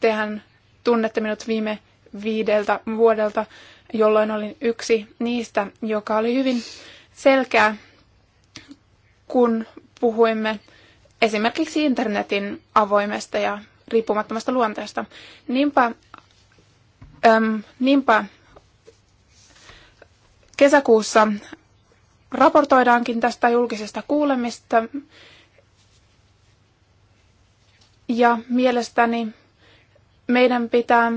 Tehän tunnette minut viime viideltä vuodelta, jolloin olin yksi niistä, joka oli hyvin selkeä, kun puhuimme esimerkiksi internetin avoimesta ja riippumattomasta luonteesta. Niinpä, äm, niinpä kesäkuussa raportoidaankin tästä julkisesta kuulemista. Ja mielestäni meidän pitää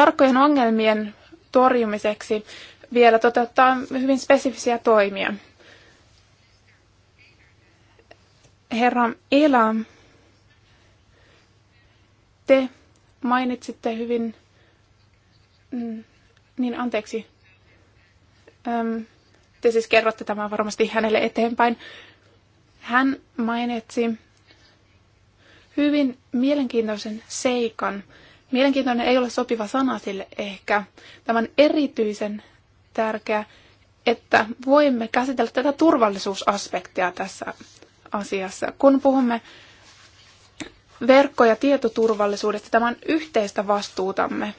tarkkojen ongelmien torjumiseksi vielä toteuttaa hyvin spesifisiä toimia. Herra Ila, te mainitsitte hyvin, mm, niin anteeksi, te siis kerrotte tämän varmasti hänelle eteenpäin. Hän mainitsi hyvin mielenkiintoisen seikan, Mielenkiintoinen ei ole sopiva sana sille ehkä. Tämä on erityisen tärkeä, että voimme käsitellä tätä turvallisuusaspektia tässä asiassa. Kun puhumme verkko- ja tietoturvallisuudesta, tämä on yhteistä vastuutamme.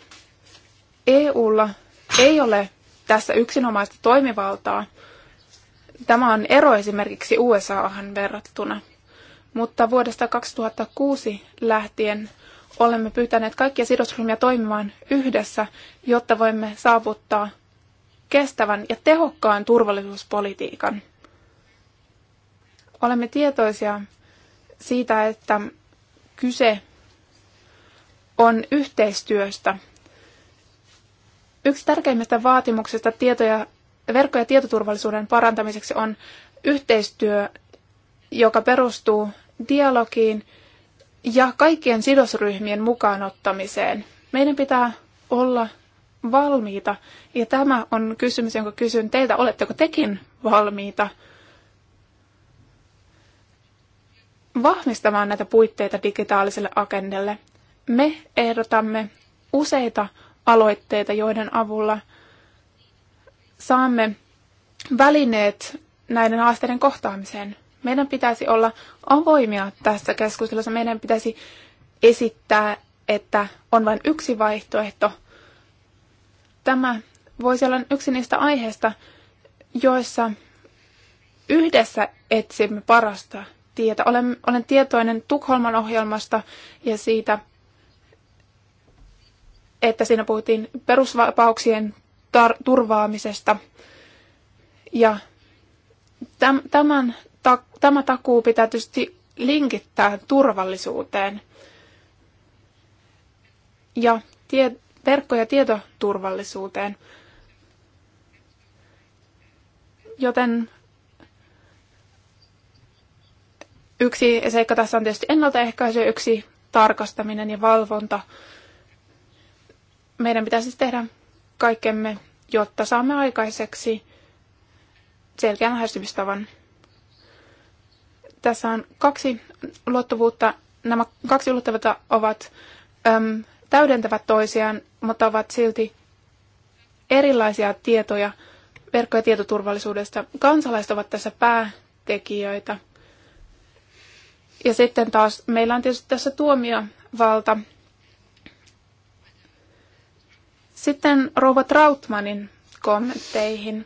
EUlla ei ole tässä yksinomaista toimivaltaa. Tämä on ero esimerkiksi USAhan verrattuna. Mutta vuodesta 2006 lähtien olemme pyytäneet kaikkia sidosryhmiä toimimaan yhdessä, jotta voimme saavuttaa kestävän ja tehokkaan turvallisuuspolitiikan. Olemme tietoisia siitä, että kyse on yhteistyöstä. Yksi tärkeimmistä vaatimuksista tieto- ja, verkko- ja tietoturvallisuuden parantamiseksi on yhteistyö, joka perustuu dialogiin – ja kaikkien sidosryhmien mukaanottamiseen. Meidän pitää olla valmiita. Ja tämä on kysymys, jonka kysyn teiltä. Oletteko tekin valmiita vahvistamaan näitä puitteita digitaaliselle agendalle? Me ehdotamme useita aloitteita, joiden avulla saamme välineet näiden haasteiden kohtaamiseen. Meidän pitäisi olla avoimia tässä keskustelussa. Meidän pitäisi esittää, että on vain yksi vaihtoehto. Tämä voisi olla yksi niistä aiheista, joissa yhdessä etsimme parasta tietä. Olen, olen tietoinen Tukholman ohjelmasta ja siitä, että siinä puhuttiin perusvapauksien turvaamisesta. Ja tämän ta- tämä takuu pitää tietysti linkittää turvallisuuteen ja tie- verkko- ja tietoturvallisuuteen. Joten yksi seikka tässä on tietysti ennaltaehkäisy, yksi tarkastaminen ja valvonta. Meidän pitäisi siis tehdä kaikkemme, jotta saamme aikaiseksi selkeän lähestymistavan. Tässä on kaksi ulottuvuutta. Nämä kaksi ulottuvuutta ovat äm, täydentävät toisiaan, mutta ovat silti erilaisia tietoja verkko- ja tietoturvallisuudesta. Kansalaiset ovat tässä päätekijöitä. Ja sitten taas meillä on tietysti tässä tuomiovalta. Sitten Rouva Trautmanin kommentteihin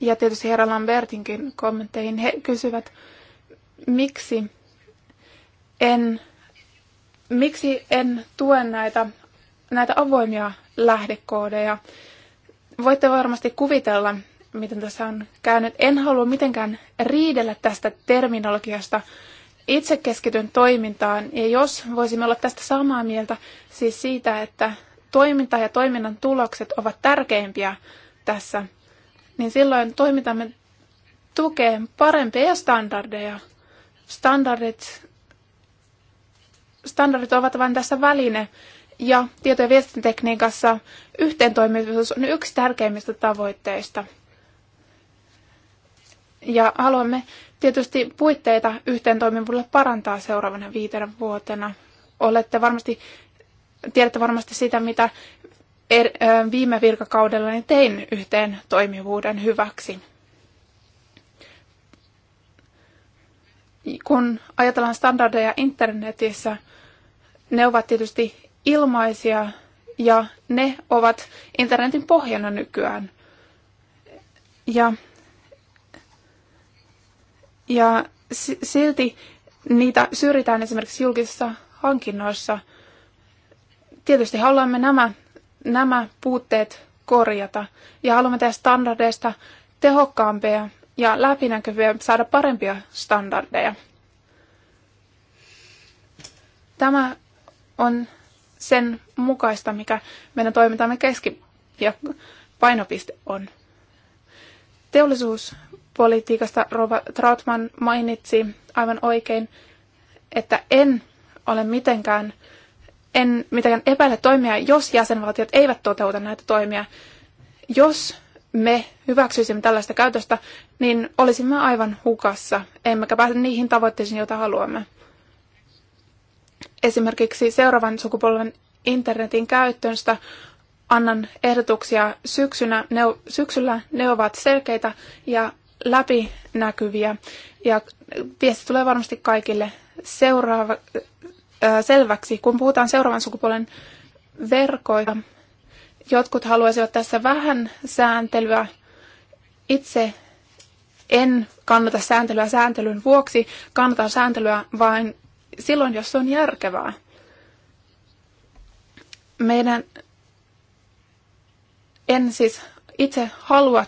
ja tietysti herra Lambertinkin kommentteihin, he kysyvät, miksi en, miksi en tue näitä, näitä avoimia lähdekoodeja. Voitte varmasti kuvitella, miten tässä on käynyt. En halua mitenkään riidellä tästä terminologiasta. Itse keskityn toimintaan, ja jos voisimme olla tästä samaa mieltä, siis siitä, että toiminta ja toiminnan tulokset ovat tärkeimpiä tässä niin silloin toimintamme tukee parempia standardeja. Standardit, standardit ovat vain tässä väline, ja tieto- ja viestintätekniikassa yhteentoimivuus on yksi tärkeimmistä tavoitteista. Ja haluamme tietysti puitteita yhteentoimivuudelle parantaa seuraavana viitenä vuotena. Olette varmasti, tiedätte varmasti sitä, mitä er, viime virkakaudella niin tein yhteen toimivuuden hyväksi. Kun ajatellaan standardeja internetissä, ne ovat tietysti ilmaisia ja ne ovat internetin pohjana nykyään. Ja, ja silti niitä syrjitään esimerkiksi julkisissa hankinnoissa. Tietysti haluamme nämä nämä puutteet korjata ja haluamme tehdä standardeista tehokkaampia ja läpinäkyviä, saada parempia standardeja. Tämä on sen mukaista, mikä meidän toimintamme keski- ja painopiste on. Teollisuuspolitiikasta Rova Trautman mainitsi aivan oikein, että en ole mitenkään en mitenkään epäile toimia, jos jäsenvaltiot eivät toteuta näitä toimia. Jos me hyväksyisimme tällaista käytöstä, niin olisimme aivan hukassa, emmekä pääse niihin tavoitteisiin, joita haluamme. Esimerkiksi seuraavan sukupolven internetin käyttöstä annan ehdotuksia syksynä. Ne, syksyllä ne ovat selkeitä ja läpinäkyviä. Ja viesti tulee varmasti kaikille. Seuraava, selväksi. Kun puhutaan seuraavan sukupolven verkoista, jotkut haluaisivat tässä vähän sääntelyä. Itse en kannata sääntelyä sääntelyn vuoksi, kannatan sääntelyä vain silloin, jos se on järkevää. Meidän en siis itse halua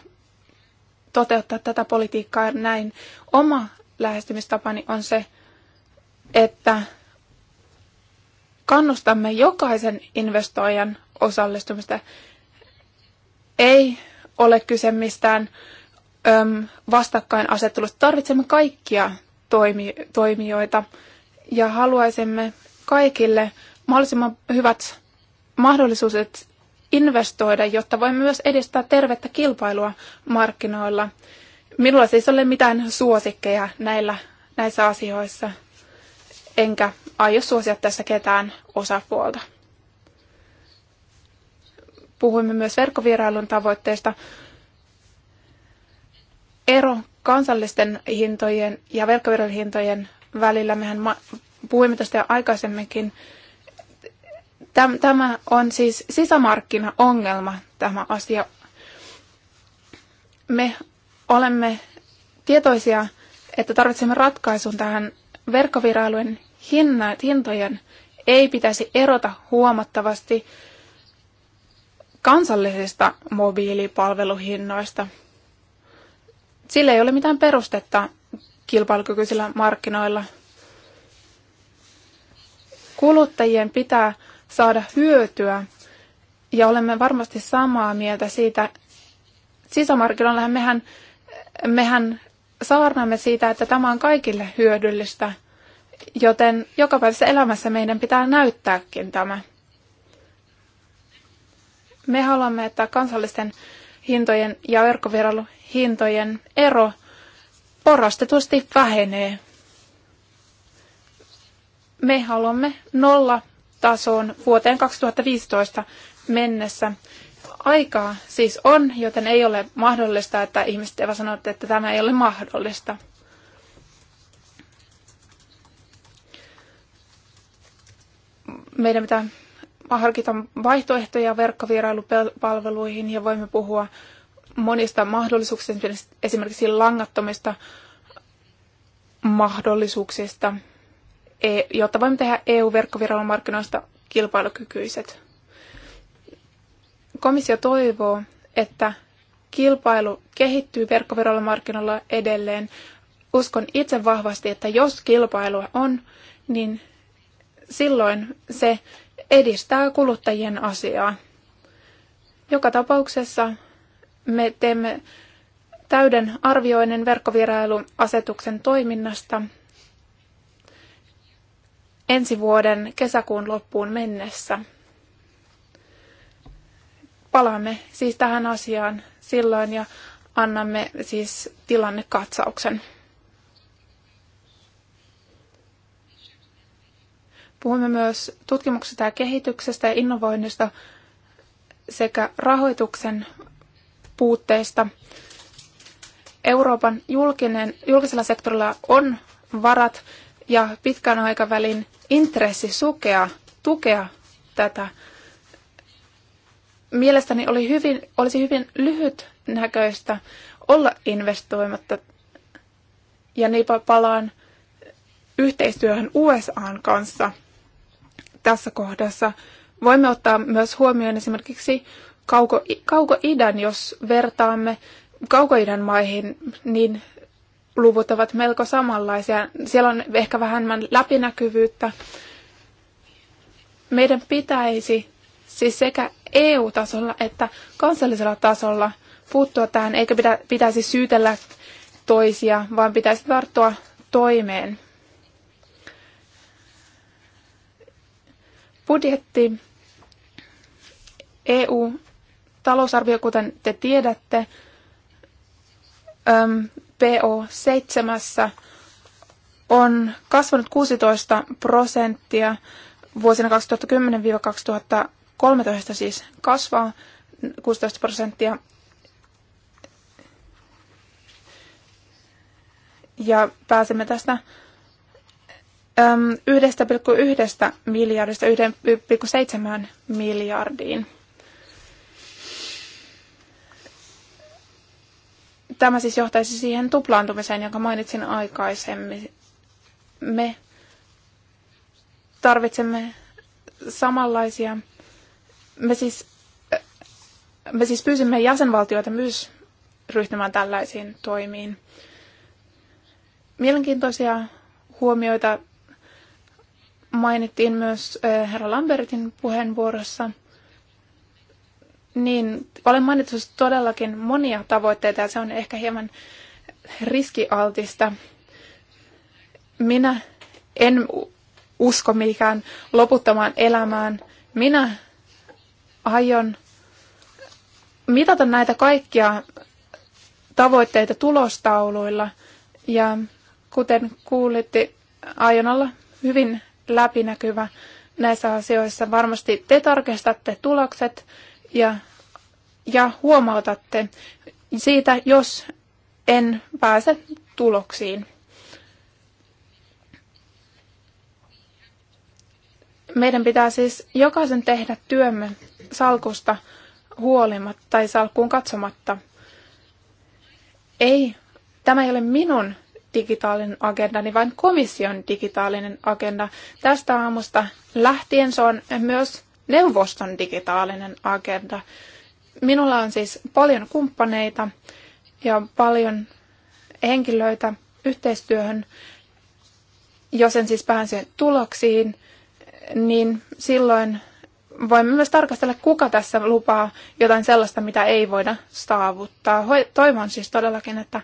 toteuttaa tätä politiikkaa näin. Oma lähestymistapani on se, että kannustamme jokaisen investoijan osallistumista. Ei ole kyse mistään äm, vastakkainasettelusta. Tarvitsemme kaikkia toimi, toimijoita ja haluaisimme kaikille mahdollisimman hyvät mahdollisuudet investoida, jotta voimme myös edistää tervettä kilpailua markkinoilla. Minulla siis ei ole mitään suosikkeja näillä, näissä asioissa enkä aio suosia tässä ketään osapuolta. Puhuimme myös verkkovierailun tavoitteista. Ero kansallisten hintojen ja hintojen välillä, mehän puhuimme tästä jo aikaisemminkin, tämä on siis sisämarkkinaongelma, tämä asia. Me olemme tietoisia, että tarvitsemme ratkaisun tähän verkkovirailun hinnat, hintojen ei pitäisi erota huomattavasti kansallisista mobiilipalveluhinnoista. Sillä ei ole mitään perustetta kilpailukykyisillä markkinoilla. Kuluttajien pitää saada hyötyä ja olemme varmasti samaa mieltä siitä. Sisämarkkinoillahan mehän, mehän saarnamme siitä, että tämä on kaikille hyödyllistä, joten jokapäiväisessä elämässä meidän pitää näyttääkin tämä. Me haluamme, että kansallisten hintojen ja verkkovierailuhintojen ero porrastetusti vähenee. Me haluamme nolla tasoon vuoteen 2015 mennessä. Aikaa siis on, joten ei ole mahdollista, että ihmiset eivät sano, että tämä ei ole mahdollista. Meidän pitää harkita vaihtoehtoja verkkovierailupalveluihin ja voimme puhua monista mahdollisuuksista, esimerkiksi langattomista mahdollisuuksista, e- jotta voimme tehdä EU-verkkoviralumarkkinoista kilpailukykyiset. Komissio toivoo, että kilpailu kehittyy verkkoverolla markkinoilla edelleen. Uskon itse vahvasti, että jos kilpailua on, niin silloin se edistää kuluttajien asiaa. Joka tapauksessa me teemme täyden arvioinnin verkkovierailuasetuksen toiminnasta ensi vuoden kesäkuun loppuun mennessä palaamme siis tähän asiaan silloin ja annamme siis tilannekatsauksen. Puhumme myös tutkimuksesta ja kehityksestä ja innovoinnista sekä rahoituksen puutteista. Euroopan julkinen, julkisella sektorilla on varat ja pitkän aikavälin intressi sukea, tukea tätä mielestäni oli hyvin, olisi hyvin näköistä olla investoimatta ja niinpä palaan yhteistyöhön USAn kanssa tässä kohdassa. Voimme ottaa myös huomioon esimerkiksi kauko, kauko-idän, jos vertaamme kauko-idän maihin, niin luvut ovat melko samanlaisia. Siellä on ehkä vähemmän läpinäkyvyyttä. Meidän pitäisi siis sekä EU-tasolla että kansallisella tasolla puuttua tähän, eikä pitäisi syytellä toisia, vaan pitäisi tarttua toimeen. Budjetti EU talousarvio, kuten te tiedätte, PO7 on kasvanut 16 prosenttia vuosina 2010 2020 13 siis kasvaa 16 prosenttia. Ja pääsemme tästä 1,1 miljardista 1,7 miljardiin. Tämä siis johtaisi siihen tuplaantumiseen, jonka mainitsin aikaisemmin. Me tarvitsemme samanlaisia me siis, me siis pyysimme jäsenvaltioita myös ryhtymään tällaisiin toimiin. Mielenkiintoisia huomioita mainittiin myös eh, herra Lambertin puheenvuorossa. Niin, olen mainittu todellakin monia tavoitteita ja se on ehkä hieman riskialtista. Minä en usko mikään loputtamaan elämään. Minä aion mitata näitä kaikkia tavoitteita tulostauluilla ja kuten kuulitte, aion olla hyvin läpinäkyvä näissä asioissa. Varmasti te tarkistatte tulokset ja, ja huomautatte siitä, jos en pääse tuloksiin. Meidän pitää siis jokaisen tehdä työmme salkusta huolimatta tai salkkuun katsomatta. Ei, tämä ei ole minun digitaalinen agendani, vaan komission digitaalinen agenda. Tästä aamusta lähtien se on myös neuvoston digitaalinen agenda. Minulla on siis paljon kumppaneita ja paljon henkilöitä yhteistyöhön. Jos en siis pääse tuloksiin, niin silloin voimme myös tarkastella, kuka tässä lupaa jotain sellaista, mitä ei voida saavuttaa. Toivon siis todellakin, että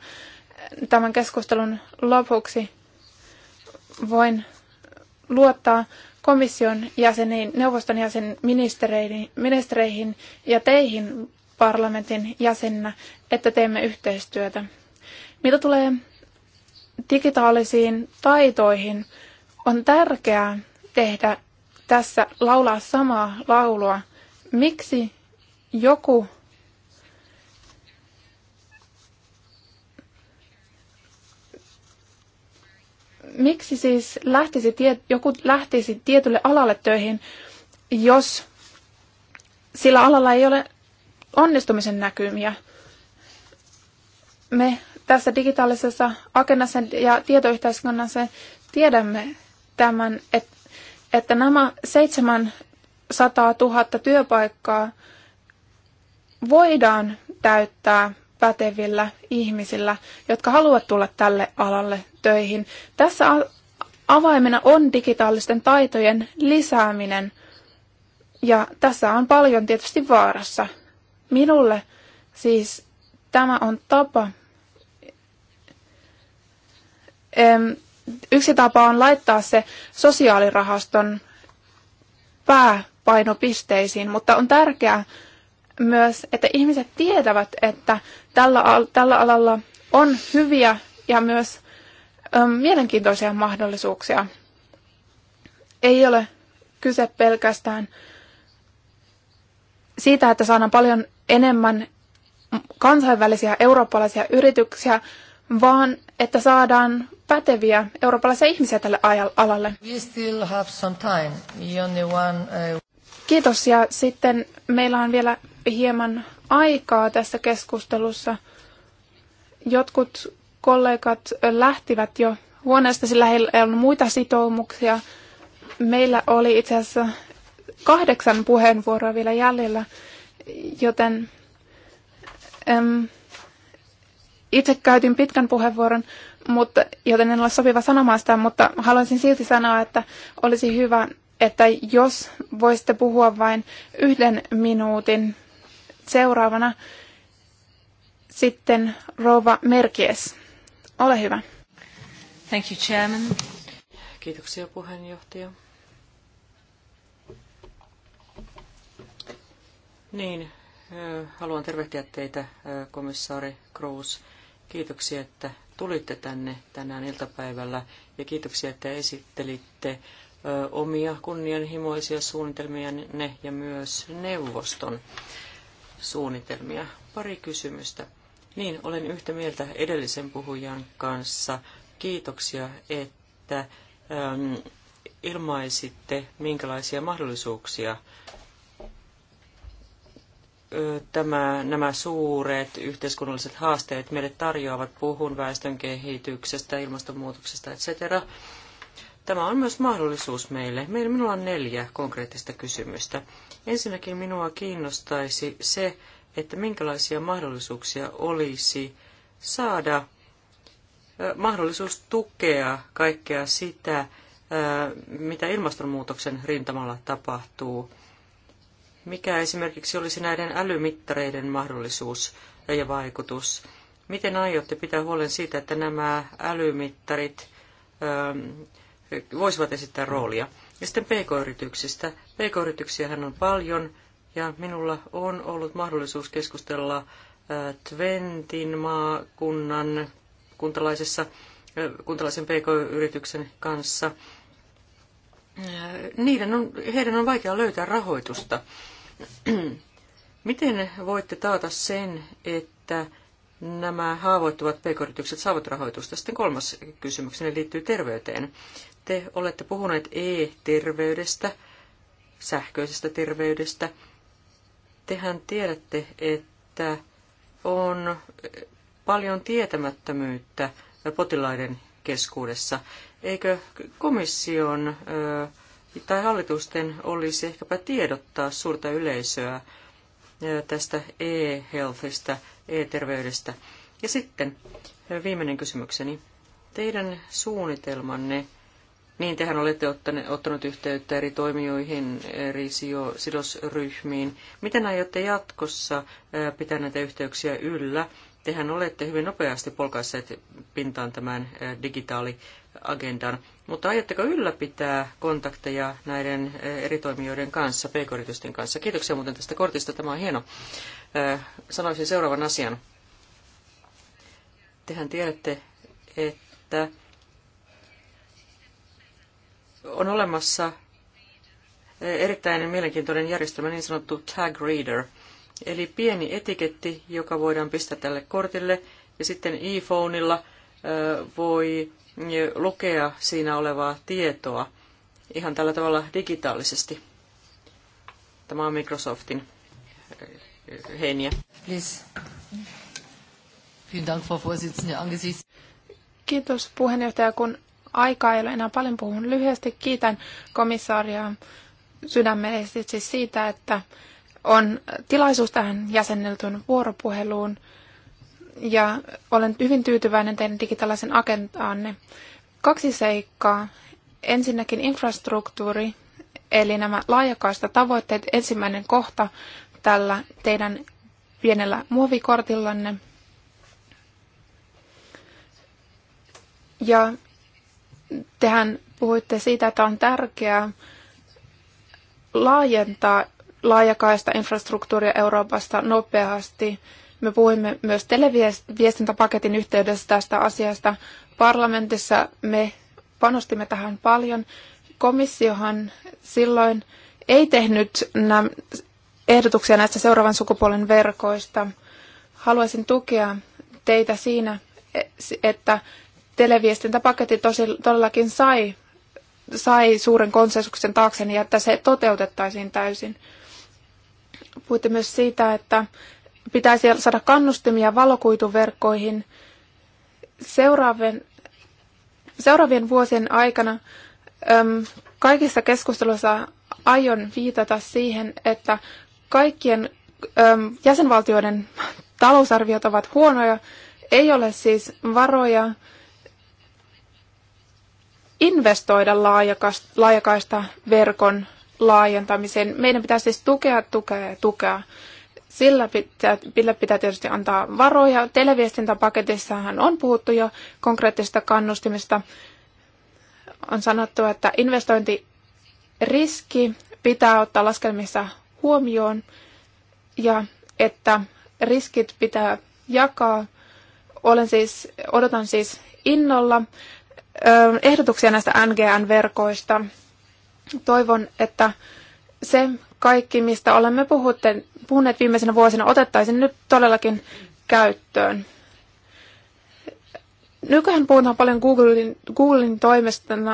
tämän keskustelun lopuksi voin luottaa komission jäseniin, neuvoston jäsen ministereihin, ministereihin ja teihin parlamentin jäsennä että teemme yhteistyötä. Mitä tulee digitaalisiin taitoihin, on tärkeää tehdä tässä laulaa samaa laulua. Miksi joku miksi siis lähtisi tie, joku lähtisi tietylle alalle töihin, jos sillä alalla ei ole onnistumisen näkymiä? Me tässä digitaalisessa agendassa ja tietoyhteiskunnassa tiedämme tämän, että että nämä 700 000 työpaikkaa voidaan täyttää pätevillä ihmisillä, jotka haluavat tulla tälle alalle töihin. Tässä avaimena on digitaalisten taitojen lisääminen. Ja tässä on paljon tietysti vaarassa. Minulle siis tämä on tapa yksi tapa on laittaa se sosiaalirahaston pääpainopisteisiin, mutta on tärkeää myös, että ihmiset tietävät, että tällä, tällä alalla on hyviä ja myös ö, ähm, mielenkiintoisia mahdollisuuksia. Ei ole kyse pelkästään siitä, että saadaan paljon enemmän kansainvälisiä eurooppalaisia yrityksiä, vaan että saadaan päteviä eurooppalaisia ihmisiä tälle alalle. Uh, Kiitos ja sitten meillä on vielä hieman aikaa tässä keskustelussa. Jotkut kollegat lähtivät jo huoneesta, sillä heillä ollut muita sitoumuksia. Meillä oli itse asiassa kahdeksan puheenvuoroa vielä jäljellä, joten äm, itse käytin pitkän puheenvuoron, mutta, joten en ole sopiva sanomaan sitä, mutta haluaisin silti sanoa, että olisi hyvä, että jos voisitte puhua vain yhden minuutin seuraavana, sitten rova Merkies. Ole hyvä. Thank you, Chairman. Kiitoksia puheenjohtaja. Niin, haluan tervehtiä teitä, komissaari Kroos. Kiitoksia, että tulitte tänne tänään iltapäivällä ja kiitoksia, että esittelitte omia kunnianhimoisia suunnitelmia ne ja myös neuvoston suunnitelmia. Pari kysymystä. Niin, olen yhtä mieltä edellisen puhujan kanssa. Kiitoksia, että ilmaisitte, minkälaisia mahdollisuuksia tämä, nämä suuret yhteiskunnalliset haasteet meille tarjoavat, puhun väestön kehityksestä, ilmastonmuutoksesta, etc. Tämä on myös mahdollisuus meille. Meillä minulla on neljä konkreettista kysymystä. Ensinnäkin minua kiinnostaisi se, että minkälaisia mahdollisuuksia olisi saada mahdollisuus tukea kaikkea sitä, mitä ilmastonmuutoksen rintamalla tapahtuu. Mikä esimerkiksi olisi näiden älymittareiden mahdollisuus ja vaikutus? Miten aiotte pitää huolen siitä, että nämä älymittarit ähm, voisivat esittää roolia? Ja sitten pk-yrityksistä. Pk-yrityksiähän on paljon ja minulla on ollut mahdollisuus keskustella äh, Twentin maakunnan kuntalaisessa, äh, kuntalaisen pk-yrityksen kanssa. Äh, niiden on, heidän on vaikea löytää rahoitusta. Miten voitte taata sen, että nämä haavoittuvat pk-yritykset saavat rahoitusta? Sitten kolmas kysymykseni liittyy terveyteen. Te olette puhuneet e-terveydestä, sähköisestä terveydestä. Tehän tiedätte, että on paljon tietämättömyyttä potilaiden keskuudessa. Eikö komission ö, tai hallitusten olisi ehkäpä tiedottaa suurta yleisöä tästä e-healthista, e-terveydestä. Ja sitten viimeinen kysymykseni. Teidän suunnitelmanne, niin tehän olette ottanut yhteyttä eri toimijoihin, eri sidosryhmiin. Miten aiotte jatkossa pitää näitä yhteyksiä yllä? Tehän olette hyvin nopeasti polkaisseet pintaan tämän eh, digitaaliagendan, mutta aiotteko ylläpitää kontakteja näiden eh, eri toimijoiden kanssa, pk kanssa? Kiitoksia muuten tästä kortista, tämä on hieno. Eh, sanoisin seuraavan asian. Tehän tiedätte, että on olemassa erittäin mielenkiintoinen järjestelmä, niin sanottu Tag Reader – Eli pieni etiketti, joka voidaan pistää tälle kortille, ja sitten iPhoneilla voi lukea siinä olevaa tietoa ihan tällä tavalla digitaalisesti. Tämä on Microsoftin heiniä. Kiitos puheenjohtaja, kun aikaa ei ole enää paljon puhun lyhyesti. Kiitän komissaaria sydämellisesti siis siitä, että on tilaisuus tähän jäsenneltyyn vuoropuheluun ja olen hyvin tyytyväinen teidän digitaalisen agendaanne. Kaksi seikkaa. Ensinnäkin infrastruktuuri, eli nämä laajakaista tavoitteet, ensimmäinen kohta tällä teidän pienellä muovikortillanne. Ja tehän puhuitte siitä, että on tärkeää laajentaa laajakaista infrastruktuuria Euroopasta nopeasti. Me puhuimme myös televiestintäpaketin yhteydessä tästä asiasta. Parlamentissa me panostimme tähän paljon. Komissiohan silloin ei tehnyt ehdotuksia näistä seuraavan sukupuolen verkoista. Haluaisin tukea teitä siinä, että televiestintäpaketti tosi, todellakin sai, sai suuren konsensuksen taakse ja että se toteutettaisiin täysin. Puhuitte myös siitä, että pitäisi saada kannustimia valokuituverkkoihin. Seuraavien, seuraavien vuosien aikana äm, kaikissa keskusteluissa aion viitata siihen, että kaikkien äm, jäsenvaltioiden talousarviot ovat huonoja, ei ole siis varoja investoida laajakaista verkon laajentamiseen. Meidän pitää siis tukea, tukea ja tukea. Sillä pitää, sillä pitää tietysti antaa varoja. Televiestintäpaketissahan on puhuttu jo konkreettisista kannustimista. On sanottu, että investointiriski pitää ottaa laskelmissa huomioon ja että riskit pitää jakaa. Olen siis, odotan siis innolla ehdotuksia näistä NGN-verkoista. Toivon, että se kaikki, mistä olemme puhuneet viimeisenä vuosina, otettaisiin nyt todellakin käyttöön. Nykyään puhutaan paljon Googlein, Googlein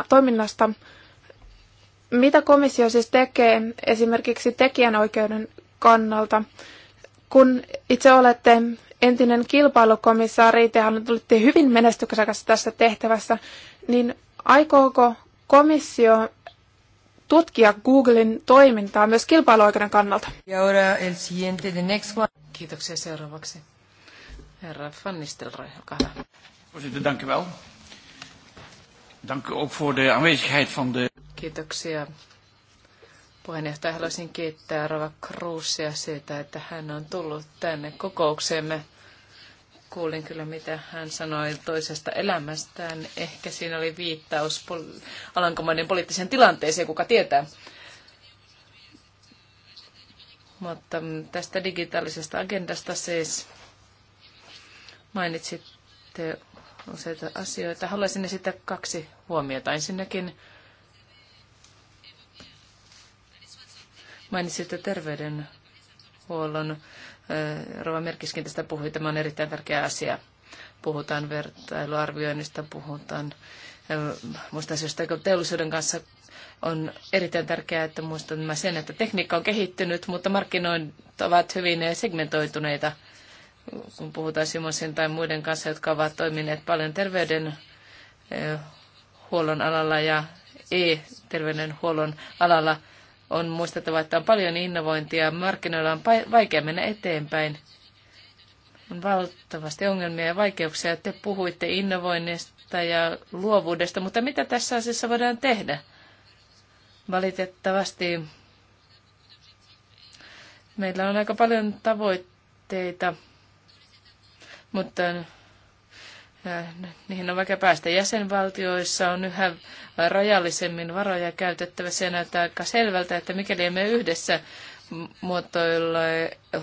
toiminnasta. Mitä komissio siis tekee esimerkiksi tekijänoikeuden kannalta? Kun itse olette entinen kilpailukomissaari, tehän olitte hyvin menestyksekäs tässä tehtävässä, niin aikooko komissio tutkia Googlen toimintaa myös kilpailuoikeuden kannalta. Kiitoksia seuraavaksi. Herra Van Nistelrooy, olkaa hyvä. dank u wel. Dank u ook voor de aanwezigheid van de... Kiitoksia. Puheenjohtaja, haluaisin kiittää Rova Kruusia siitä, että hän on tullut tänne kokoukseemme kuulin kyllä, mitä hän sanoi toisesta elämästään. Ehkä siinä oli viittaus pol- alankomaiden poliittiseen tilanteeseen, kuka tietää. Mutta tästä digitaalisesta agendasta siis mainitsitte useita asioita. Haluaisin esittää kaksi huomiota. Ensinnäkin mainitsitte terveydenhuollon Rova Merkiskin tästä puhui, tämä on erittäin tärkeä asia. Puhutaan vertailuarvioinnista, puhutaan muista asioista, teollisuuden kanssa on erittäin tärkeää, että muistan sen, että tekniikka on kehittynyt, mutta markkinoit ovat hyvin segmentoituneita, kun puhutaan Simonsin tai muiden kanssa, jotka ovat toimineet paljon terveydenhuollon alalla ja e-terveydenhuollon alalla on muistettava, että on paljon innovointia, markkinoilla on vaikea mennä eteenpäin. On valtavasti ongelmia ja vaikeuksia. Te puhuitte innovoinnista ja luovuudesta, mutta mitä tässä asiassa voidaan tehdä? Valitettavasti meillä on aika paljon tavoitteita, mutta Äh, niihin on vaikea päästä. Jäsenvaltioissa on yhä rajallisemmin varoja käytettävä Se näyttää aika selvältä, että mikäli emme yhdessä muotoilla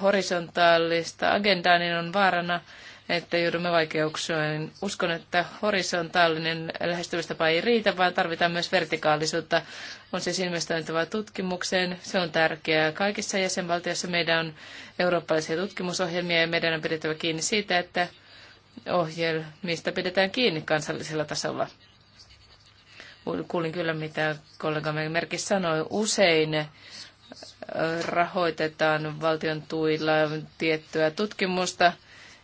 horisontaalista agendaa, niin on vaarana, että joudumme vaikeuksiin. Uskon, että horisontaalinen lähestymistapa ei riitä, vaan tarvitaan myös vertikaalisuutta. On siis investointava tutkimukseen. Se on tärkeää. Kaikissa jäsenvaltioissa meidän on eurooppalaisia tutkimusohjelmia ja meidän on pidettävä kiinni siitä, että mistä pidetään kiinni kansallisella tasolla. Kuulin kyllä, mitä kollegamme Merki sanoi. Usein äh, rahoitetaan valtion tuilla tiettyä tutkimusta.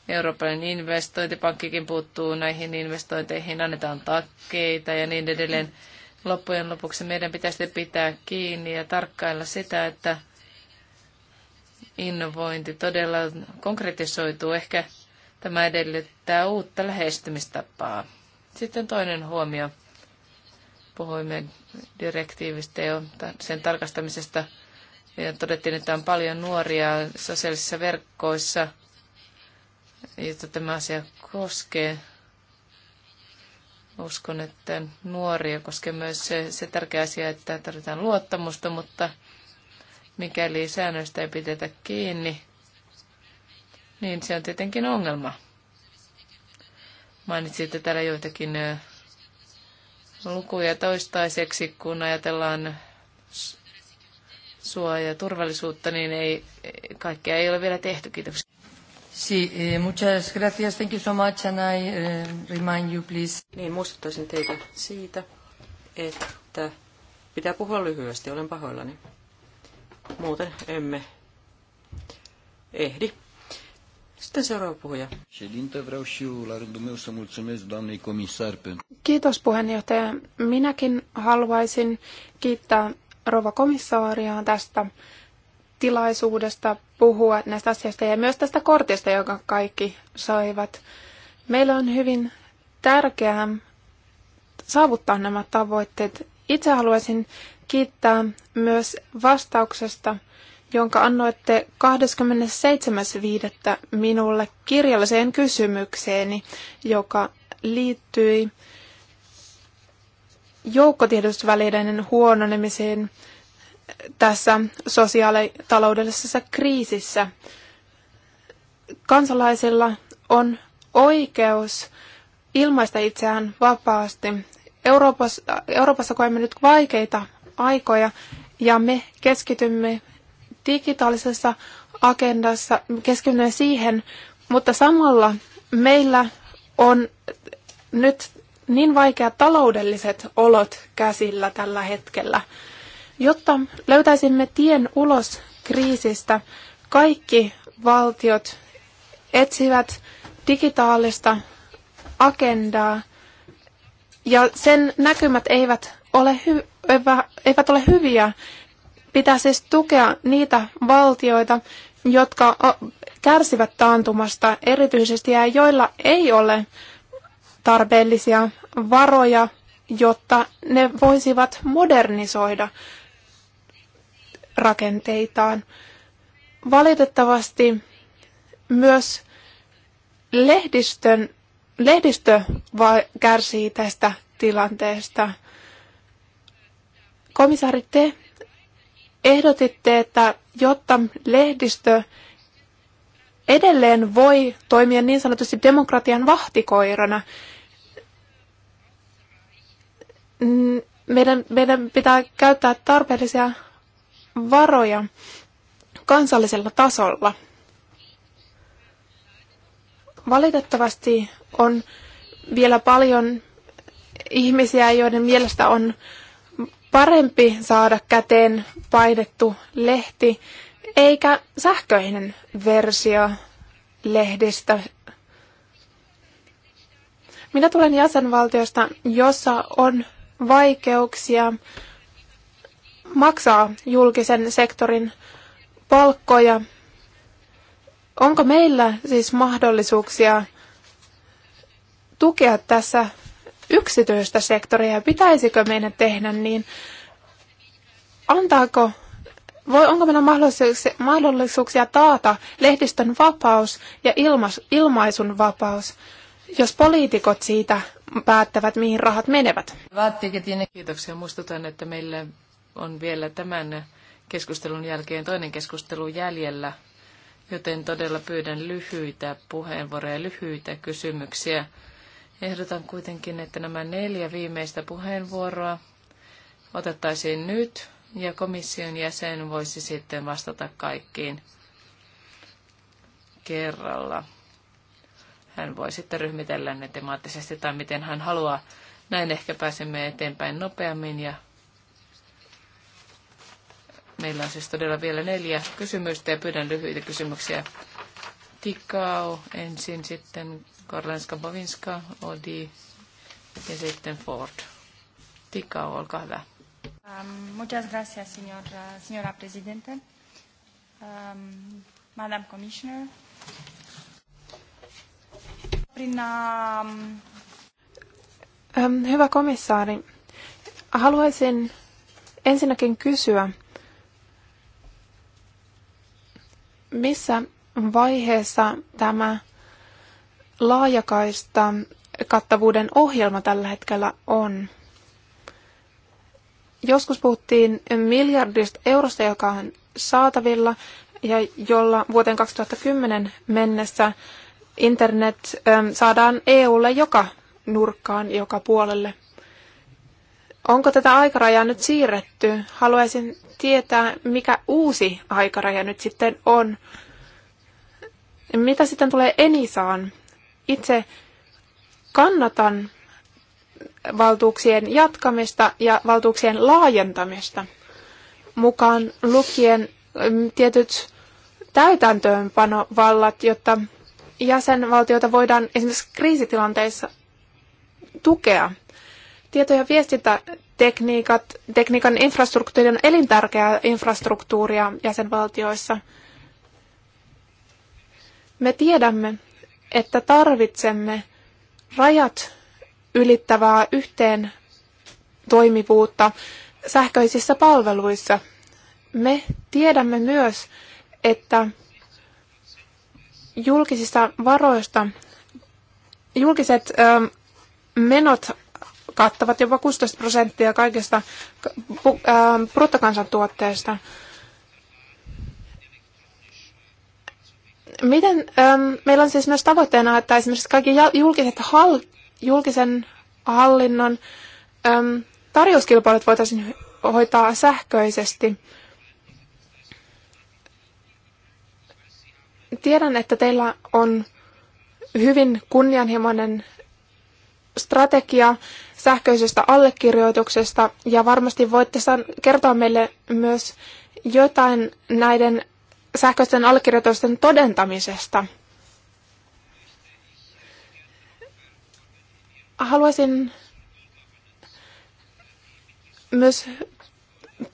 Euroopan investointipankkikin puuttuu näihin investointeihin, annetaan takkeita ja niin edelleen. Loppujen lopuksi meidän pitäisi pitää kiinni ja tarkkailla sitä, että innovointi todella konkretisoituu. Ehkä Tämä edellyttää uutta lähestymistapaa. Sitten toinen huomio. Puhuimme direktiivistä ja sen tarkastamisesta ja todettiin, että on paljon nuoria sosiaalisissa verkkoissa, joita tämä asia koskee. Uskon, että nuoria koskee myös se, se tärkeä asia, että tarvitaan luottamusta, mutta mikäli säännöistä ei pidetä kiinni, niin se on tietenkin ongelma. Mainitsitte täällä joitakin lukuja toistaiseksi, kun ajatellaan suojaa ja turvallisuutta, niin ei, kaikkea ei ole vielä tehty. Kiitoksia. Sí, eh, muchas gracias. Thank you so much, and I eh, remind you, please. Niin, muistuttaisin teitä siitä, että pitää puhua lyhyesti, olen pahoillani. Muuten emme ehdi. Sitten seuraava puhuja. Ședinte, vreau și eu la rândul meu să mulțumesc doamnei comisar pentru... Kiitos puheenjohtaja. Minäkin haluaisin kiittää rova komissaaria tästä tilaisuudesta puhua näistä asioista ja myös tästä kortista, jonka kaikki saivat. Meillä on hyvin tärkeää saavuttaa nämä tavoitteet. Itse haluaisin kiittää myös vastauksesta jonka annoitte 27.5. minulle kirjalliseen kysymykseeni, joka liittyi joukkotiedostusvälineiden huononemiseen tässä sosiaalitaloudellisessa kriisissä. Kansalaisilla on oikeus ilmaista itseään vapaasti. Euroopassa, Euroopassa koemme nyt vaikeita aikoja ja me keskitymme digitaalisessa agendassa keskittyneen siihen, mutta samalla meillä on nyt niin vaikeat taloudelliset olot käsillä tällä hetkellä. Jotta löytäisimme tien ulos kriisistä, kaikki valtiot etsivät digitaalista agendaa ja sen näkymät eivät ole, hy- eivät ole hyviä. Pitää siis tukea niitä valtioita, jotka kärsivät taantumasta erityisesti ja joilla ei ole tarpeellisia varoja, jotta ne voisivat modernisoida rakenteitaan. Valitettavasti myös lehdistön, lehdistö kärsii tästä tilanteesta. Komissaari, te ehdotitte, että jotta lehdistö edelleen voi toimia niin sanotusti demokratian vahtikoirana, meidän, meidän pitää käyttää tarpeellisia varoja kansallisella tasolla. Valitettavasti on vielä paljon ihmisiä, joiden mielestä on parempi saada käteen painettu lehti eikä sähköinen versio lehdistä. Minä tulen jäsenvaltiosta, jossa on vaikeuksia maksaa julkisen sektorin palkkoja. Onko meillä siis mahdollisuuksia tukea tässä yksityistä sektoria? Pitäisikö meidän tehdä niin? Antaako voi, onko meillä mahdollisuuksia, mahdollisuuksia taata lehdistön vapaus ja ilma, ilmaisun vapaus, jos poliitikot siitä päättävät, mihin rahat menevät? Kiitoksia. Muistutan, että meillä on vielä tämän keskustelun jälkeen toinen keskustelu jäljellä, joten todella pyydän lyhyitä puheenvuoroja, lyhyitä kysymyksiä. Ehdotan kuitenkin, että nämä neljä viimeistä puheenvuoroa otettaisiin nyt ja komission jäsen voisi sitten vastata kaikkiin kerralla. Hän voi sitten ryhmitellä ne temaattisesti tai miten hän haluaa. Näin ehkä pääsemme eteenpäin nopeammin ja meillä on siis todella vielä neljä kysymystä ja pyydän lyhyitä kysymyksiä. Tikau ensin sitten Karlenska Bovinska, Odi ja sitten Tika Tikao, olkaa hyvä. Um, muchas gracias, señor, äh, señora presidente. Um, Madam Commissioner. Prin, um... Ähm, um, hyvä komissaari, haluaisin ensinnäkin kysyä, missä vaiheessa tämä laajakaista kattavuuden ohjelma tällä hetkellä on. Joskus puhuttiin miljardista eurosta, joka on saatavilla ja jolla vuoteen 2010 mennessä internet ähm, saadaan EUlle joka nurkkaan, joka puolelle. Onko tätä aikarajaa nyt siirretty? Haluaisin tietää, mikä uusi aikaraja nyt sitten on. Mitä sitten tulee Enisaan? itse kannatan valtuuksien jatkamista ja valtuuksien laajentamista mukaan lukien mm, tietyt täytäntöönpanovallat, jotta jäsenvaltioita voidaan esimerkiksi kriisitilanteissa tukea. Tieto- ja viestintätekniikat, tekniikan infrastruktuuri on elintärkeää infrastruktuuria jäsenvaltioissa. Me tiedämme, että tarvitsemme rajat ylittävää yhteen toimivuutta sähköisissä palveluissa. Me tiedämme myös, että julkisista varoista julkiset ö, menot kattavat jopa 16 prosenttia kaikesta bruttokansantuotteesta. Miten, äm, meillä on siis myös tavoitteena, että esimerkiksi kaikki julkiset hal, julkisen hallinnon äm, tarjouskilpailut voitaisiin hoitaa sähköisesti. Tiedän, että teillä on hyvin kunnianhimoinen strategia sähköisestä allekirjoituksesta ja varmasti voitte kertoa meille myös jotain näiden sähköisten allekirjoitusten todentamisesta. Haluaisin myös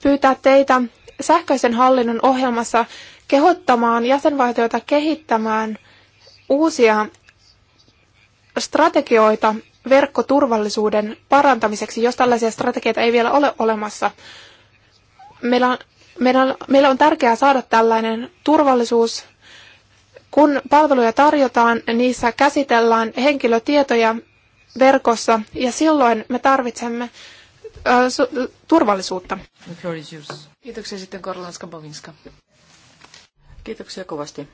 pyytää teitä sähköisen hallinnon ohjelmassa kehottamaan jäsenvaltioita kehittämään uusia strategioita verkkoturvallisuuden parantamiseksi, jos tällaisia strategioita ei vielä ole olemassa. Meillä on meidän, meillä on tärkeää saada tällainen turvallisuus. Kun palveluja tarjotaan, niissä käsitellään henkilötietoja verkossa ja silloin me tarvitsemme su- turvallisuutta. Kiitoksia sitten Korlanska Bovinska. Kiitoksia kovasti.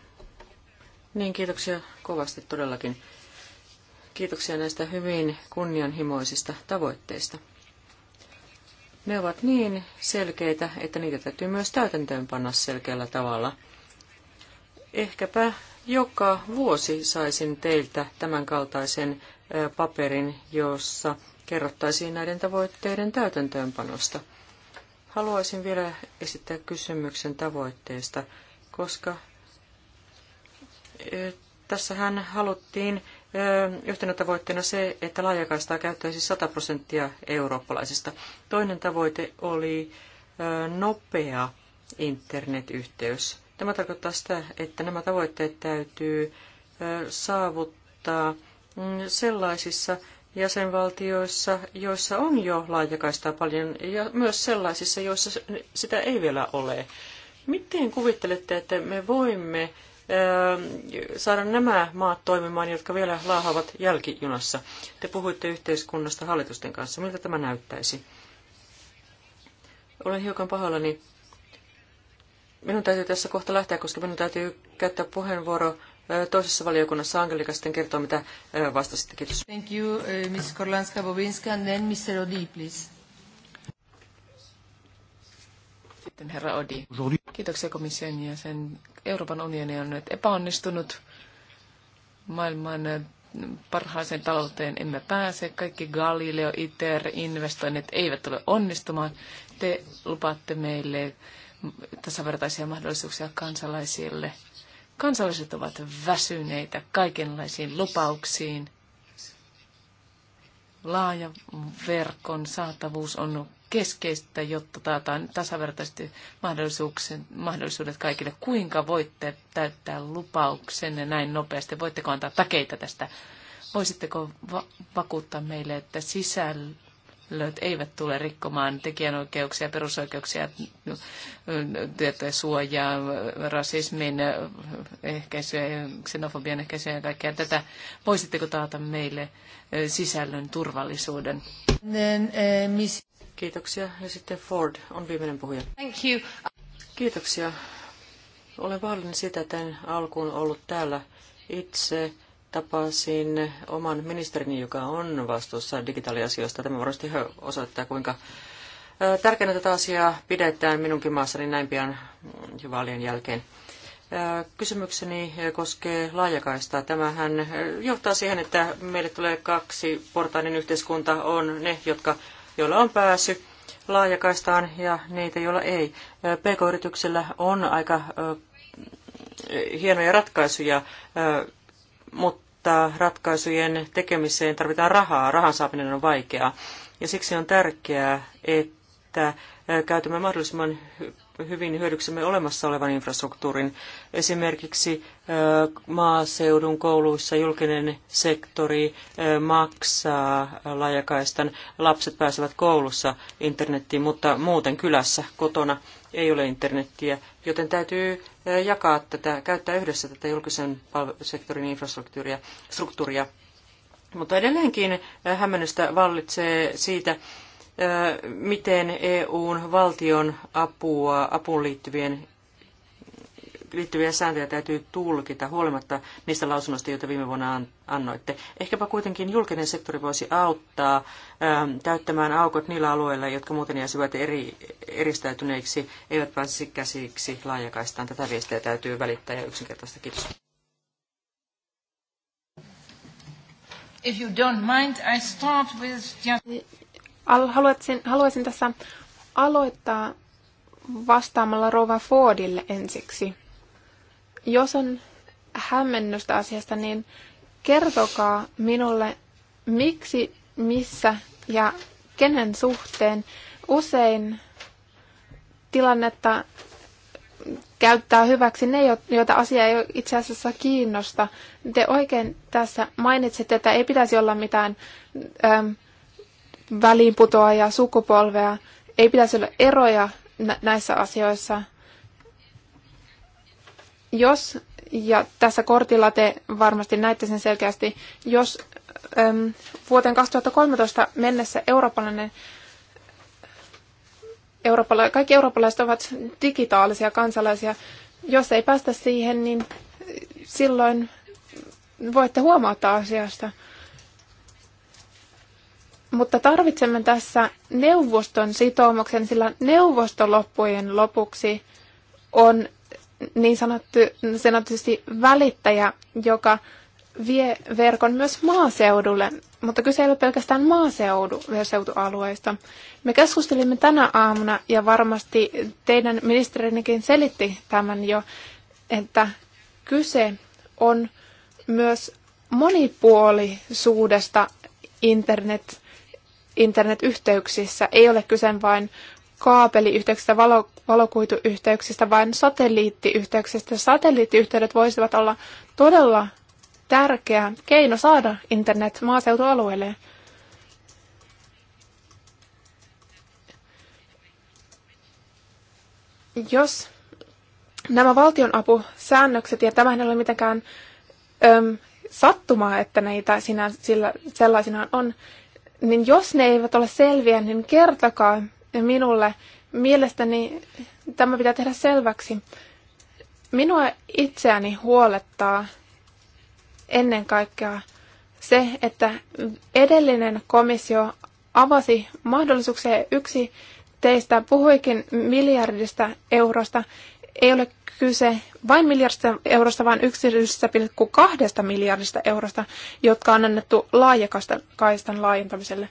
Niin, kiitoksia kovasti todellakin. Kiitoksia näistä hyvin kunnianhimoisista tavoitteista. Ne ovat niin selkeitä, että niitä täytyy myös täytäntöönpanna selkeällä tavalla. Ehkäpä joka vuosi saisin teiltä tämän kaltaisen paperin, jossa kerrottaisiin näiden tavoitteiden täytäntöönpanosta. Haluaisin vielä esittää kysymyksen tavoitteesta, koska tässähän haluttiin yhtenä tavoitteena se, että laajakaistaa käyttäisi 100 prosenttia eurooppalaisista. Toinen tavoite oli nopea internetyhteys. Tämä tarkoittaa sitä, että nämä tavoitteet täytyy saavuttaa mm, sellaisissa jäsenvaltioissa, joissa on jo laajakaistaa paljon, ja myös sellaisissa, joissa sitä ei vielä ole. Miten kuvittelette, että me voimme saada nämä maat toimimaan, jotka vielä laahavat jälkijunassa. Te puhuitte yhteiskunnasta hallitusten kanssa. Miltä tämä näyttäisi? Olen hiukan pahoillani. Minun täytyy tässä kohta lähteä, koska minun täytyy käyttää puheenvuoro toisessa valiokunnassa. Angelika sitten kertoo, mitä vastasitte. Kiitos. Thank you, Ms. Korlanska-Bobinska, and then Mr. Odi, please. Sitten herra Odi. Kiitoksia komission ja sen Euroopan unioni on nyt epäonnistunut. Maailman äh, parhaaseen talouteen emme pääse. Kaikki Galileo, ITER, investoinnit eivät tule onnistumaan. Te lupaatte meille tasavertaisia mahdollisuuksia kansalaisille. Kansalaiset ovat väsyneitä kaikenlaisiin lupauksiin. Laaja verkon saatavuus on keskeistä, jotta taataan tasavertaisesti mahdollisuudet kaikille. Kuinka voitte täyttää lupauksenne näin nopeasti? Voitteko antaa takeita tästä? Voisitteko va- vakuuttaa meille, että sisällä henkilöt eivät tule rikkomaan tekijänoikeuksia, perusoikeuksia, tietojen suojaa, rasismin ehkäisyä, xenofobian ehkäisyä ja kaikkea tätä. Voisitteko taata meille eh, sisällön turvallisuuden? Eh, Kiitoksia. Ja sitten Ford on viimeinen puhuja. Thank you. Kiitoksia. Olen vaarallinen sitä, että en alkuun ollut täällä itse tapasin oman ministerini, joka on vastuussa digitaaliasioista. Tämä varmasti osoittaa, kuinka tärkeänä tätä asiaa pidetään minunkin maassani näin pian vaalien jälkeen. Kysymykseni koskee laajakaistaa. Tämähän johtaa siihen, että meille tulee kaksi portainen yhteiskunta. On ne, jotka, joilla on pääsy laajakaistaan ja niitä, joilla ei. PK-yrityksillä on aika hienoja ratkaisuja mutta ratkaisujen tekemiseen tarvitaan rahaa. Rahan saaminen on vaikeaa. Ja siksi on tärkeää, että käytämme mahdollisimman hyvin hyödyksemme olemassa olevan infrastruktuurin. Esimerkiksi maaseudun kouluissa julkinen sektori maksaa laajakaistan. Lapset pääsevät koulussa internettiin, mutta muuten kylässä kotona ei ole internettiä, joten täytyy jakaa tätä, käyttää yhdessä tätä julkisen sektorin infrastruktuuria. Struktuuria. Mutta edelleenkin hämmennystä vallitsee siitä, miten EUn valtion apua, apuun liittyvien liittyviä sääntöjä täytyy tulkita huolimatta niistä lausunnoista, joita viime vuonna annoitte. Ehkäpä kuitenkin julkinen sektori voisi auttaa ähm, täyttämään aukot niillä alueilla, jotka muuten jäisivät eri, eristäytyneiksi, eivät pääsisi käsiksi laajakaistaan. Tätä viestiä täytyy välittää ja yksinkertaista. Kiitos. If you don't mind, I start with just... Haluaisin, haluaisin tässä aloittaa vastaamalla Rova Fordille ensiksi. Jos on hämmennystä asiasta, niin kertokaa minulle, miksi, missä ja kenen suhteen usein tilannetta käyttää hyväksi ne, joita asia ei itse asiassa kiinnosta. Te oikein tässä mainitsitte, että ei pitäisi olla mitään äm, väliinputoa ja sukupolvea, ei pitäisi olla eroja näissä asioissa. Jos, ja tässä kortilla te varmasti näette sen selkeästi, jos äm, vuoteen 2013 mennessä eurooppalainen Eurooppala- kaikki eurooppalaiset ovat digitaalisia kansalaisia. Jos ei päästä siihen, niin silloin voitte huomauttaa asiasta. Mutta tarvitsemme tässä neuvoston sitoumuksen, sillä neuvoston loppujen lopuksi on niin sanottu, sanotusti välittäjä, joka vie verkon myös maaseudulle, mutta kyse ei ole pelkästään maaseutualueista. Me keskustelimme tänä aamuna ja varmasti teidän ministerinikin selitti tämän jo, että kyse on myös monipuolisuudesta internet, internetyhteyksissä. Ei ole kyse vain kaapeliyhteyksistä, valo, valokuituyhteyksistä, vaan satelliittiyhteyksistä. Satelliittiyhteydet voisivat olla todella tärkeä keino saada internet maaseutualueelle. Jos nämä valtionapusäännökset, ja tämähän ei ole mitenkään öm, sattumaa, että näitä sinä, sillä, sellaisinaan on, niin jos ne eivät ole selviä, niin kertokaa minulle. Mielestäni tämä pitää tehdä selväksi. Minua itseäni huolettaa ennen kaikkea se, että edellinen komissio avasi mahdollisuuksia. Yksi teistä puhuikin miljardista eurosta. Ei ole kyse vain miljardista eurosta, vaan 1,2 miljardista eurosta, jotka on annettu laajakaistan laajentamiselle.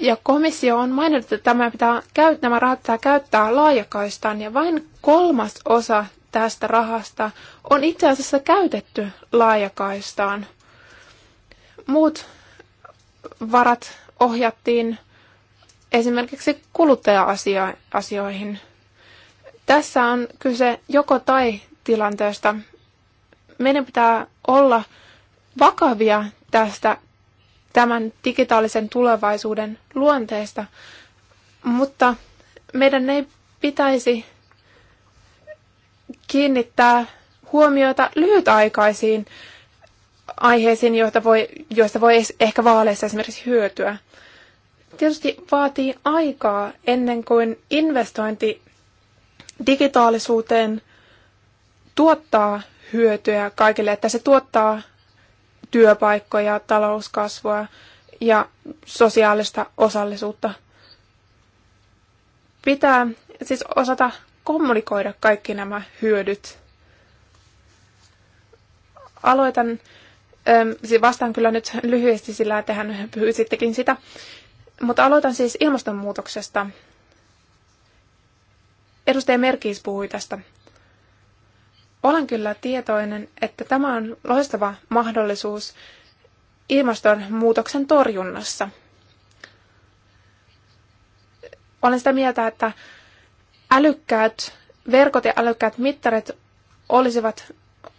Ja komissio on maininnut, että tämä pitää, nämä rahat pitää käyttää laajakaistaan ja vain kolmas osa tästä rahasta on itse asiassa käytetty laajakaistaan. Muut varat ohjattiin esimerkiksi kuluttaja-asioihin. Tässä on kyse joko tai tilanteesta. Meidän pitää olla vakavia tästä tämän digitaalisen tulevaisuuden luonteesta, mutta meidän ei pitäisi kiinnittää huomiota lyhytaikaisiin aiheisiin, joista voi, joista voi ehkä vaaleissa esimerkiksi hyötyä. Tietysti vaatii aikaa ennen kuin investointi digitaalisuuteen tuottaa hyötyä kaikille, että se tuottaa työpaikkoja, talouskasvua ja sosiaalista osallisuutta. Pitää siis osata kommunikoida kaikki nämä hyödyt. Aloitan, ähm, siis vastaan kyllä nyt lyhyesti sillä, hän pyysittekin sitä, mutta aloitan siis ilmastonmuutoksesta. Edustaja Merkis puhui tästä olen kyllä tietoinen, että tämä on loistava mahdollisuus ilmastonmuutoksen torjunnassa. Olen sitä mieltä, että älykkäät verkot ja älykkäät mittarit olisivat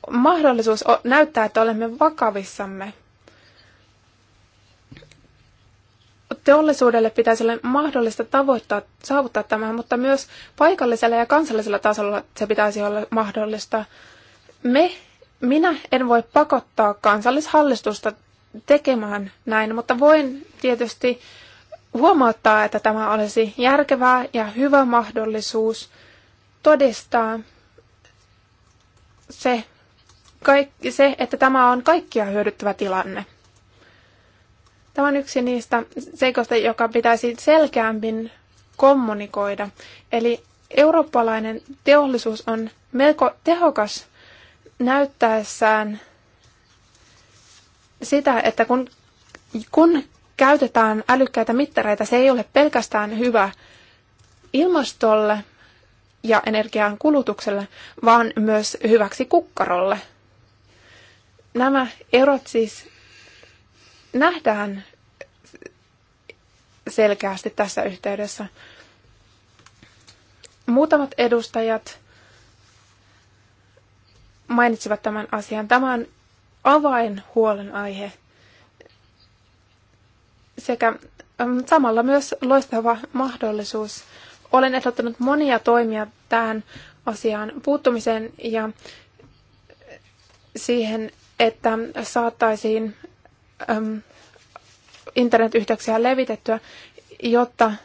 mahdollisuus näyttää, että olemme vakavissamme teollisuudelle pitäisi olla mahdollista tavoittaa, saavuttaa tämä, mutta myös paikallisella ja kansallisella tasolla se pitäisi olla mahdollista. Me, minä en voi pakottaa kansallishallistusta tekemään näin, mutta voin tietysti huomauttaa, että tämä olisi järkevää ja hyvä mahdollisuus todistaa se, kaikki, se että tämä on kaikkia hyödyttävä tilanne. Tämä on yksi niistä seikoista, joka pitäisi selkeämmin kommunikoida. Eli eurooppalainen teollisuus on melko tehokas näyttäessään sitä, että kun, kun käytetään älykkäitä mittareita, se ei ole pelkästään hyvä ilmastolle ja energian kulutukselle, vaan myös hyväksi kukkarolle. Nämä erot siis nähdään selkeästi tässä yhteydessä. Muutamat edustajat mainitsivat tämän asian. Tämä on huolenaihe sekä ähm, samalla myös loistava mahdollisuus. Olen ehdottanut monia toimia tähän asiaan puuttumiseen ja siihen, että saattaisiin äm, internetyhteyksiä levitettyä, jotta äm,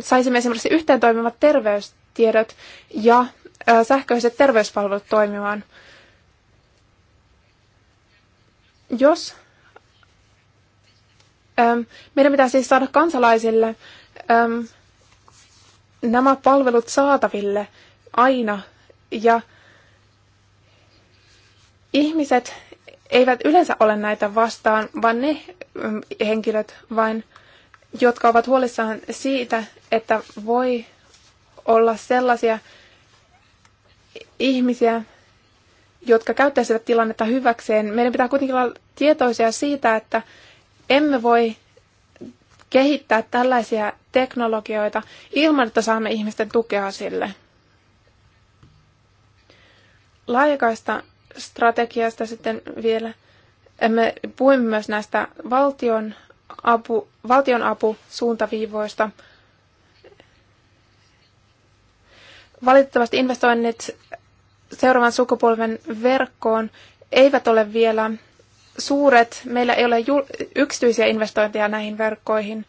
saisimme esimerkiksi yhteen toimivat terveystiedot ja ä, sähköiset terveyspalvelut toimimaan. Jos äm, meidän pitää siis saada kansalaisille äm, nämä palvelut saataville aina ja ihmiset eivät yleensä ole näitä vastaan, vaan ne mm, henkilöt vain, jotka ovat huolissaan siitä, että voi olla sellaisia ihmisiä, jotka käyttäisivät tilannetta hyväkseen. Meidän pitää kuitenkin olla tietoisia siitä, että emme voi kehittää tällaisia teknologioita ilman, että saamme ihmisten tukea sille. Laajakaista strategiasta sitten vielä. Me puhuimme myös näistä valtion, apu, valtion apusuuntaviivoista. Valitettavasti investoinnit seuraavan sukupolven verkkoon eivät ole vielä suuret. Meillä ei ole yksityisiä investointeja näihin verkkoihin.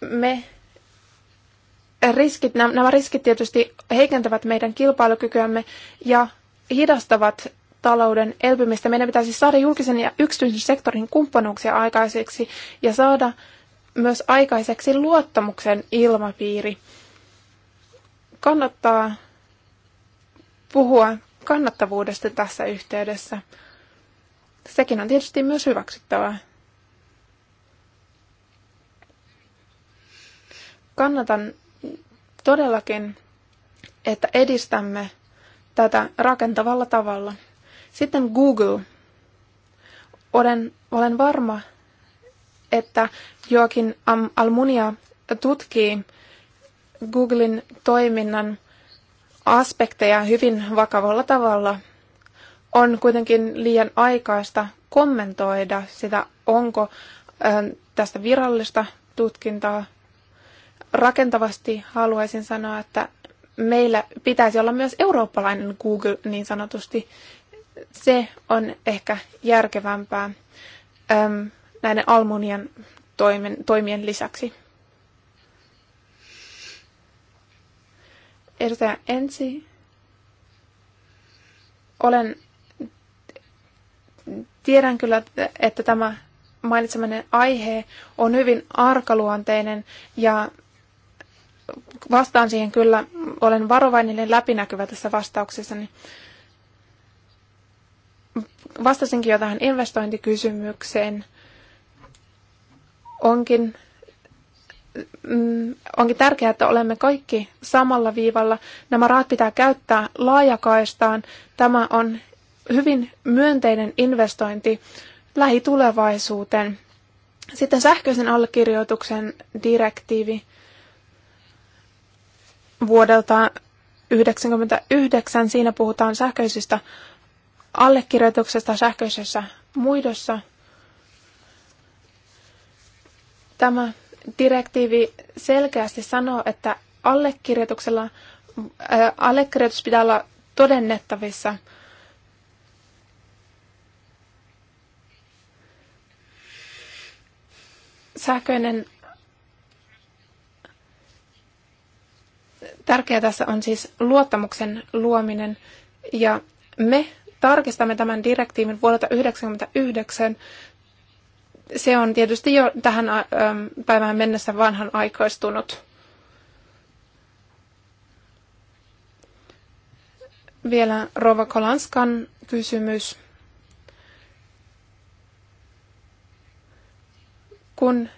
Me riskit, nämä riskit tietysti heikentävät meidän kilpailukykyämme ja hidastavat talouden elpymistä. Meidän pitäisi saada julkisen ja yksityisen sektorin kumppanuuksia aikaiseksi ja saada myös aikaiseksi luottamuksen ilmapiiri. Kannattaa puhua kannattavuudesta tässä yhteydessä. Sekin on tietysti myös hyväksyttävää. Kannatan todellakin, että edistämme tätä rakentavalla tavalla. Sitten Google. Olen, olen varma, että Joakin Almunia tutkii Googlen toiminnan aspekteja hyvin vakavalla tavalla. On kuitenkin liian aikaista kommentoida sitä, onko tästä virallista tutkintaa rakentavasti haluaisin sanoa, että meillä pitäisi olla myös eurooppalainen Google niin sanotusti. Se on ehkä järkevämpää äm, näiden Almunian toimen, toimien lisäksi. Edustaja Ensi, olen, tiedän kyllä, että tämä mainitsemanne aihe on hyvin arkaluonteinen ja vastaan siihen kyllä, olen varovainen ja läpinäkyvä tässä vastauksessani. Niin vastasinkin jo tähän investointikysymykseen. Onkin, mm, onkin tärkeää, että olemme kaikki samalla viivalla. Nämä rahat pitää käyttää laajakaistaan. Tämä on hyvin myönteinen investointi lähitulevaisuuteen. Sitten sähköisen allekirjoituksen direktiivi vuodelta 1999. Siinä puhutaan sähköisistä allekirjoituksesta sähköisessä muidossa. Tämä direktiivi selkeästi sanoo, että allekirjoituksella, äh, allekirjoitus pitää olla todennettavissa. Sähköinen Tärkeää tässä on siis luottamuksen luominen ja me tarkistamme tämän direktiivin vuodelta 1999. Se on tietysti jo tähän päivään mennessä vanhan aikaistunut. Vielä Rova Kolanskan kysymys. Kun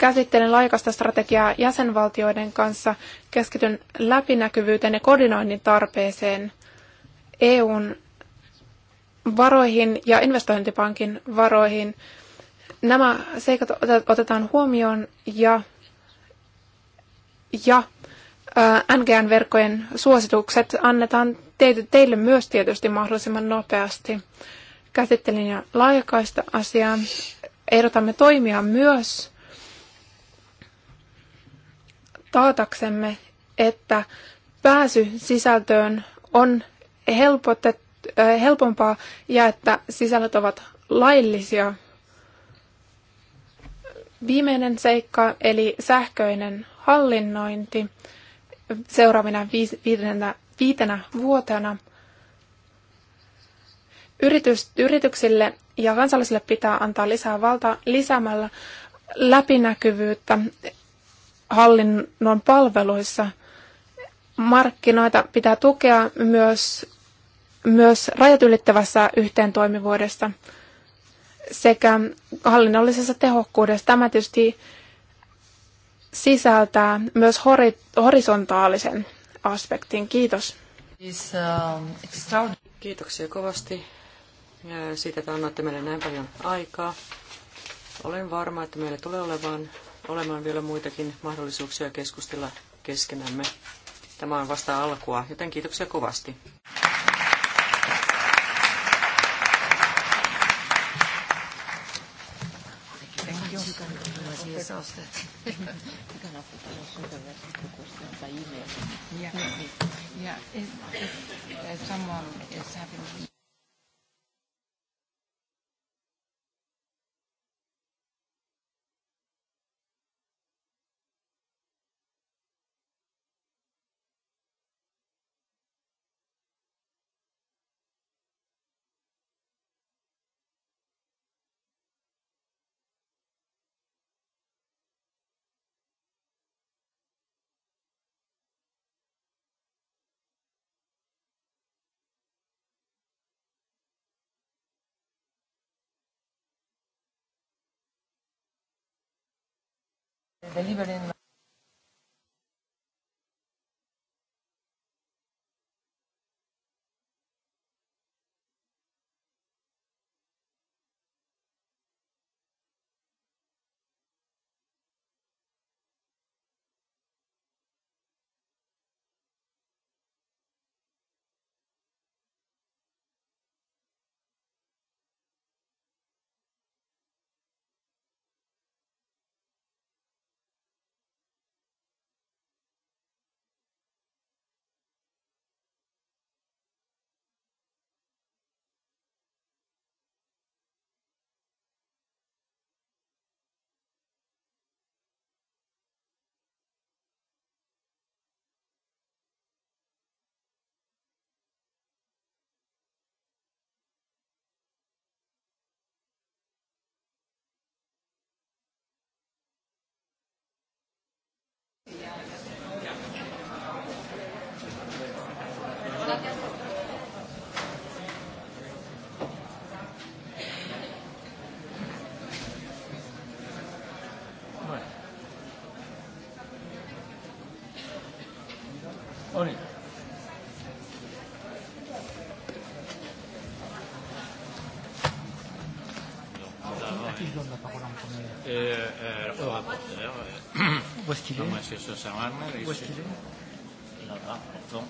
käsittelen laajakaista strategiaa jäsenvaltioiden kanssa, keskityn läpinäkyvyyteen ja koordinoinnin tarpeeseen EUn varoihin ja investointipankin varoihin. Nämä seikat otetaan huomioon ja, ja NGN-verkkojen suositukset annetaan teille myös tietysti mahdollisimman nopeasti. Käsittelin ja laajakaista asiaa. Ehdotamme toimia myös taataksemme, että pääsy sisältöön on äh, helpompaa ja että sisällöt ovat laillisia. Viimeinen seikka, eli sähköinen hallinnointi seuraavina viitenä, viitenä vuotena. Yritys, yrityksille ja kansalaisille pitää antaa lisää valtaa lisäämällä läpinäkyvyyttä hallinnon palveluissa. Markkinoita pitää tukea myös, myös rajat ylittävässä yhteentoimivuudessa sekä hallinnollisessa tehokkuudessa. Tämä tietysti sisältää myös hori, horisontaalisen aspektin. Kiitos. Um, Kiitoksia kovasti äh, siitä, että annatte meille näin paljon aikaa. Olen varma, että meillä tulee olemaan olemaan vielä muitakin mahdollisuuksia keskustella keskenämme. Tämä on vasta alkua, joten kiitoksia kovasti. delivered Où est-ce qu'il est, est Où est-ce qu'il est Là-bas, pourtant.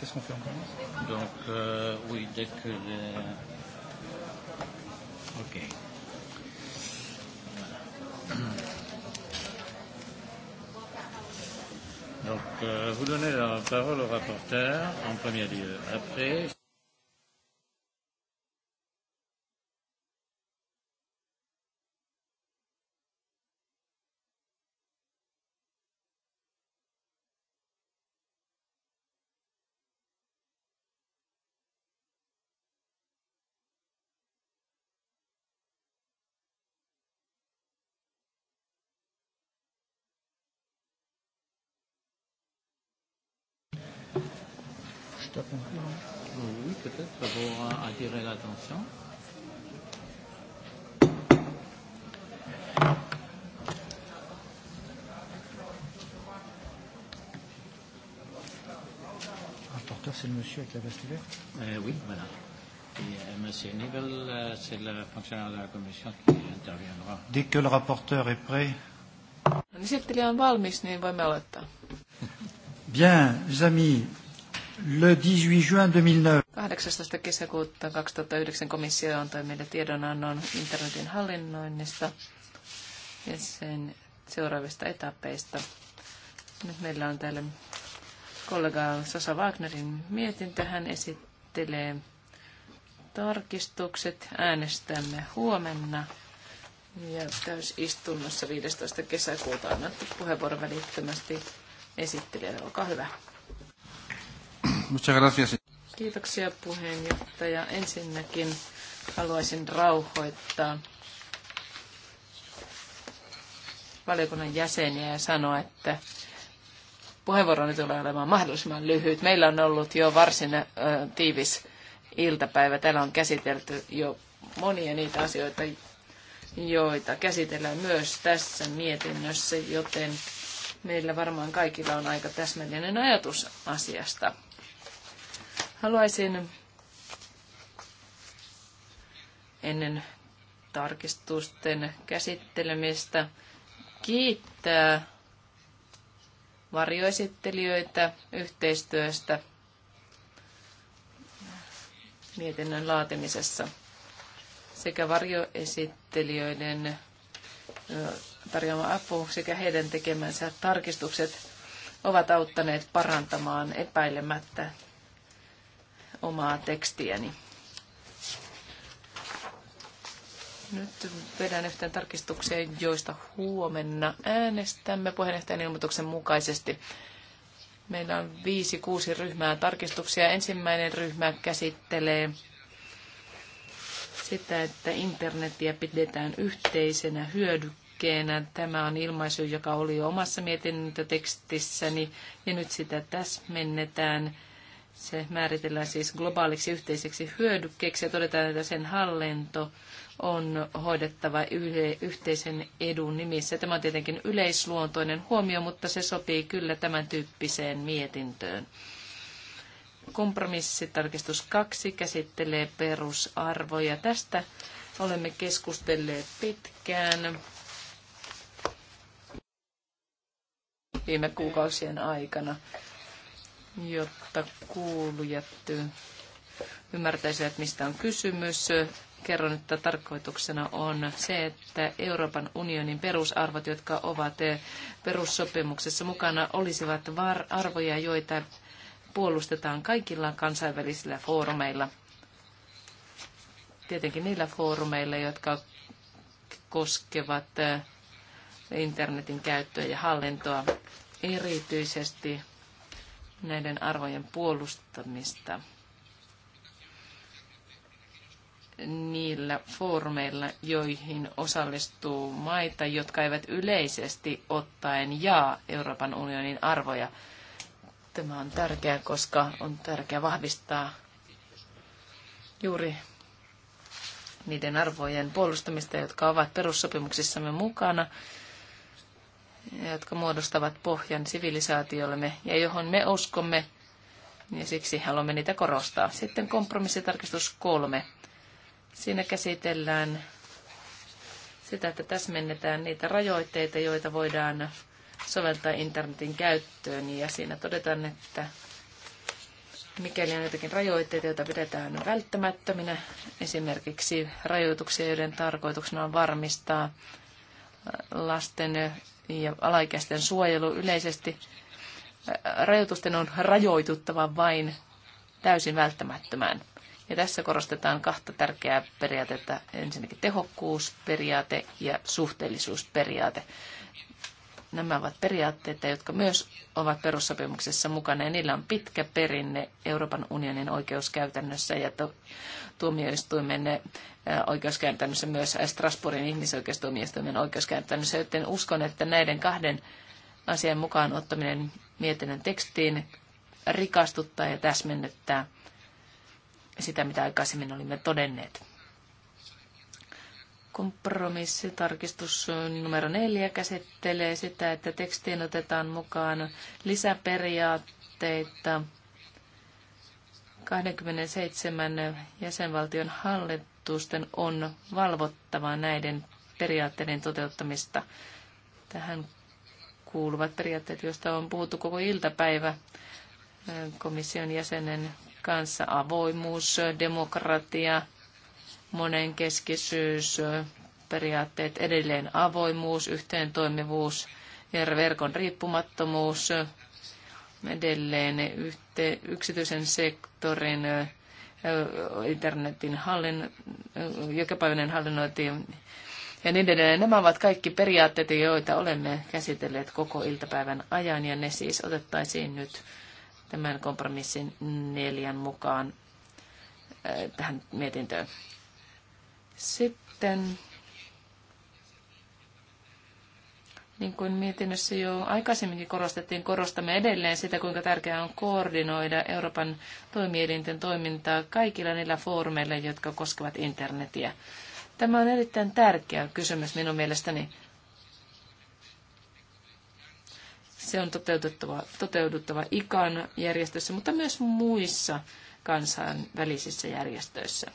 Qu'est-ce qu'on fait en commence Donc, euh, oui, dès que les... Ok. Donc, euh, vous donnez la parole au rapporteur en premier lieu. Après. dois qu'on Oui, peut-être pour attirer l'attention. c'est le monsieur avec la veste verte euh, Oui, voilà. Et euh, monsieur Nibel, euh, c'est le fonctionnaire de la commission qui interviendra. Dès que le rapporteur est prêt. Niin, niin, niin Bien, les amis, Le 18 juin 2009. 18. kesäkuuta 2009 komissio antoi meille tiedonannon internetin hallinnoinnista ja sen seuraavista etapeista. Nyt meillä on täällä kollega Sasa Wagnerin mietintö. Hän esittelee tarkistukset. Äänestämme huomenna ja täysistunnossa 15. kesäkuuta annettu puheenvuoro välittömästi esittelijä. Olkaa hyvä. Kiitoksia puheenjohtaja. Ensinnäkin haluaisin rauhoittaa valiokunnan jäseniä ja sanoa, että puheenvuoroni tulee olemaan mahdollisimman lyhyt. Meillä on ollut jo varsin äh, tiivis iltapäivä. Täällä on käsitelty jo monia niitä asioita, joita käsitellään myös tässä mietinnössä, joten meillä varmaan kaikilla on aika täsmällinen ajatus asiasta. Haluaisin ennen tarkistusten käsittelemistä kiittää varjoesittelijöitä yhteistyöstä mietinnön laatimisessa sekä varjoesittelijöiden tarjoama apu sekä heidän tekemänsä tarkistukset ovat auttaneet parantamaan epäilemättä omaa tekstiäni. Nyt vedän yhteen tarkistuksia, joista huomenna äänestämme puheenjohtajan ilmoituksen mukaisesti. Meillä on viisi, kuusi ryhmää tarkistuksia. Ensimmäinen ryhmä käsittelee sitä, että internetiä pidetään yhteisenä hyödykkeenä. Tämä on ilmaisu, joka oli jo omassa mietintötekstissäni ja nyt sitä täsmennetään se määritellään siis globaaliksi yhteiseksi hyödykkeeksi ja todetaan, että sen hallinto on hoidettava yhteisen edun nimissä. Tämä on tietenkin yleisluontoinen huomio, mutta se sopii kyllä tämän tyyppiseen mietintöön. Kompromissitarkistus 2 käsittelee perusarvoja. Tästä olemme keskustelleet pitkään viime kuukausien aikana jotta kuulijat ymmärtäisivät, mistä on kysymys. Kerron, että tarkoituksena on se, että Euroopan unionin perusarvot, jotka ovat perussopimuksessa mukana, olisivat arvoja, joita puolustetaan kaikilla kansainvälisillä foorumeilla. Tietenkin niillä foorumeilla, jotka koskevat internetin käyttöä ja hallintoa erityisesti näiden arvojen puolustamista niillä foorumeilla, joihin osallistuu maita, jotka eivät yleisesti ottaen jaa Euroopan unionin arvoja. Tämä on tärkeää, koska on tärkeää vahvistaa juuri niiden arvojen puolustamista, jotka ovat perussopimuksissamme mukana jotka muodostavat pohjan sivilisaatiollemme ja johon me uskomme, ja siksi haluamme niitä korostaa. Sitten kompromissitarkistus kolme. Siinä käsitellään sitä, että täsmennetään niitä rajoitteita, joita voidaan soveltaa internetin käyttöön, ja siinä todetaan, että mikäli on jotakin rajoitteita, joita pidetään välttämättöminä, esimerkiksi rajoituksia, joiden tarkoituksena on varmistaa lasten ja alaikäisten suojelu yleisesti. Rajoitusten on rajoituttava vain täysin välttämättömään. Ja tässä korostetaan kahta tärkeää periaatetta, ensinnäkin tehokkuusperiaate ja suhteellisuusperiaate. Nämä ovat periaatteita, jotka myös ovat perussopimuksessa mukana ja niillä on pitkä perinne Euroopan unionin oikeuskäytännössä ja to- tuomioistuimen oikeuskäytännössä myös Strasbourgin ihmisoikeustuomioistuimen oikeuskäytännössä, joten uskon, että näiden kahden asian mukaan ottaminen mietinnön tekstiin rikastuttaa ja täsmennyttää sitä, mitä aikaisemmin olimme todenneet. Kompromissitarkistus numero neljä käsittelee sitä, että tekstiin otetaan mukaan lisäperiaatteita 27 jäsenvaltion hallitusten on valvottava näiden periaatteiden toteuttamista. Tähän kuuluvat periaatteet, joista on puhuttu koko iltapäivä komission jäsenen kanssa. Avoimuus, demokratia, monenkeskisyys, periaatteet edelleen avoimuus, yhteentoimivuus ja verkon riippumattomuus, edelleen yhte, yksityisen sektorin internetin hallin, jokapäiväinen hallinnointi ja niin edelleen. Nämä ovat kaikki periaatteet, joita olemme käsitelleet koko iltapäivän ajan, ja ne siis otettaisiin nyt tämän kompromissin neljän mukaan tähän mietintöön. Sitten, niin kuin mietinnössä jo aikaisemminkin korostettiin, korostamme edelleen sitä, kuinka tärkeää on koordinoida Euroopan toimielinten toimintaa kaikilla niillä foorumeilla, jotka koskevat internetiä. Tämä on erittäin tärkeä kysymys minun mielestäni. Se on toteutettava, toteuduttava ikan järjestössä, mutta myös muissa kansainvälisissä järjestöissä.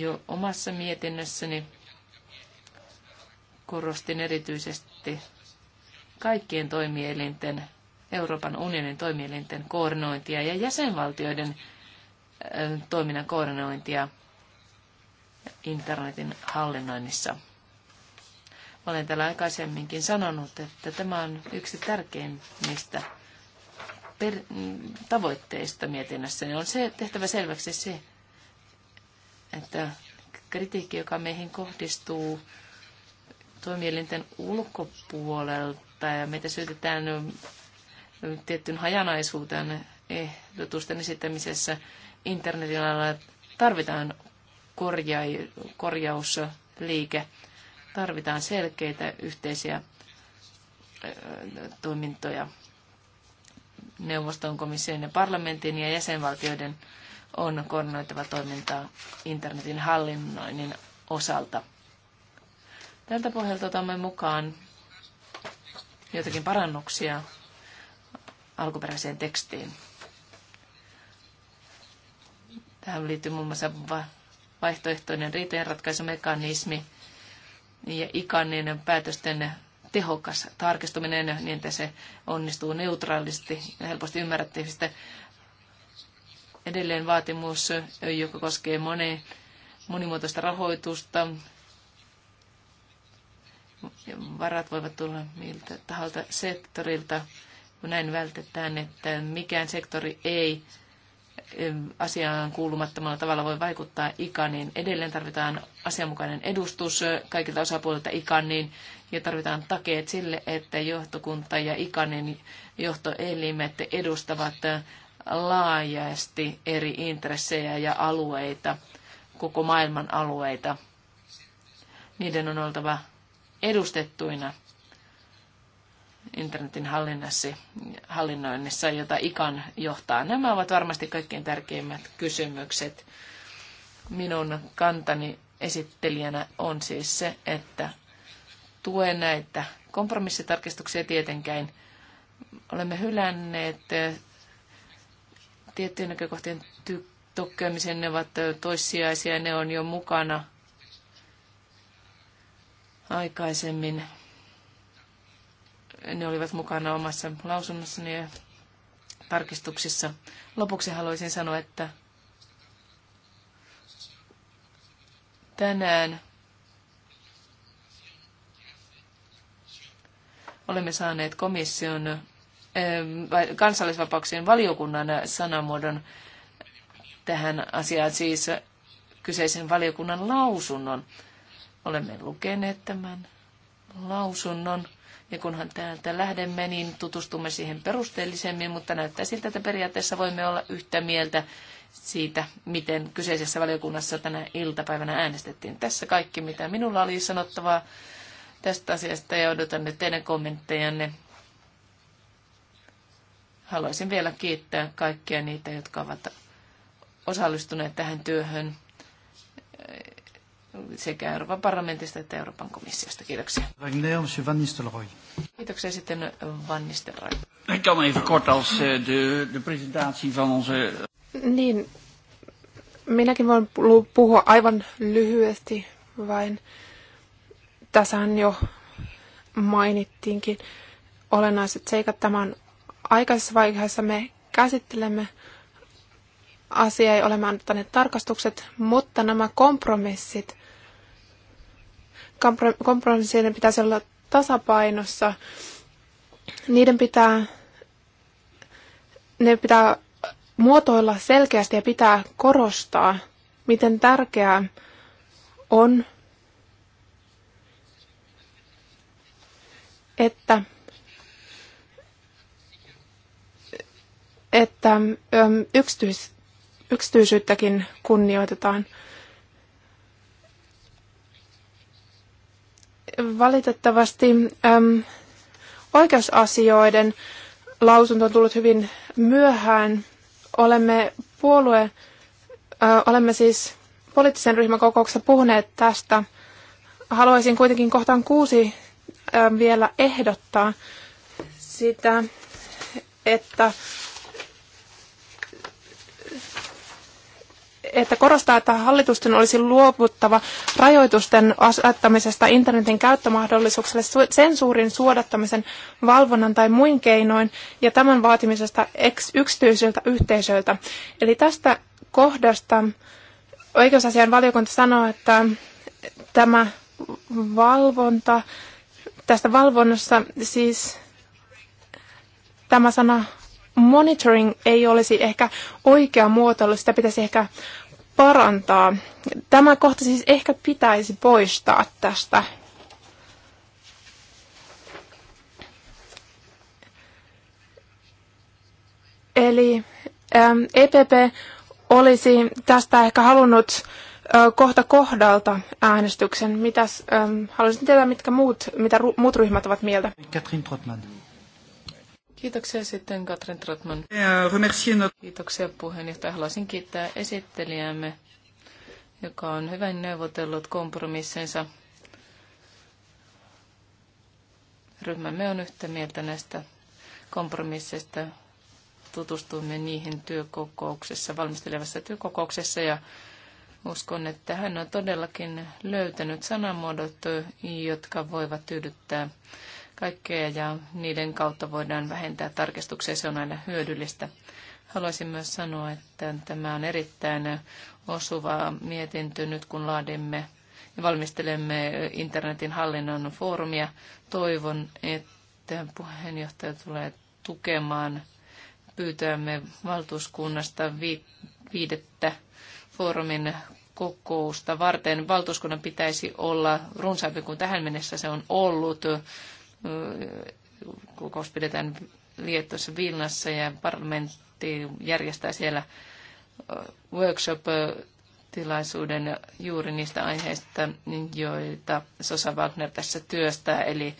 Jo omassa mietinnössäni korostin erityisesti kaikkien toimielinten, Euroopan unionin toimielinten koordinointia ja jäsenvaltioiden toiminnan koordinointia internetin hallinnoinnissa. Olen täällä aikaisemminkin sanonut, että tämä on yksi tärkeimmistä per- tavoitteista mietinnössä. On se tehtävä selväksi se, että kritiikki, joka meihin kohdistuu toimielinten ulkopuolelta ja meitä syytetään tiettyyn hajanaisuuteen ehdotusten esittämisessä internetin alalla, tarvitaan korja- korjausliike, tarvitaan selkeitä yhteisiä toimintoja neuvoston, komission ja parlamentin ja jäsenvaltioiden on koordinoitava toimintaa internetin hallinnoinnin osalta. Tältä pohjalta otamme mukaan jotakin parannuksia alkuperäiseen tekstiin. Tähän liittyy muun muassa vaihtoehtoinen riitojenratkaisumekanismi ja ikannen päätösten tehokas tarkistuminen, niin että se onnistuu neutraalisti ja helposti ymmärrettävistä Edelleen vaatimus, joka koskee moni, monimuotoista rahoitusta. Varat voivat tulla miltä tahalta sektorilta, kun näin vältetään, että mikään sektori ei asiaan kuulumattomalla tavalla voi vaikuttaa ikaniin. Edelleen tarvitaan asianmukainen edustus kaikilta osapuolilta ikaniin ja tarvitaan takeet sille, että johtokunta ja ikanin niin johtoelimet edustavat laajasti eri intressejä ja alueita, koko maailman alueita. Niiden on oltava edustettuina internetin hallinnoinnissa, jota ikan johtaa. Nämä ovat varmasti kaikkein tärkeimmät kysymykset. Minun kantani esittelijänä on siis se, että tuen näitä kompromissitarkistuksia tietenkään. Olemme hylänneet Tiettyjen näkökohtien tukemisen ne ovat toissijaisia ja ne on jo mukana aikaisemmin. Ne olivat mukana omassa lausunnossani ja tarkistuksissa. Lopuksi haluaisin sanoa, että tänään olemme saaneet komission kansallisvapauksien valiokunnan sanamuodon tähän asiaan, siis kyseisen valiokunnan lausunnon. Olemme lukeneet tämän lausunnon. Ja kunhan täältä lähdemme, niin tutustumme siihen perusteellisemmin, mutta näyttää siltä, että periaatteessa voimme olla yhtä mieltä siitä, miten kyseisessä valiokunnassa tänä iltapäivänä äänestettiin. Tässä kaikki, mitä minulla oli sanottavaa tästä asiasta ja odotan nyt teidän kommenttejanne Haluaisin vielä kiittää kaikkia niitä, jotka ovat osallistuneet tähän työhön sekä Euroopan parlamentista että Euroopan komissiosta. Kiitoksia. Kiitoksia sitten Van Nistelrooy. Ik kan even kort als eh, de, de presentatie van onze... Niin, minäkin voin puhua aivan lyhyesti vain. Tässähän jo mainittiinkin olennaiset seikat. tämän aikaisessa vaiheessa me käsittelemme asiaa ja olemme antaneet tarkastukset, mutta nämä kompromissit, kompromissien pitäisi olla tasapainossa. Niiden pitää, ne pitää muotoilla selkeästi ja pitää korostaa, miten tärkeää on, että että yksityis, yksityisyyttäkin kunnioitetaan. Valitettavasti äm, oikeusasioiden lausunto on tullut hyvin myöhään. Olemme puolue, äh, olemme siis poliittisen ryhmän kokouksessa puhuneet tästä. Haluaisin kuitenkin kohtaan kuusi äh, vielä ehdottaa sitä, että että korostaa, että hallitusten olisi luovuttava rajoitusten asettamisesta internetin käyttömahdollisuuksille sensuurin suodattamisen valvonnan tai muin keinoin ja tämän vaatimisesta yksityisiltä yhteisöiltä. Eli tästä kohdasta oikeusasian valiokunta sanoo, että tämä valvonta, tästä valvonnassa siis tämä sana monitoring ei olisi ehkä oikea muotoilu, sitä pitäisi ehkä parantaa. Tämä kohta siis ehkä pitäisi poistaa tästä. Eli ähm, EPP olisi tästä ehkä halunnut kohta kohdalta äänestyksen. Mitäs, ähm, haluaisin tietää, mitkä muut, mitä ru- muut ryhmät ovat mieltä. Katrin Trotman. Kiitoksia sitten Katrin Trotman. Kiitoksia puheenjohtaja. Haluaisin kiittää esittelijämme, joka on hyvän neuvotellut kompromissensa. Ryhmämme on yhtä mieltä näistä kompromisseista. Tutustuimme niihin työkokouksessa, valmistelevassa työkokouksessa ja uskon, että hän on todellakin löytänyt sanamuodot, jotka voivat tyydyttää kaikkea ja niiden kautta voidaan vähentää tarkistuksia. Se on aina hyödyllistä. Haluaisin myös sanoa, että tämä on erittäin osuva mietintö nyt, kun laadimme ja valmistelemme internetin hallinnon foorumia. Toivon, että puheenjohtaja tulee tukemaan pyytäämme valtuuskunnasta viidettä foorumin kokousta varten. Valtuuskunnan pitäisi olla runsaampi kuin tähän mennessä se on ollut. Kokous pidetään Liettuassa Vilnassa ja parlamentti järjestää siellä workshop-tilaisuuden juuri niistä aiheista, joita Sosa Wagner tässä työstää, eli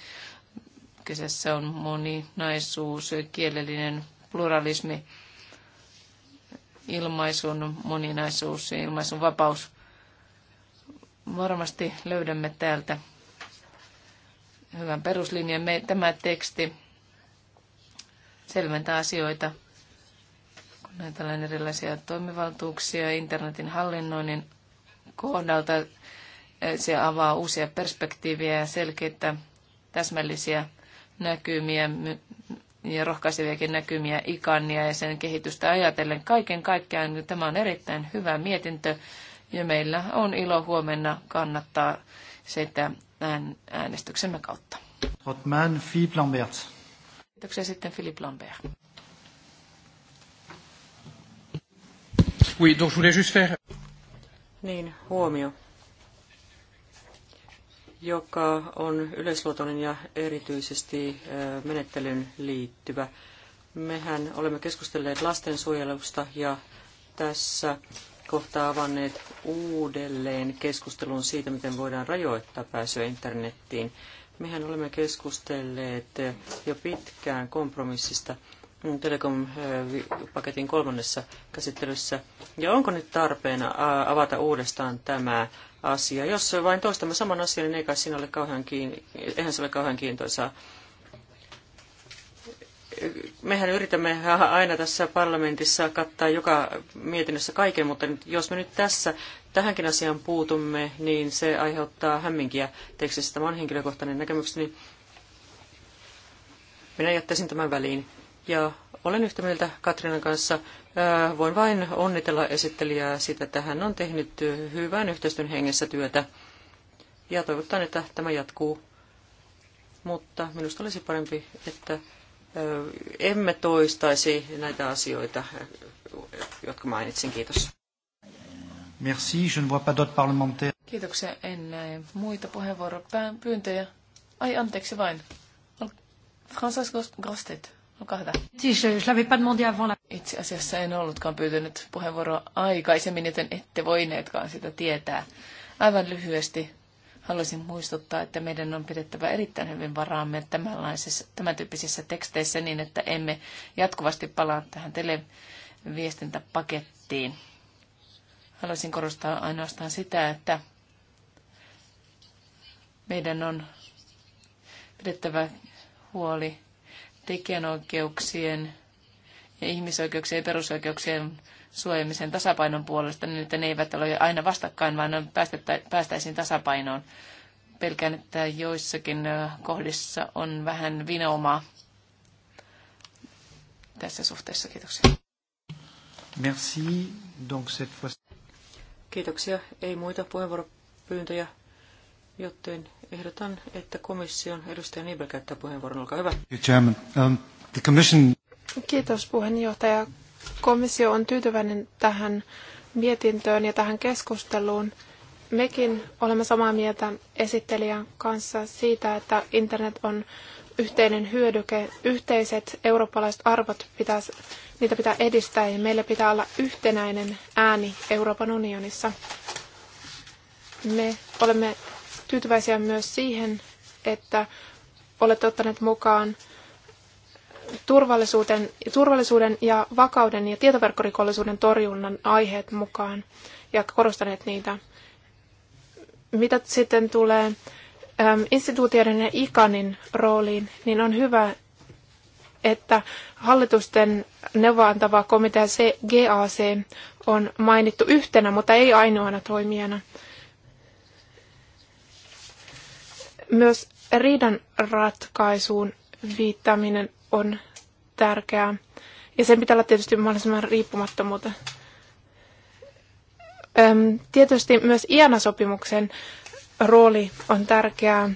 kyseessä on moninaisuus, kielellinen pluralismi, ilmaisun moninaisuus ja ilmaisun vapaus. Varmasti löydämme täältä hyvän peruslinjan. Me, tämä teksti selventää asioita, kun näitä erilaisia toimivaltuuksia internetin hallinnoinnin kohdalta. Se avaa uusia perspektiivejä ja selkeitä täsmällisiä näkymiä ja rohkaiseviakin näkymiä ikania ja sen kehitystä ajatellen. Kaiken kaikkiaan tämä on erittäin hyvä mietintö ja meillä on ilo huomenna kannattaa sitä äänestyksemme kautta. Rotman, Philippe Lambert. Kiitoksia sitten Philippe Lambert. Oui, donc je voulais juste faire... Niin, huomio, joka on yleisluotollinen ja erityisesti menettelyyn liittyvä. Mehän olemme keskustelleet lastensuojelusta ja tässä kohtaa avanneet uudelleen keskustelun siitä, miten voidaan rajoittaa pääsyä internettiin. Mehän olemme keskustelleet jo pitkään kompromissista mm, Telekom-paketin kolmannessa käsittelyssä. Ja onko nyt tarpeena avata uudestaan tämä asia? Jos vain toistamme saman asian, niin ei kai siinä ole kauhean kiin... eihän se ole kauhean kiintoisaa mehän yritämme aina tässä parlamentissa kattaa joka mietinnössä kaiken, mutta jos me nyt tässä tähänkin asiaan puutumme, niin se aiheuttaa hämminkiä tekstissä. Tämä on henkilökohtainen näkemykseni. Minä jättäisin tämän väliin. Ja olen yhtä mieltä Katrinan kanssa. Äh, voin vain onnitella esittelijää siitä, että hän on tehnyt hyvän yhteistyön hengessä työtä. Ja toivotaan, että tämä jatkuu. Mutta minusta olisi parempi, että emme toistaisi näitä asioita, jotka mainitsin. Kiitos. Merci, je ne vois pas d'autres parlementaires. Kiitoksia, en näe muita puheenvuoropyyntöjä. Ai, anteeksi vain. François Grostet, olkaa hyvä. Itse asiassa en ollutkaan pyytänyt puheenvuoroa aikaisemmin, joten ette voineetkaan sitä tietää. Aivan lyhyesti Haluaisin muistuttaa, että meidän on pidettävä erittäin hyvin varaamme tämän tyyppisissä teksteissä niin, että emme jatkuvasti palaa tähän televiestintäpakettiin. Haluaisin korostaa ainoastaan sitä, että meidän on pidettävä huoli tekijänoikeuksien ja ihmisoikeuksien ja perusoikeuksien suojelmisen tasapainon puolesta, niin että ne eivät ole aina vastakkain, vaan päästäisiin tasapainoon. Pelkään, että joissakin kohdissa on vähän vinoumaa tässä suhteessa. Kiitoksia. Merci. Donc cette fois... Kiitoksia. Ei muita puheenvuoropyyntöjä, joten ehdotan, että komission edustaja Niebel käyttää puheenvuoron. Olkaa hyvä. Chairman. Um, the commission... Kiitos puheenjohtaja komissio on tyytyväinen tähän mietintöön ja tähän keskusteluun. Mekin olemme samaa mieltä esittelijän kanssa siitä, että internet on yhteinen hyödyke. Yhteiset eurooppalaiset arvot, pitäisi niitä pitää edistää ja meillä pitää olla yhtenäinen ääni Euroopan unionissa. Me olemme tyytyväisiä myös siihen, että olette ottaneet mukaan turvallisuuden, turvallisuuden ja vakauden ja tietoverkkorikollisuuden torjunnan aiheet mukaan ja korostaneet niitä. Mitä sitten tulee ähm, instituutioiden ja ikanin rooliin, niin on hyvä, että hallitusten neuvoantava komitea GAC on mainittu yhtenä, mutta ei ainoana toimijana. Myös riidan ratkaisuun viittaaminen on tärkeää. Ja sen pitää olla tietysti mahdollisimman riippumattomuutta. Tietysti myös IANA-sopimuksen rooli on tärkeää,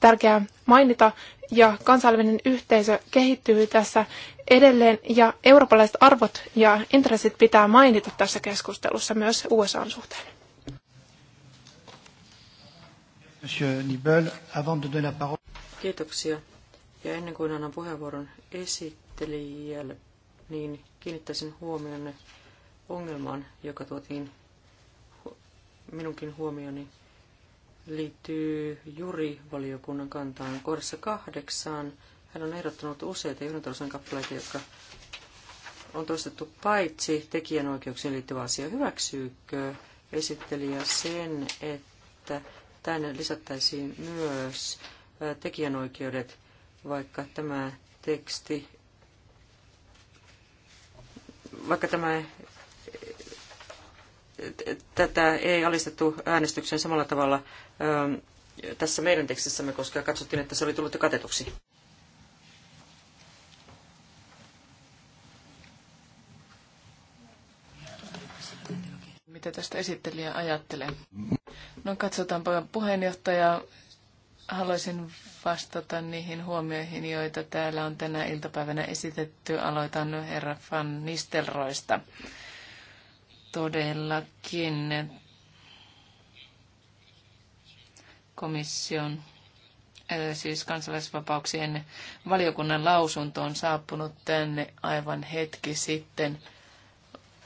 tärkeää mainita, ja kansainvälinen yhteisö kehittyy tässä edelleen, ja eurooppalaiset arvot ja intressit pitää mainita tässä keskustelussa myös usa suhteen. Monsieur avant de la parole. Kiitoksia. Ja ennen kuin annan puheenvuoron esittelijälle, niin kiinnittäisin huomioon ongelmaan, joka tuotiin minunkin huomioni liittyy jurivaliokunnan kantaan. Kohdassa kahdeksaan hän on ehdottanut useita johdantosan kappaleita, jotka on toistettu paitsi tekijänoikeuksiin liittyvä asia. Hyväksyykö esittelijä sen, että tänne lisättäisiin myös tekijänoikeudet vaikka tämä teksti, vaikka tämä, tätä ei alistettu äänestykseen samalla tavalla ähm, tässä meidän tekstissämme, koska katsottiin, että se oli tullut jo katetuksi. Mitä tästä esittelijä ajattelee? No katsotaanpa puheenjohtaja Haluaisin vastata niihin huomioihin, joita täällä on tänä iltapäivänä esitetty. Aloitan herra Van Nistelroista. Todellakin komission, äh, siis kansalaisvapauksien valiokunnan lausunto on saapunut tänne aivan hetki sitten.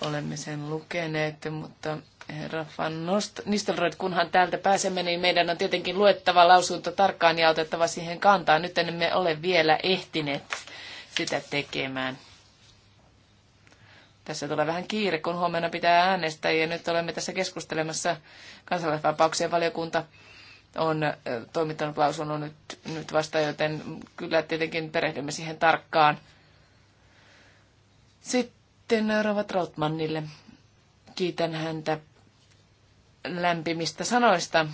Olemme sen lukeneet, mutta Herra Van Nost, Nistelroid, kunhan täältä pääsemme, niin meidän on tietenkin luettava lausunto tarkkaan ja otettava siihen kantaa. Nyt emme ole vielä ehtineet sitä tekemään. Tässä tulee vähän kiire, kun huomenna pitää äänestää ja nyt olemme tässä keskustelemassa. Kansalaisvapauksien valiokunta on toimittanut lausunnon nyt, nyt vasta, joten kyllä tietenkin perehdymme siihen tarkkaan. Sitten Rovat Rautmannille. Kiitän häntä lämpimistä sanoista.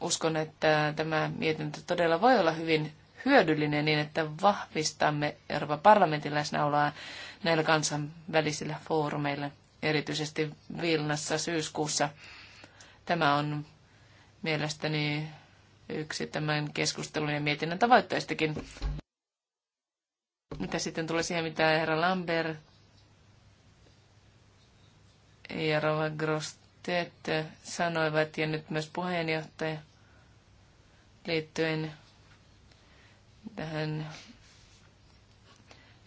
Uskon, että tämä mietintö todella voi olla hyvin hyödyllinen niin, että vahvistamme Euroopan parlamentin läsnäoloa näillä kansainvälisillä foorumeilla, erityisesti Vilnassa syyskuussa. Tämä on mielestäni yksi tämän keskustelun ja mietinnän tavoitteistakin. Mitä sitten tulee siihen, mitä herra Lambert ja Rova Grost sihteet sanoivat ja nyt myös puheenjohtaja liittyen tähän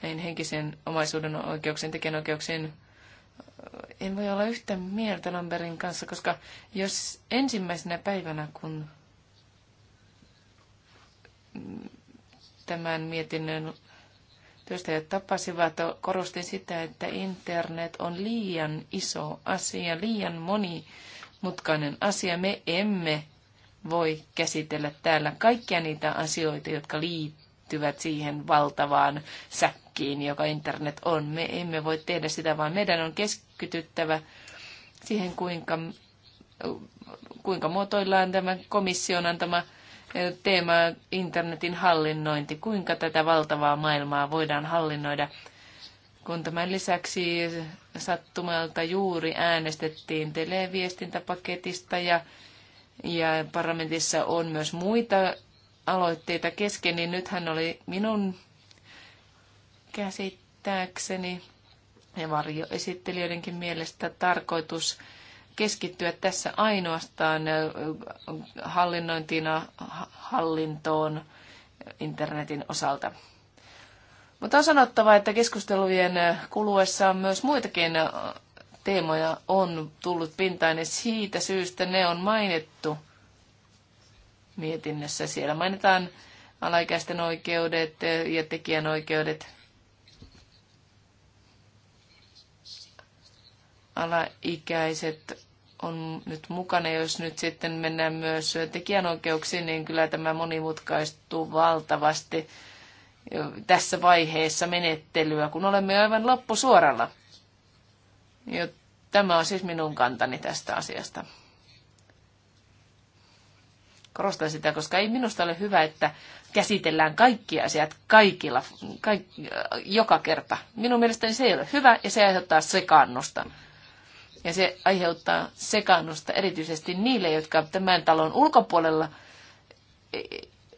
näin henkisen omaisuuden oikeuksien, tekijänoikeuksien en voi olla yhtä mieltä Lamberin kanssa, koska jos ensimmäisenä päivänä, kun tämän mietinnön työstäjät tapasivat, korostin sitä, että internet on liian iso asia, liian monimutkainen asia. Me emme voi käsitellä täällä kaikkia niitä asioita, jotka liittyvät siihen valtavaan säkkiin, joka internet on. Me emme voi tehdä sitä, vaan meidän on keskityttävä siihen, kuinka, kuinka muotoillaan tämä komission antama teema internetin hallinnointi. Kuinka tätä valtavaa maailmaa voidaan hallinnoida? Kun tämän lisäksi sattumalta juuri äänestettiin televiestintäpaketista ja, ja parlamentissa on myös muita aloitteita kesken, niin nythän oli minun käsittääkseni ja varjoesittelijöidenkin mielestä tarkoitus keskittyä tässä ainoastaan äh, hallinnointiin hallintoon internetin osalta. Mutta on sanottava, että keskustelujen äh, kuluessa myös muitakin äh, teemoja on tullut pintaan ja siitä syystä ne on mainittu mietinnössä. Siellä mainitaan alaikäisten oikeudet ja tekijänoikeudet. Alaikäiset on nyt mukana. Jos nyt sitten mennään myös tekijänoikeuksiin, niin kyllä tämä monimutkaistuu valtavasti tässä vaiheessa menettelyä, kun olemme aivan loppusuoralla. Ja tämä on siis minun kantani tästä asiasta. Korostan sitä, koska ei minusta ole hyvä, että käsitellään kaikki asiat kaikilla, kaikki, joka kerta. Minun mielestäni se ei ole hyvä ja se aiheuttaa sekaannusta ja se aiheuttaa sekaannusta erityisesti niille, jotka tämän talon ulkopuolella e,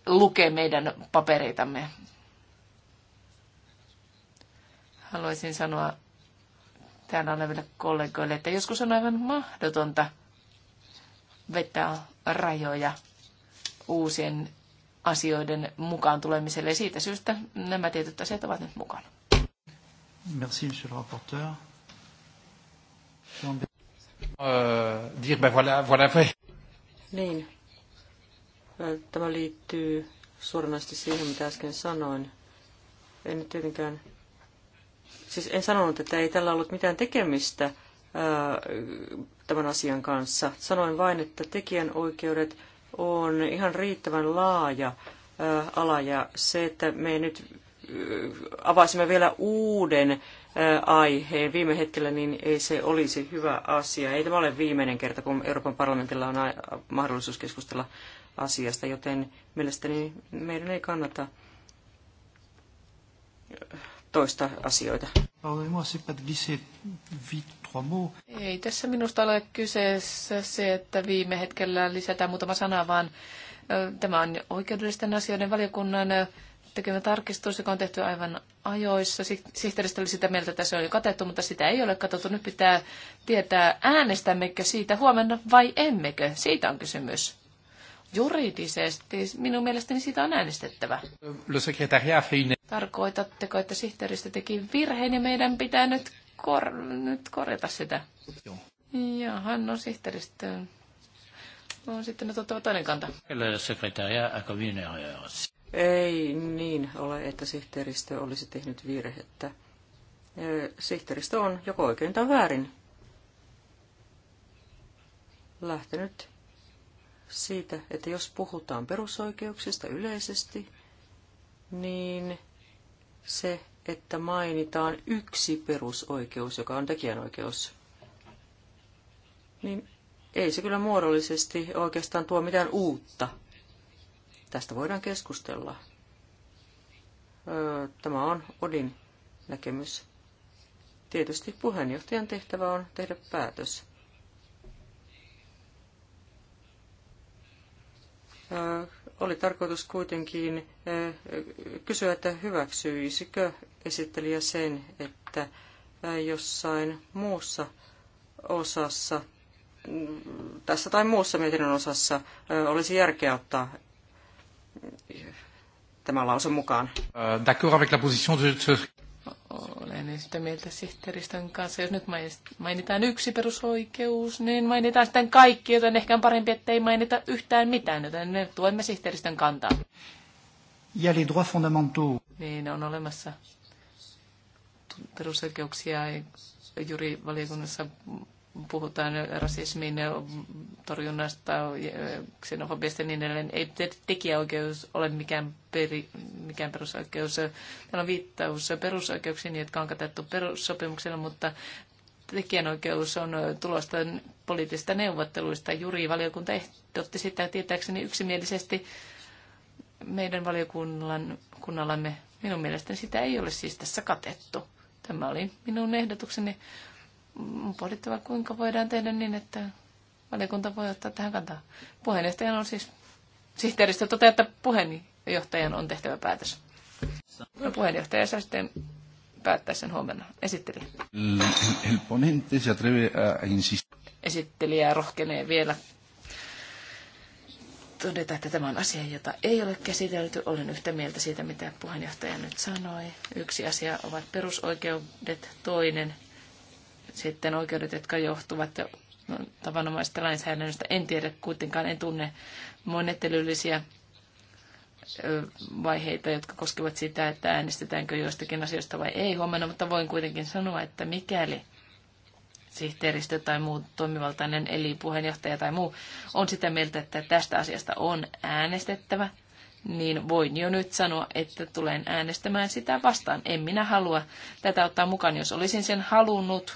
lukee meidän papereitamme. Haluaisin sanoa täällä oleville kollegoille, että joskus on aivan mahdotonta vetää rajoja uusien asioiden mukaan tulemiselle. Ja siitä syystä nämä tietyt asiat ovat nyt mukana. Merci, monsieur le rapporteur. Euh, niin. Äh, tämä liittyy suoranaisesti siihen, mitä äsken sanoin. En nyt tietenkään... Siis en sanonut, että ei tällä ollut mitään tekemistä ää, äh, tämän asian kanssa. Sanoin vain, että tekijänoikeudet on ihan riittävän laaja ää, äh, ala ja se, että me nyt avaisimme vielä uuden aihe viime hetkellä, niin ei se olisi hyvä asia. Ei tämä ole viimeinen kerta, kun Euroopan parlamentilla on mahdollisuus keskustella asiasta, joten mielestäni meidän ei kannata toista asioita. Ei tässä minusta ole kyseessä se, että viime hetkellä lisätään muutama sana, vaan tämä on oikeudellisten asioiden valiokunnan tekemä tarkistus, joka on tehty aivan ajoissa. Sihteeristö oli sitä mieltä, että se oli katettu, mutta sitä ei ole katettu. Nyt pitää tietää, äänestämmekö siitä huomenna vai emmekö. Siitä on kysymys. Juridisesti minun mielestäni siitä on äänestettävä. Tarkoitatteko, että sihteeristö teki virheen ja meidän pitää nyt, kor- nyt korjata sitä? Joo. hän on sihteeristö on sitten otettava toinen kanta. Ei niin ole, että sihteeristö olisi tehnyt virhettä. Sihteeristö on joko oikein tai väärin lähtenyt siitä, että jos puhutaan perusoikeuksista yleisesti, niin se, että mainitaan yksi perusoikeus, joka on tekijänoikeus, niin ei se kyllä muodollisesti oikeastaan tuo mitään uutta Tästä voidaan keskustella. Tämä on Odin näkemys. Tietysti puheenjohtajan tehtävä on tehdä päätös. Oli tarkoitus kuitenkin kysyä, että hyväksyisikö esittelijä sen, että jossain muussa osassa, mm, tässä tai muussa mietinnön osassa, olisi järkeä ottaa tämän lausun mukaan. Euh, d'accord avec la position de olen yhtä mieltä sihteeristön kanssa. Jos nyt mainitaan yksi perusoikeus, niin mainitaan sitten kaikki, joten ehkä on parempi, että ei mainita yhtään mitään, joten me tuemme sihteeristön kantaa. Ja les droits fondamentaux. Niin, on olemassa perusoikeuksia juuri valiokunnassa puhutaan rasismin torjunnasta, xenofobiasta ja niin edelleen. Ei tekijäoikeus ole mikään, peri, mikään perusoikeus. Täällä on viittaus perusoikeuksiin, jotka on katettu perussopimuksella, mutta tekijänoikeus on tulosta poliittisista neuvotteluista. Juri valiokunta ehdotti sitä tietääkseni yksimielisesti meidän valiokunnallamme. Minun mielestäni sitä ei ole siis tässä katettu. Tämä oli minun ehdotukseni on mm, pohdittava, kuinka voidaan tehdä niin, että valiokunta voi ottaa tähän kantaa. Puheenjohtajan on siis, sihteeristö toteaa, että puheenjohtajan on tehtävä päätös. No, puheenjohtaja saa sitten päättää sen huomenna. Esitteli. El ponente se atreve a Esittelijä rohkenee vielä todeta, että tämä on asia, jota ei ole käsitelty. Olen yhtä mieltä siitä, mitä puheenjohtaja nyt sanoi. Yksi asia ovat perusoikeudet, toinen sitten oikeudet, jotka johtuvat tavanomaisesta lainsäädännöstä. En tiedä kuitenkaan, en tunne monettelyllisiä vaiheita, jotka koskevat sitä, että äänestetäänkö joistakin asioista vai ei huomenna, mutta voin kuitenkin sanoa, että mikäli sihteeristö tai muu toimivaltainen eli puheenjohtaja tai muu on sitä mieltä, että tästä asiasta on äänestettävä, niin voin jo nyt sanoa, että tulen äänestämään sitä vastaan. En minä halua tätä ottaa mukaan. Jos olisin sen halunnut,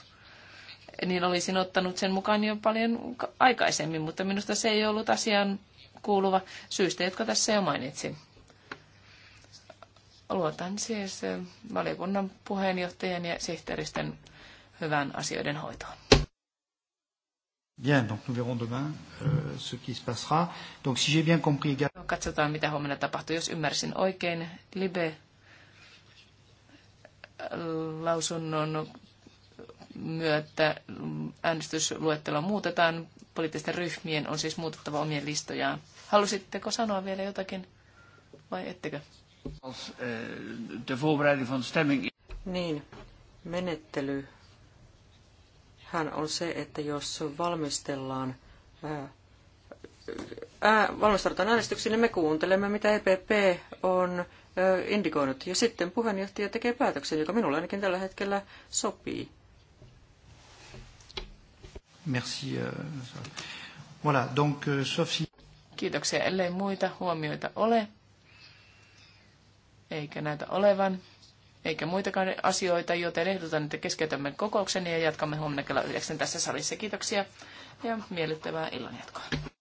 niin olisin ottanut sen mukaan jo paljon aikaisemmin, mutta minusta se ei ollut asian kuuluva syystä, jotka tässä jo mainitsin. Luotan siis eh, valiokunnan puheenjohtajan ja sihteeristen hyvän asioiden hoitoon. Bien, donc nous verrons demain euh, ce qui se passera. Donc si j'ai bien compris également... No, katsotaan, mitä huomenna tapahtuu. Jos ymmärsin oikein, Libe äh, lausunnon myötä äänestysluettelo muutetaan. Poliittisten ryhmien on siis muutettava omien listojaan. Halusitteko sanoa vielä jotakin vai ettekö? Eh, niin, menettely hän on se, että jos valmistellaan ää, ää, valmistaudutaan äänestyksiin, niin me kuuntelemme, mitä EPP on ää, indikoinut. Ja sitten puheenjohtaja tekee päätöksen, joka minulle ainakin tällä hetkellä sopii. Merci. Euh, voilà, donc, euh, Kiitoksia, ellei muita huomioita ole, eikä näitä olevan, eikä muitakaan asioita, joten ehdotan, että keskeytämme kokouksen ja jatkamme huomenna kello 9 tässä salissa. Kiitoksia ja miellyttävää illanjatkoa.